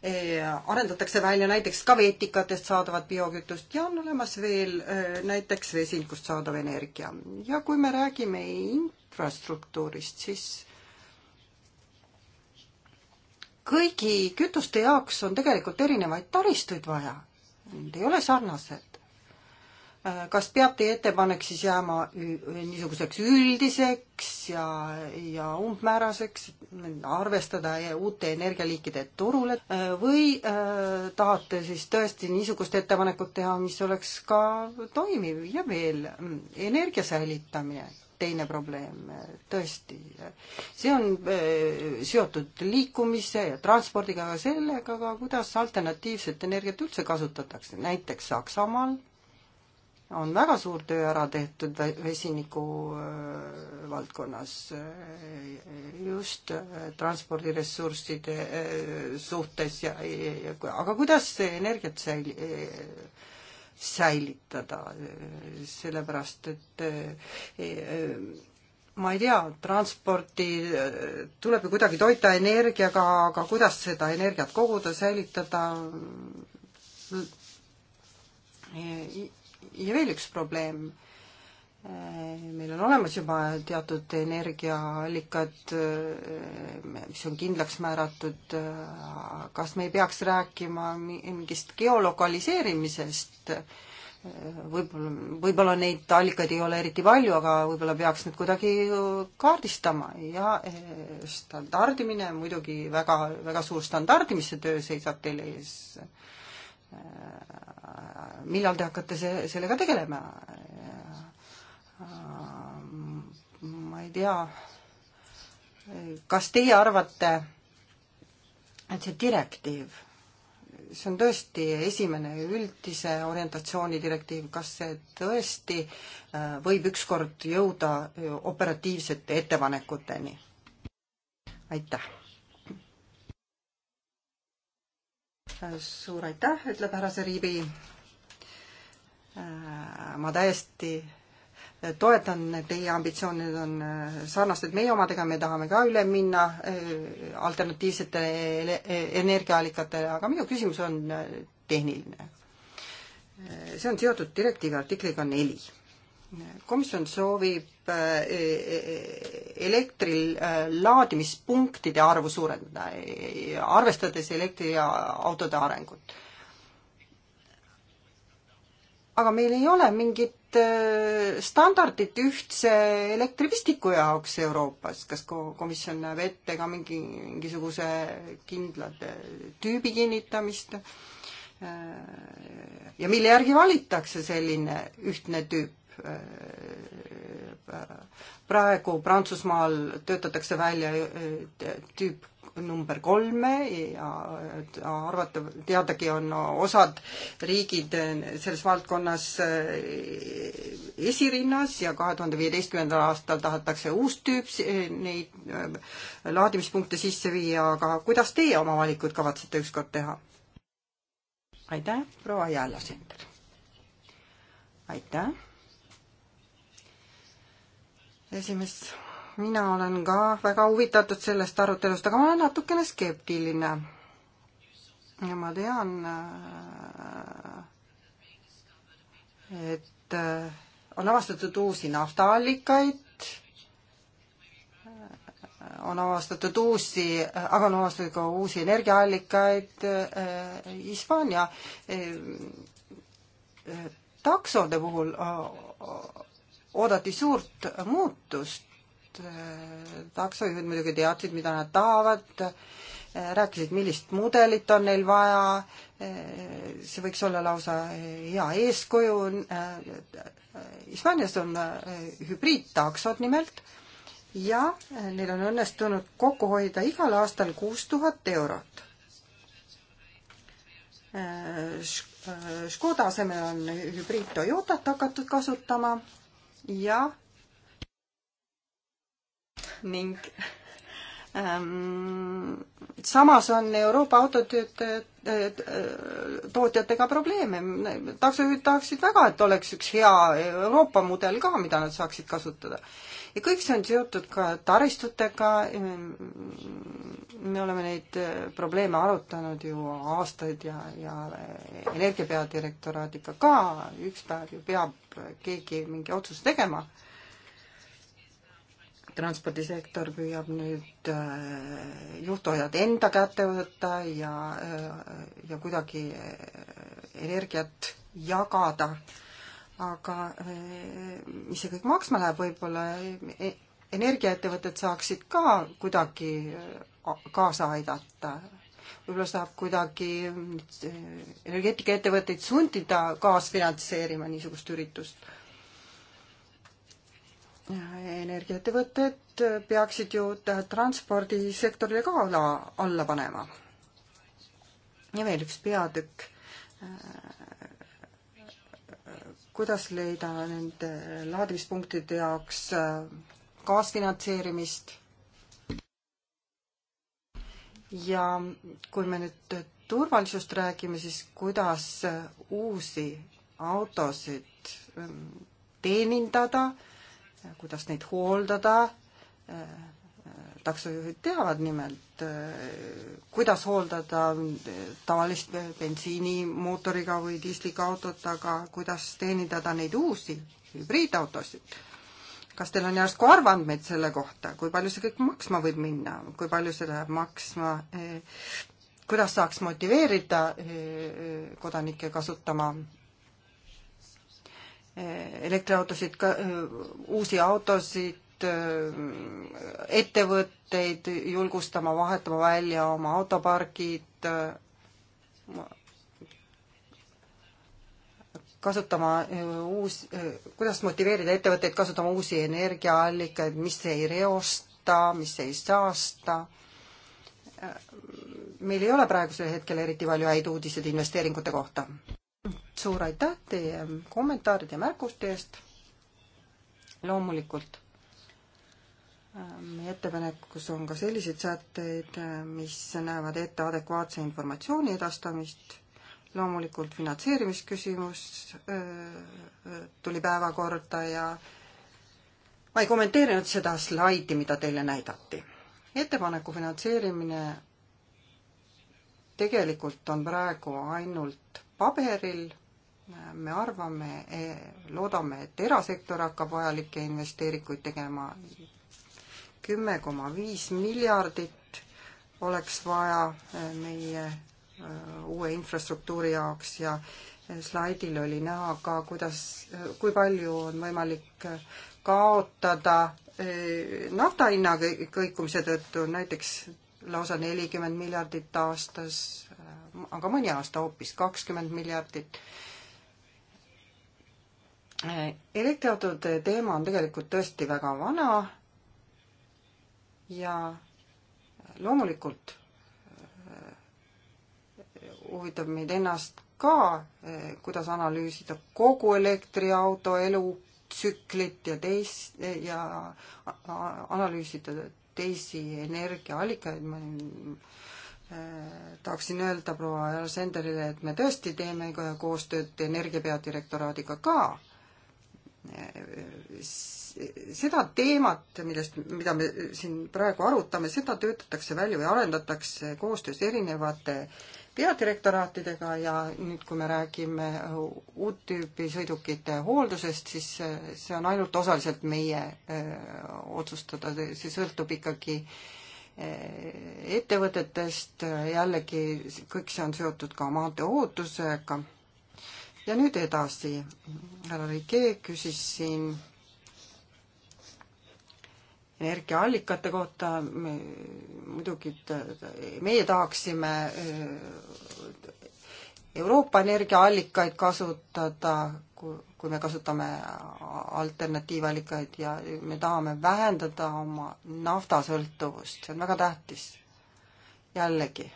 eh, arendatakse välja näiteks ka veetikatest saadavat biokütust ja on olemas veel eh, näiteks vesinikust saadav energia. ja kui me räägime infrastruktuurist, siis kõigi kütuste jaoks on tegelikult erinevaid taristuid vaja need ei ole sarnased. Äh, kas peab teie ettepanek siis jääma niisuguseks üldiseks ja, ja umbmääraseks, arvestada uute energialiikide turule äh, või äh, tahate siis tõesti niisugust ettepanekut teha, mis oleks ka toimiv ja veel mm, energia säilitamine teine probleem, tõesti. see on äh, seotud liikumise ja transpordiga, aga sellega ka, kuidas alternatiivset energiat üldse kasutatakse. näiteks Saksamaal on väga suur töö ära tehtud vesiniku äh, valdkonnas äh, just transpordiressursside suhtes ja, ja, ja aga kuidas energiat säil-, säilitada, sellepärast et eh, eh, ma ei tea, transporti eh, tuleb ju kuidagi toita energiaga, aga kuidas seda energiat koguda, säilitada. ja veel üks probleem meil on olemas juba teatud energiaallikad, mis on kindlaks määratud, kas me ei peaks rääkima mingist geolokaliseerimisest, võib-olla, võib-olla neid allikaid ei ole eriti palju, aga võib-olla peaks need kuidagi kaardistama ja eh, standardimine, muidugi väga, väga suur standardimise töö seisab teil ees eh, millal te hakkate see, sellega tegelema? Äh, ma ei tea, kas teie arvate, et see direktiiv, see on tõesti esimene üldise orientatsiooni direktiiv, kas see tõesti äh, võib ükskord jõuda operatiivsete ettepanekuteni? aitäh! suur aitäh, ütleb härra Seribi. Äh, ma täiesti toetan, teie ambitsioonid on äh, sarnased meie omadega, me tahame ka üle minna äh, alternatiivsetele e-, energiaallikatele, aga minu küsimus on äh, tehniline. see on seotud direktiivi artikliga neli. komisjon soovib e-, e-, elektril laadimispunktide arvu suurendada, arvestades elektriautode arengut aga meil ei ole mingit äh, standardit ühtse elektripistiku jaoks Euroopas, kas komisjon näeb ette ka mingi, mingisuguse kindla äh, tüübi kinnitamist? Äh, ja mille järgi valitakse selline ühtne tüüp? praegu Prantsusmaal töötatakse välja tüüp number kolme ja arvatav, teadagi on osad riigid selles valdkonnas eh, esirinnas ja kahe tuhande viieteistkümnendal aastal tahetakse uus tüüp eh, neid eh, laadimispunkte sisse viia, aga kuidas teie oma valikud kavatsete ükskord teha? aitäh, proua Jääla Sender. aitäh. esimees mina olen ka väga huvitatud sellest arutelust, aga ma olen natukene skeptiline. ja ma tean, äh, et äh, on avastatud uusi naftaallikaid, äh, on avastatud uusi, aga on avastatud ka uusi energiaallikaid Hispaania taksode puhul oodati suurt muutust Äh, taksojuhid muidugi teadsid, mida nad tahavad, äh, rääkisid, millist mudelit on neil vaja, äh, see võiks olla lausa hea eeskuju. Hispaanias on hübriidtaksod nimelt ja neil on õnnestunud kokku hoida igal aastal kuus tuhat eurot. Škoda asemel on hübriid Toyotat hakatud kasutama ja ning ähm, samas on Euroopa autotöötajate, äh, tootjatega probleeme. taksojuhid tahaksid väga, et oleks üks hea Euroopa mudel ka, mida nad saaksid kasutada. ja kõik see on seotud ka taristutega, me oleme neid äh, probleeme arutanud ju aastaid ja, ja Energia peadirektoraadiga ka, üks päev ju peab keegi mingi otsuse tegema transpordisektor püüab nüüd äh, juhtohjad enda kätte võtta ja, äh, ja kuidagi äh, energiat jagada. aga mis see kõik maksma läheb, võib-olla e-, energiaettevõtted saaksid ka kuidagi kaasa aidata. võib-olla saab kuidagi energeetikaettevõtteid sundida kaasfinantseerima niisugust üritust energiaettevõtted peaksid ju transpordisektorile ka alla, alla panema. ja veel üks peatükk. kuidas leida nende laadimispunktide jaoks kaasfinantseerimist? ja kui me nüüd turvalisusest räägime, siis kuidas uusi autosid ähm, teenindada äh, kuidas neid hooldada. taksojuhid teavad nimelt, kuidas hooldada tavalist bensiinimootoriga või diisliga autot, aga kuidas teenindada neid uusi hübriidautosid kas teil on järsku arvandmeid selle kohta, kui palju see kõik maksma võib minna, kui palju see läheb maksma, kuidas saaks motiveerida kodanikke kasutama elektriautosid, ka äh, uusi autosid, äh, ettevõtteid julgustama, vahetama välja oma autopargid, äh, kasutama uus, kuidas motiveerida ettevõtteid kasutama uusi energiaallikaid, mis ei reosta, mis ei saasta. meil ei ole praegusel hetkel eriti palju häid uudiseid investeeringute kohta suur aitäh teie kommentaaride ja märkuste eest. loomulikult äh, meie ettepanekus on ka selliseid sätteid, äh, mis näevad ette adekvaatse informatsiooni edastamist. loomulikult finantseerimisküsimus äh, tuli päevakorda ja ma ei kommenteerinud seda slaidi, mida teile näidati. ettepaneku finantseerimine tegelikult on praegu ainult paberil me arvame, e, loodame, et erasektor hakkab vajalikke investeeringuid tegema. kümme koma viis miljardit oleks vaja e, meie e, uue infrastruktuuri jaoks ja slaidil oli näha ka, kuidas, kui palju on võimalik kaotada nafta hinna kõikumise tõttu, näiteks lausa nelikümmend miljardit aastas aga mõni aasta hoopis kakskümmend miljardit. elektriautode teema on tegelikult tõesti väga vana ja loomulikult äh, huvitab meid ennast ka, äh, kuidas analüüsida kogu elektriauto elutsüklit ja teist ja analüüsida teisi energiaallikaid, tahaksin öelda proua Senderile, et me tõesti teeme koostööd Energia peadirektoraadiga ka. seda teemat, millest, mida me siin praegu arutame, seda töötatakse välja või arendatakse koostöös erinevate peadirektoraatidega ja nüüd, kui me räägime uut tüüpi sõidukite hooldusest, siis see on ainult osaliselt meie öö, otsustada, see sõltub ikkagi öö, ettevõtetest, jällegi kõik see on seotud ka maanteeohutusega. ja nüüd edasi, härra Rikee küsis siin energiaallikate kohta, muidugi meie tahaksime Euroopa energiaallikaid kasutada, kui me kasutame alternatiivallikaid ja me tahame vähendada oma naftasõltuvust, see on väga tähtis. jällegi,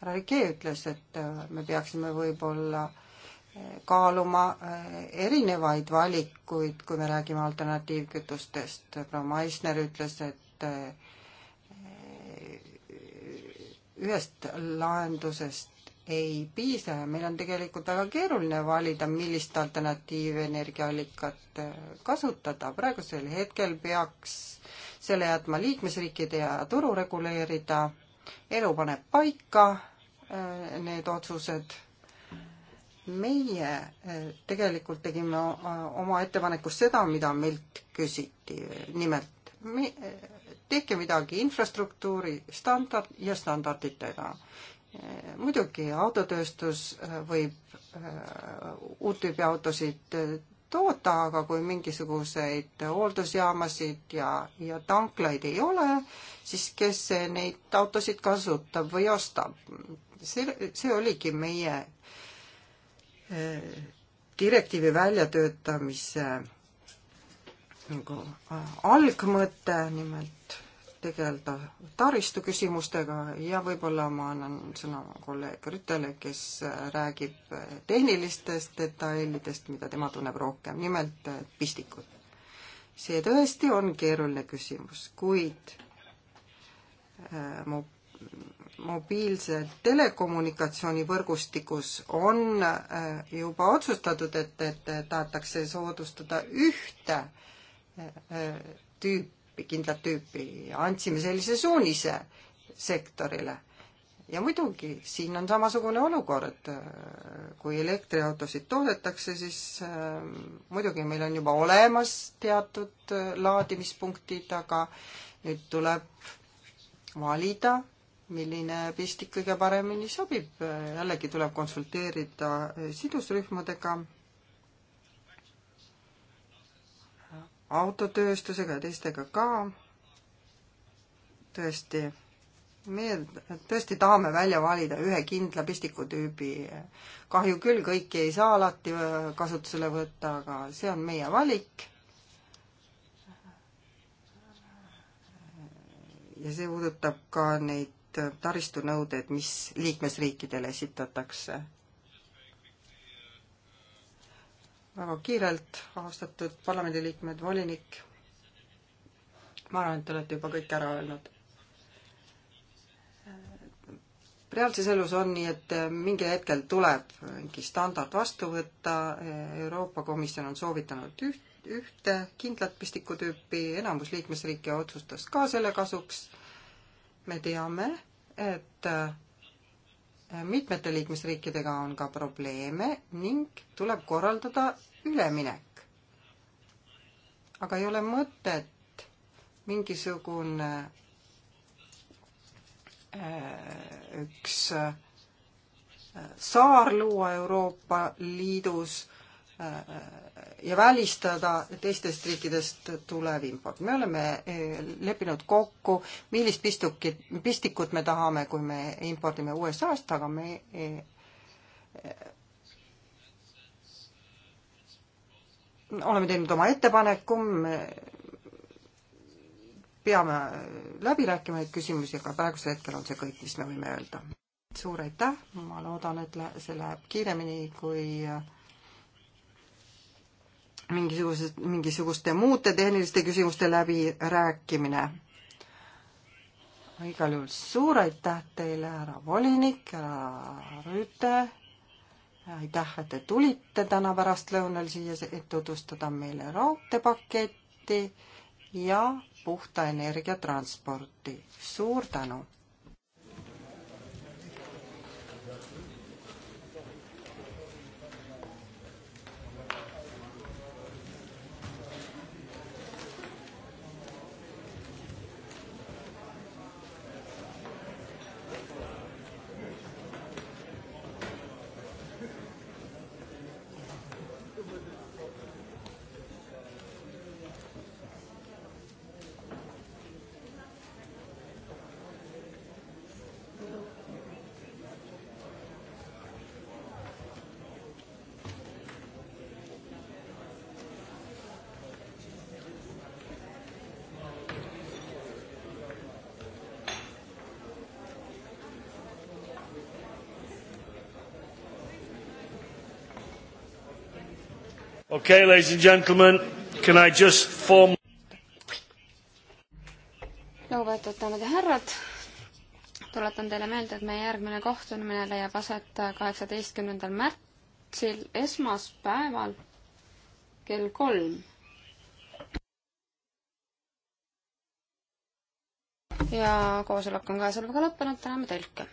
härra Rike ütles, et me peaksime võib-olla eh, kaaluma eh, erinevaid valikuid, kui me räägime alternatiivkütustest. proua Meissner ütles, et eh, ühest lahendusest ei piisa ja meil on tegelikult väga keeruline valida, millist alternatiivenergiaallikat äh, kasutada. praegusel hetkel peaks selle jätma liikmesriikide ja turu reguleerida. elu paneb paika äh, need otsused. meie äh, tegelikult tegime oma ettepanekus seda, mida meilt küsiti. nimelt, tehke midagi infrastruktuuri standard ja standarditega muidugi autotööstus äh, võib äh, uut tüüpi autosid äh, toota, aga kui mingisuguseid hooldusjaamasid ja, ja tanklaid ei ole, siis kes neid autosid kasutab või ostab? see, see oligi meie direktiivi väljatöötamise nagu algmõte nimelt tegeleda taristu küsimustega ja võib-olla ma annan sõna kolleeg Rütele, kes räägib tehnilistest detailidest, mida tema tunneb rohkem, nimelt pistikud. see tõesti on keeruline küsimus, kuid äh, mu mobiilse telekommunikatsiooni võrgustikus on äh, juba otsustatud, et, et tahetakse soodustada ühte äh, tüüpi tüüpi, kindlat tüüpi, andsime sellise suunise sektorile. ja muidugi, siin on samasugune olukord, kui elektriautosid toodetakse, siis äh, muidugi meil on juba olemas teatud äh, laadimispunktid, aga nüüd tuleb valida, milline pistik kõige paremini sobib, jällegi tuleb konsulteerida sidusrühmadega autotööstusega ja teistega ka. tõesti, meie tõesti tahame välja valida ühe kindla pistikutüübi. kahju küll, kõiki ei saa alati äh, kasutusele võtta, aga see on meie valik. ja see puudutab ka neid taristunõudeid, mis liikmesriikidele esitatakse väga kiirelt, austatud parlamendiliikmed, volinik. ma arvan, et te olete juba kõik ära öelnud. reaalses elus on nii, et mingil hetkel tuleb mingi standard vastu võtta, Euroopa Komisjon on soovitanud üht, ühte kindlat pistikutüüpi, enamus liikmesriike otsustas ka selle kasuks. me teame, et mitmete liikmesriikidega on ka probleeme ning tuleb korraldada üleminek. aga ei ole mõtet mingisugune äh, üks äh, saar luua Euroopa Liidus äh, ja välistada teistest riikidest tulev import. me oleme leppinud kokku, millist pistukit, pistikut me tahame, kui me impordime USA-st, aga me oleme teinud oma ettepaneku, me peame läbi rääkima neid küsimusi, aga praegusel hetkel on see kõik, mis me võime öelda. suur aitäh, ma loodan, et lä-, see läheb kiiremini kui mingisugused, mingisuguste muude tehniliste küsimuste läbirääkimine. igal juhul suur aitäh teile, härra volinik, härra Rüütel aitäh, et te tulite täna pärastlõunal siia, et tutvustada meile raudteepaketti ja puhta energia transporti. suur tänu! Okay, ladies and gentlemen, can I just form... lugupeetud daamid ja härrad, tuletan teile meelde, et meie järgmine kohtumine leiab aset kaheksateistkümnendal märtsil, esmaspäeval kell kolm. ja koosolek on käesolevaga lõppenud, täname tõlke